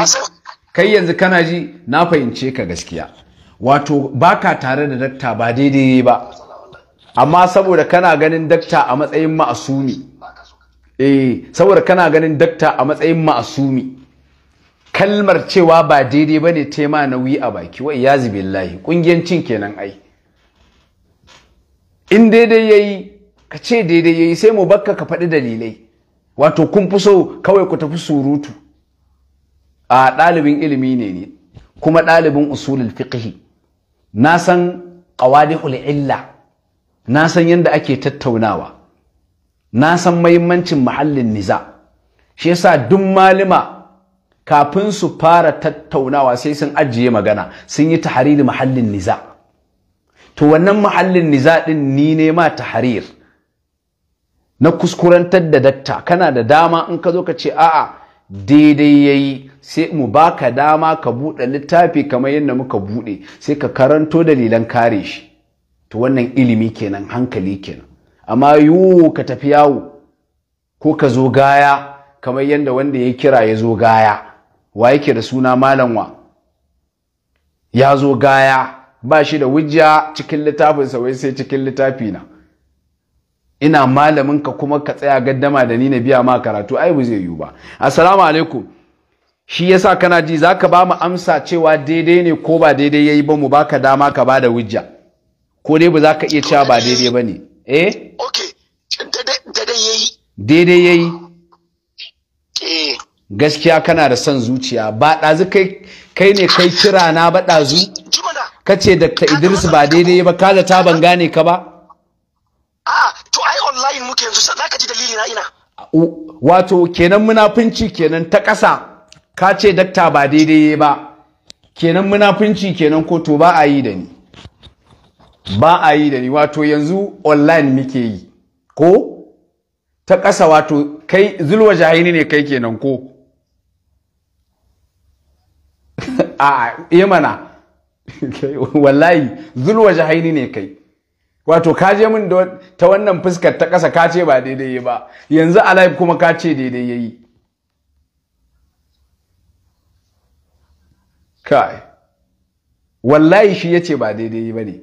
kai yanzu kana ji na fahimce ka gaskiya wato baka tare da dakta ba daidai ba amma saboda kana ganin dakta a matsayin ma'asumi eh saboda kana ganin dakta a matsayin ma'asumi kalmar cewa ba daidai ba ne tema nauyi a baki ya iyazi ƙungiyancin kenan ai in daidai yayi ka ce daidai yayi sai mu bakka ka faɗi dalilai wato kun fi so kawai ku tafi surutu a ɗalibin ilimi ne ne kuma ɗalibin usulul fiqhi na san qawadihul illa na san yadda ake tattaunawa na san mahimmancin muhallin niza shi yasa duk malima kafin su fara tattaunawa sai sun ajiye magana sun yi tahariri muhallin niza to wannan muhallin niza din ni ne ma taharir na kuskurantar da datta kana da dama in ka zo ka ce a'a daidai yayi sai mu baka dama ka buɗe littafi kamar yadda muka buɗe sai ka karanto dalilan kare shi to wannan ilimi kenan hankali kenan amma yiwu ka tafi yawo ko ka zo gaya kamar yadda wanda ya kira ya zo gaya wa yake da suna malamwa ya zo gaya ba shi da wujja cikin littafinsa wai sai cikin littafina ina malamin ka kuma ka tsaya gaddama da ni na biya ma karatu ai ba zai yiwu ba assalamu alaikum shi yasa kana ji zaka ba mu amsa cewa daidai ne ko ba daidai yayi ba mu baka dama ka bada hujja ko dai ba za ka iya cewa ba daidai ba ne eh okay daidai yayi daidai eh. gaskiya kana da son zuciya ba ɗazu kai ne kai kira na ba ɗazu ka ce dakta idris ba daidai ba ka ta ban gane ka ba yanzu za ka ji dalili na ina wato kenan munafunci kenan ta ƙasa ka ce dakta ba daidai ba kenan munafunci kenan ko to ba a yi da ni ba a yi da ni wato yanzu online muke yi ko ta ƙasa wato kai zulwa jahini ne kai kenan ko a eh mana wallahi zulwa jahini ne kai wato ka je min ta wannan fuskar ta ƙasa ka ce ba daidai ba yanzu a live kuma ka ce daidai yayi kai wallahi shi ya ce ba daidai ba ne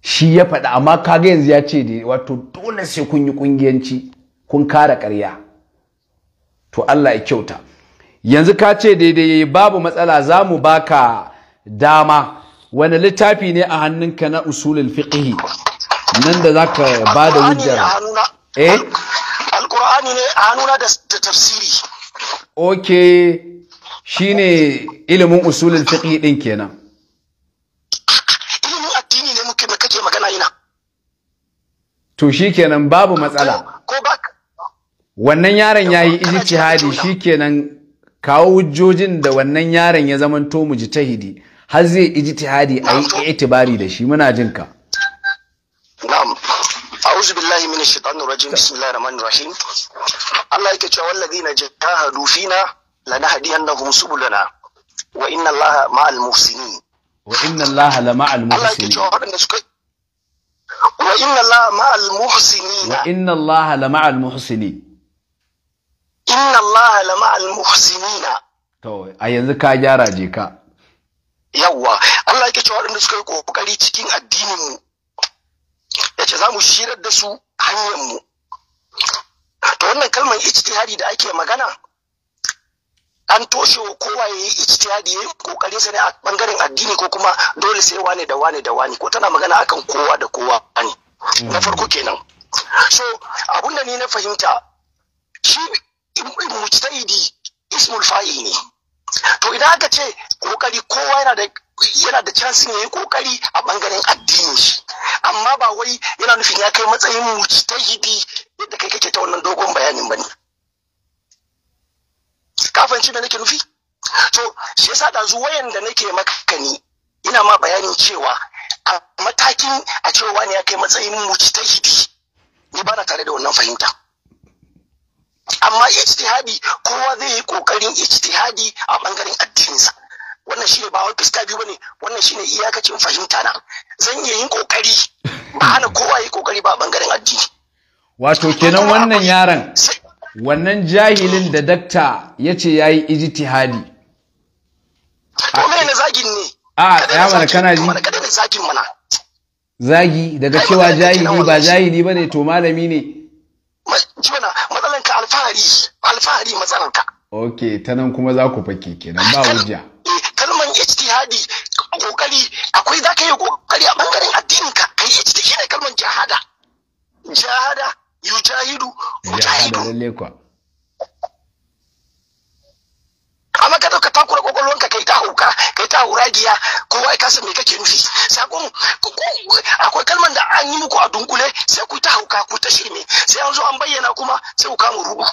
shi ya faɗa amma kaga yanzu ya ce daidai wato dole sai kun yi ƙungiyanci kun kara ƙarya to Allah ya kyauta yanzu ka ce daidai babu matsala za mu baka dama wani littafi ne a hannunka na usulul fiqhi nan da zaka ba da hujjar eh alqur'ani ne a hannuna da tafsiri okay shine ilimin usulul fiqhi din kenan ilimin addini ne muke kake magana ina to shikenan babu matsala wannan yaron yayi ijtihadi shikenan kawo hujjojin da wannan yaron ya zamanto mujtahidi har zai ijtihadi a yi itibari da shi muna jin ka na'am a'udhu billahi minash shaitanir rajim bismillahir rahmanir rahim Allah yake cewa wallazina jahadu fina lanahdiyannahum subulana wa inna Allaha ma'al muhsinin wa inna Allaha la muhsinin wa inna Allaha ma'al muhsinin wa inna Allaha la muhsinin inna Allah to a yanzu ka gyara je ka yawwa Allah yake cewa waɗanda suka yi kokari cikin addinin mu yace za mu shirar da su hanyar mu to wannan kalmar ijtihadi da ake magana an toshe wa kowa ya yi ijtihadi ya yi kokarin sa ne a bangaren addini ko kuma dole sai wane da wane da wane ko tana magana akan kowa da kowa ne na farko kenan so abun da ni na fahimta shi mujtahidi ismul fa'il ne to idan aka ce kokari kowa yana da yana da chance ya yi kokari a bangaren addini, shi amma ba wai yana nufin ya kai matsayin mujtahidi yadda kai kake ta wannan dogon bayanin bane ka me nake nufi to shi yasa da zuwayan da nake maka ni ina ma bayanin cewa a matakin a cewa ne ya kai matsayin mujtahidi ni ba na tare da wannan fahimta amma ijtihadi kowa zai yi kokarin ijtihadi a bangaren addininsa wannan shine ba wai fuska biyu bane wannan shine iyakacin fahimta na zan iya yin kokari ba hana kowa yi kokari ba a bangaren addini wato kenan wannan yaron wannan jahilin da dakta ya ce ya yi ijtihadi to zagin ne a ya mana kana ji zagi daga cewa jahili ba jahili bane to malami ne jibana matsalan ka alfahari alfahari matsalan ka ok ta nan kuma za ku fake kenan ba hujja eh, kalman ijtihadi kokari akwai za ka yi kokari a bangaren addinin ka kai ijtihadi kalman jahada jahada yujahidu mujahidu amma ka dauka takura kwakwalwanka kai ta hauka kai ta hauragiya kowa ya kasa me kake nufi sakon akwai kalman da an yi muku a dunkule sai ku ta hauka ku ta shirme sai an zo an bayyana kuma sai ku kama rubu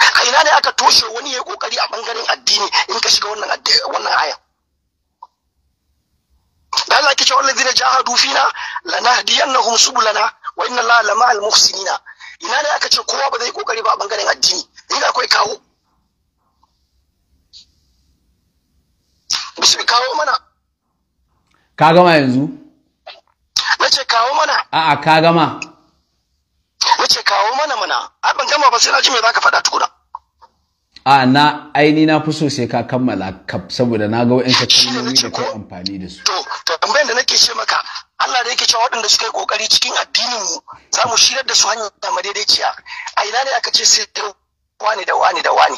a ina ne aka toshe wani ya kokari a bangaren addini in ka shiga wannan wannan aya da Allah ke wannan zina jahadu fina lanahdiyannahum subulana wa inna Allah lama al-muhsinina ina ne aka ce kowa ba zai kokari ba a bangaren addini in akwai kawo bismi kawo mana ka gama yanzu na ce kawo mana a'a ka gama na ce kawo mana mana a ban gama ba sai na ji me zaka ka faɗa tukuna a na aini na fi so sai ka kammala saboda na ga wa'in kalmomi da kai amfani da su to to tambayar da nake ce maka Allah da yake cewa waɗanda suka yi kokari cikin addinin mu za mu shirar da su da madaidaiciya a ina ne aka ce sai wani da wani da wani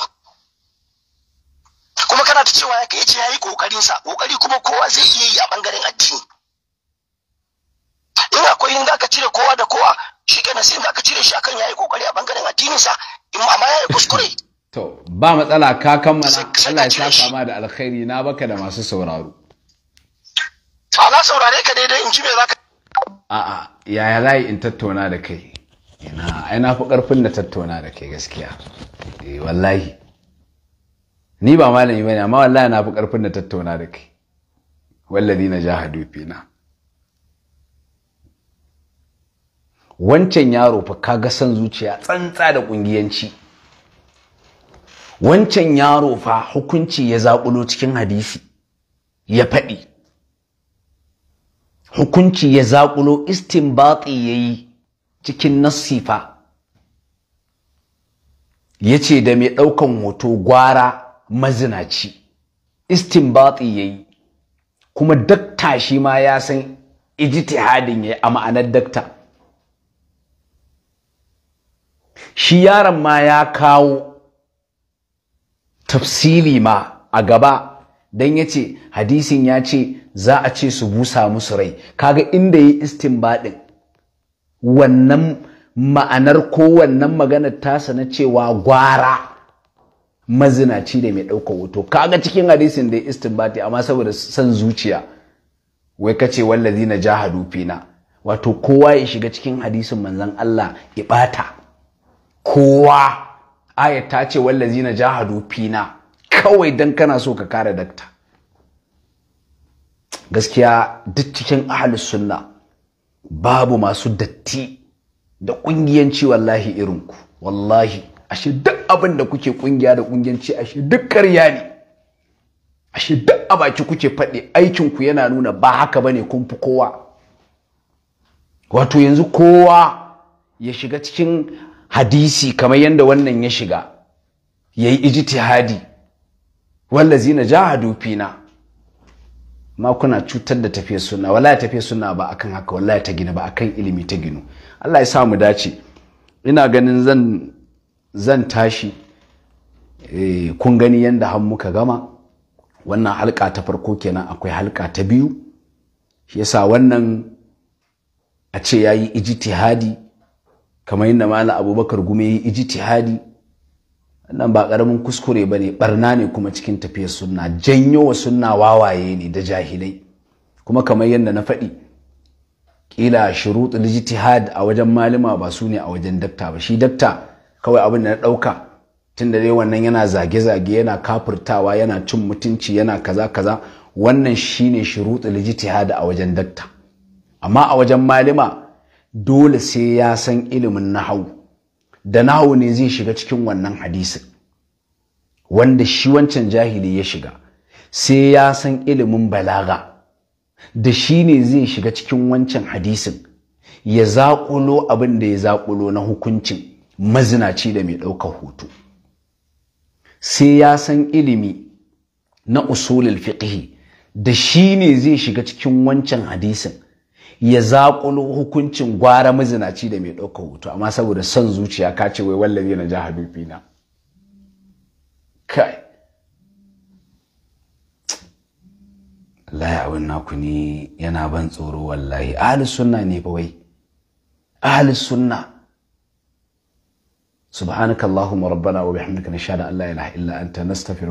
kuma kana ta cewa ya ce ya yi sa kokari kuma kowa zai iya yi a bangaren addini in akwai in zaka cire kowa da kowa shi kenan sai zaka cire shi akan ya yi kokari a bangaren addininsa in ma yayi kuskure to ba matsala ka kammala Allah ya saka ma da alkhairi na baka da masu sauraro a na saurare ka daidai in ji me zaka a'a yaya zai in tattauna da kai ina ai na fi karfin na tattauna da kai gaskiya eh wallahi ni ba malami bane amma wallahi na fi karfin da tattauna da kai wallahi na jahadu fina wancan yaro fa kaga san zuciya tsantsa da kungiyanci wancan yaro fa hukunci ya zaƙulo cikin hadisi ya faɗi hukunci ya zaƙulo istinbati yayi cikin nasifa ya ce da mai ɗaukan hoto gwara mazinaci istinbati yayi kuma dakta shi ma ya san ijtihadin yayi a ma'anar dakta shi yaron ma ya kawo tafsili ma a gaba dan ce hadisin ya ce za a ce su busa musu rai kaga inda yayi istinbadin wannan ma'anar ko wannan maganar tasa na cewa gwara mazinaci da mai ɗaukar hoto kaga cikin hadisin da istinbati amma saboda san zuciya wai kace wallazi na jahadu fina wato kowa ya shiga cikin hadisin manzon Allah ya bata kowa aya ta ce wallazi na jahadu fina kawai dan kana so ka kare dakta gaskiya duk cikin ahlus sunna babu masu datti da kungiyanci wallahi irinku wallahi ashe duk abin da kuke kungiya da kungiyanci ashe duk ƙarya ne ashe duk a baki kuke faɗi ku yana nuna ba haka bane ne kun fi kowa wato yanzu kowa ya shiga cikin hadisi kamar yadda wannan ya shiga ya yi ijtihadi zina na jahadu fina ma kuna cutar da tafiya suna ya tafiya suna ba akan haka ya ta gina ba akan ilimi ta ginu Allah ya sa dace ina ganin zan zan tashi eh, kun gani yadda han muka gama wannan halka ta farko kenan akwai halka ta biyu shi yasa wannan a ce ya yi ijtihadi kamar yadda malam abubakar gume yi ijtihadi nan ba ƙaramin kuskure ba ne ɓarna ne kuma cikin tafiyar sunna janyo wa sunna wawaye ne da jahilai kuma kamar yadda na faɗi ƙila shuruɗul ijtihad a wajen malama. ba su ne a wajen dakta ba shi dakta kawai abin da na ɗauka tun da dai wannan yana zage-zage yana kafurtawa, yana cin mutunci yana kaza-kaza wannan shi shine shuruɗu lijtihad a wajen dakta amma a wajen malima dole sai ya san ilimin nahawu da nahawu ne zai shiga cikin wannan hadisin wanda shi wancan jahili ya shiga sai ya san ilimin balaga da shi ne zai shiga cikin wancan hadisin ya zaƙulo abin da ya zaƙulo na hukuncin mazinaci da mai ɗaukar hoto sai ya san ilimi na usulul fiqhi da shi ne zai shiga cikin wancan hadisin ya zaƙulo hukuncin gwara mazinaci da mai ɗaukar hoto amma saboda son zuciya ka ce wai wallazi na jahadu na kai wallahi abin naku yana ban tsoro wallahi ahli sunna ne fa wai ahli sunna سبحانك اللهم ربنا وبحمدك نشهد أن لا إله إلا أنت نستغفرك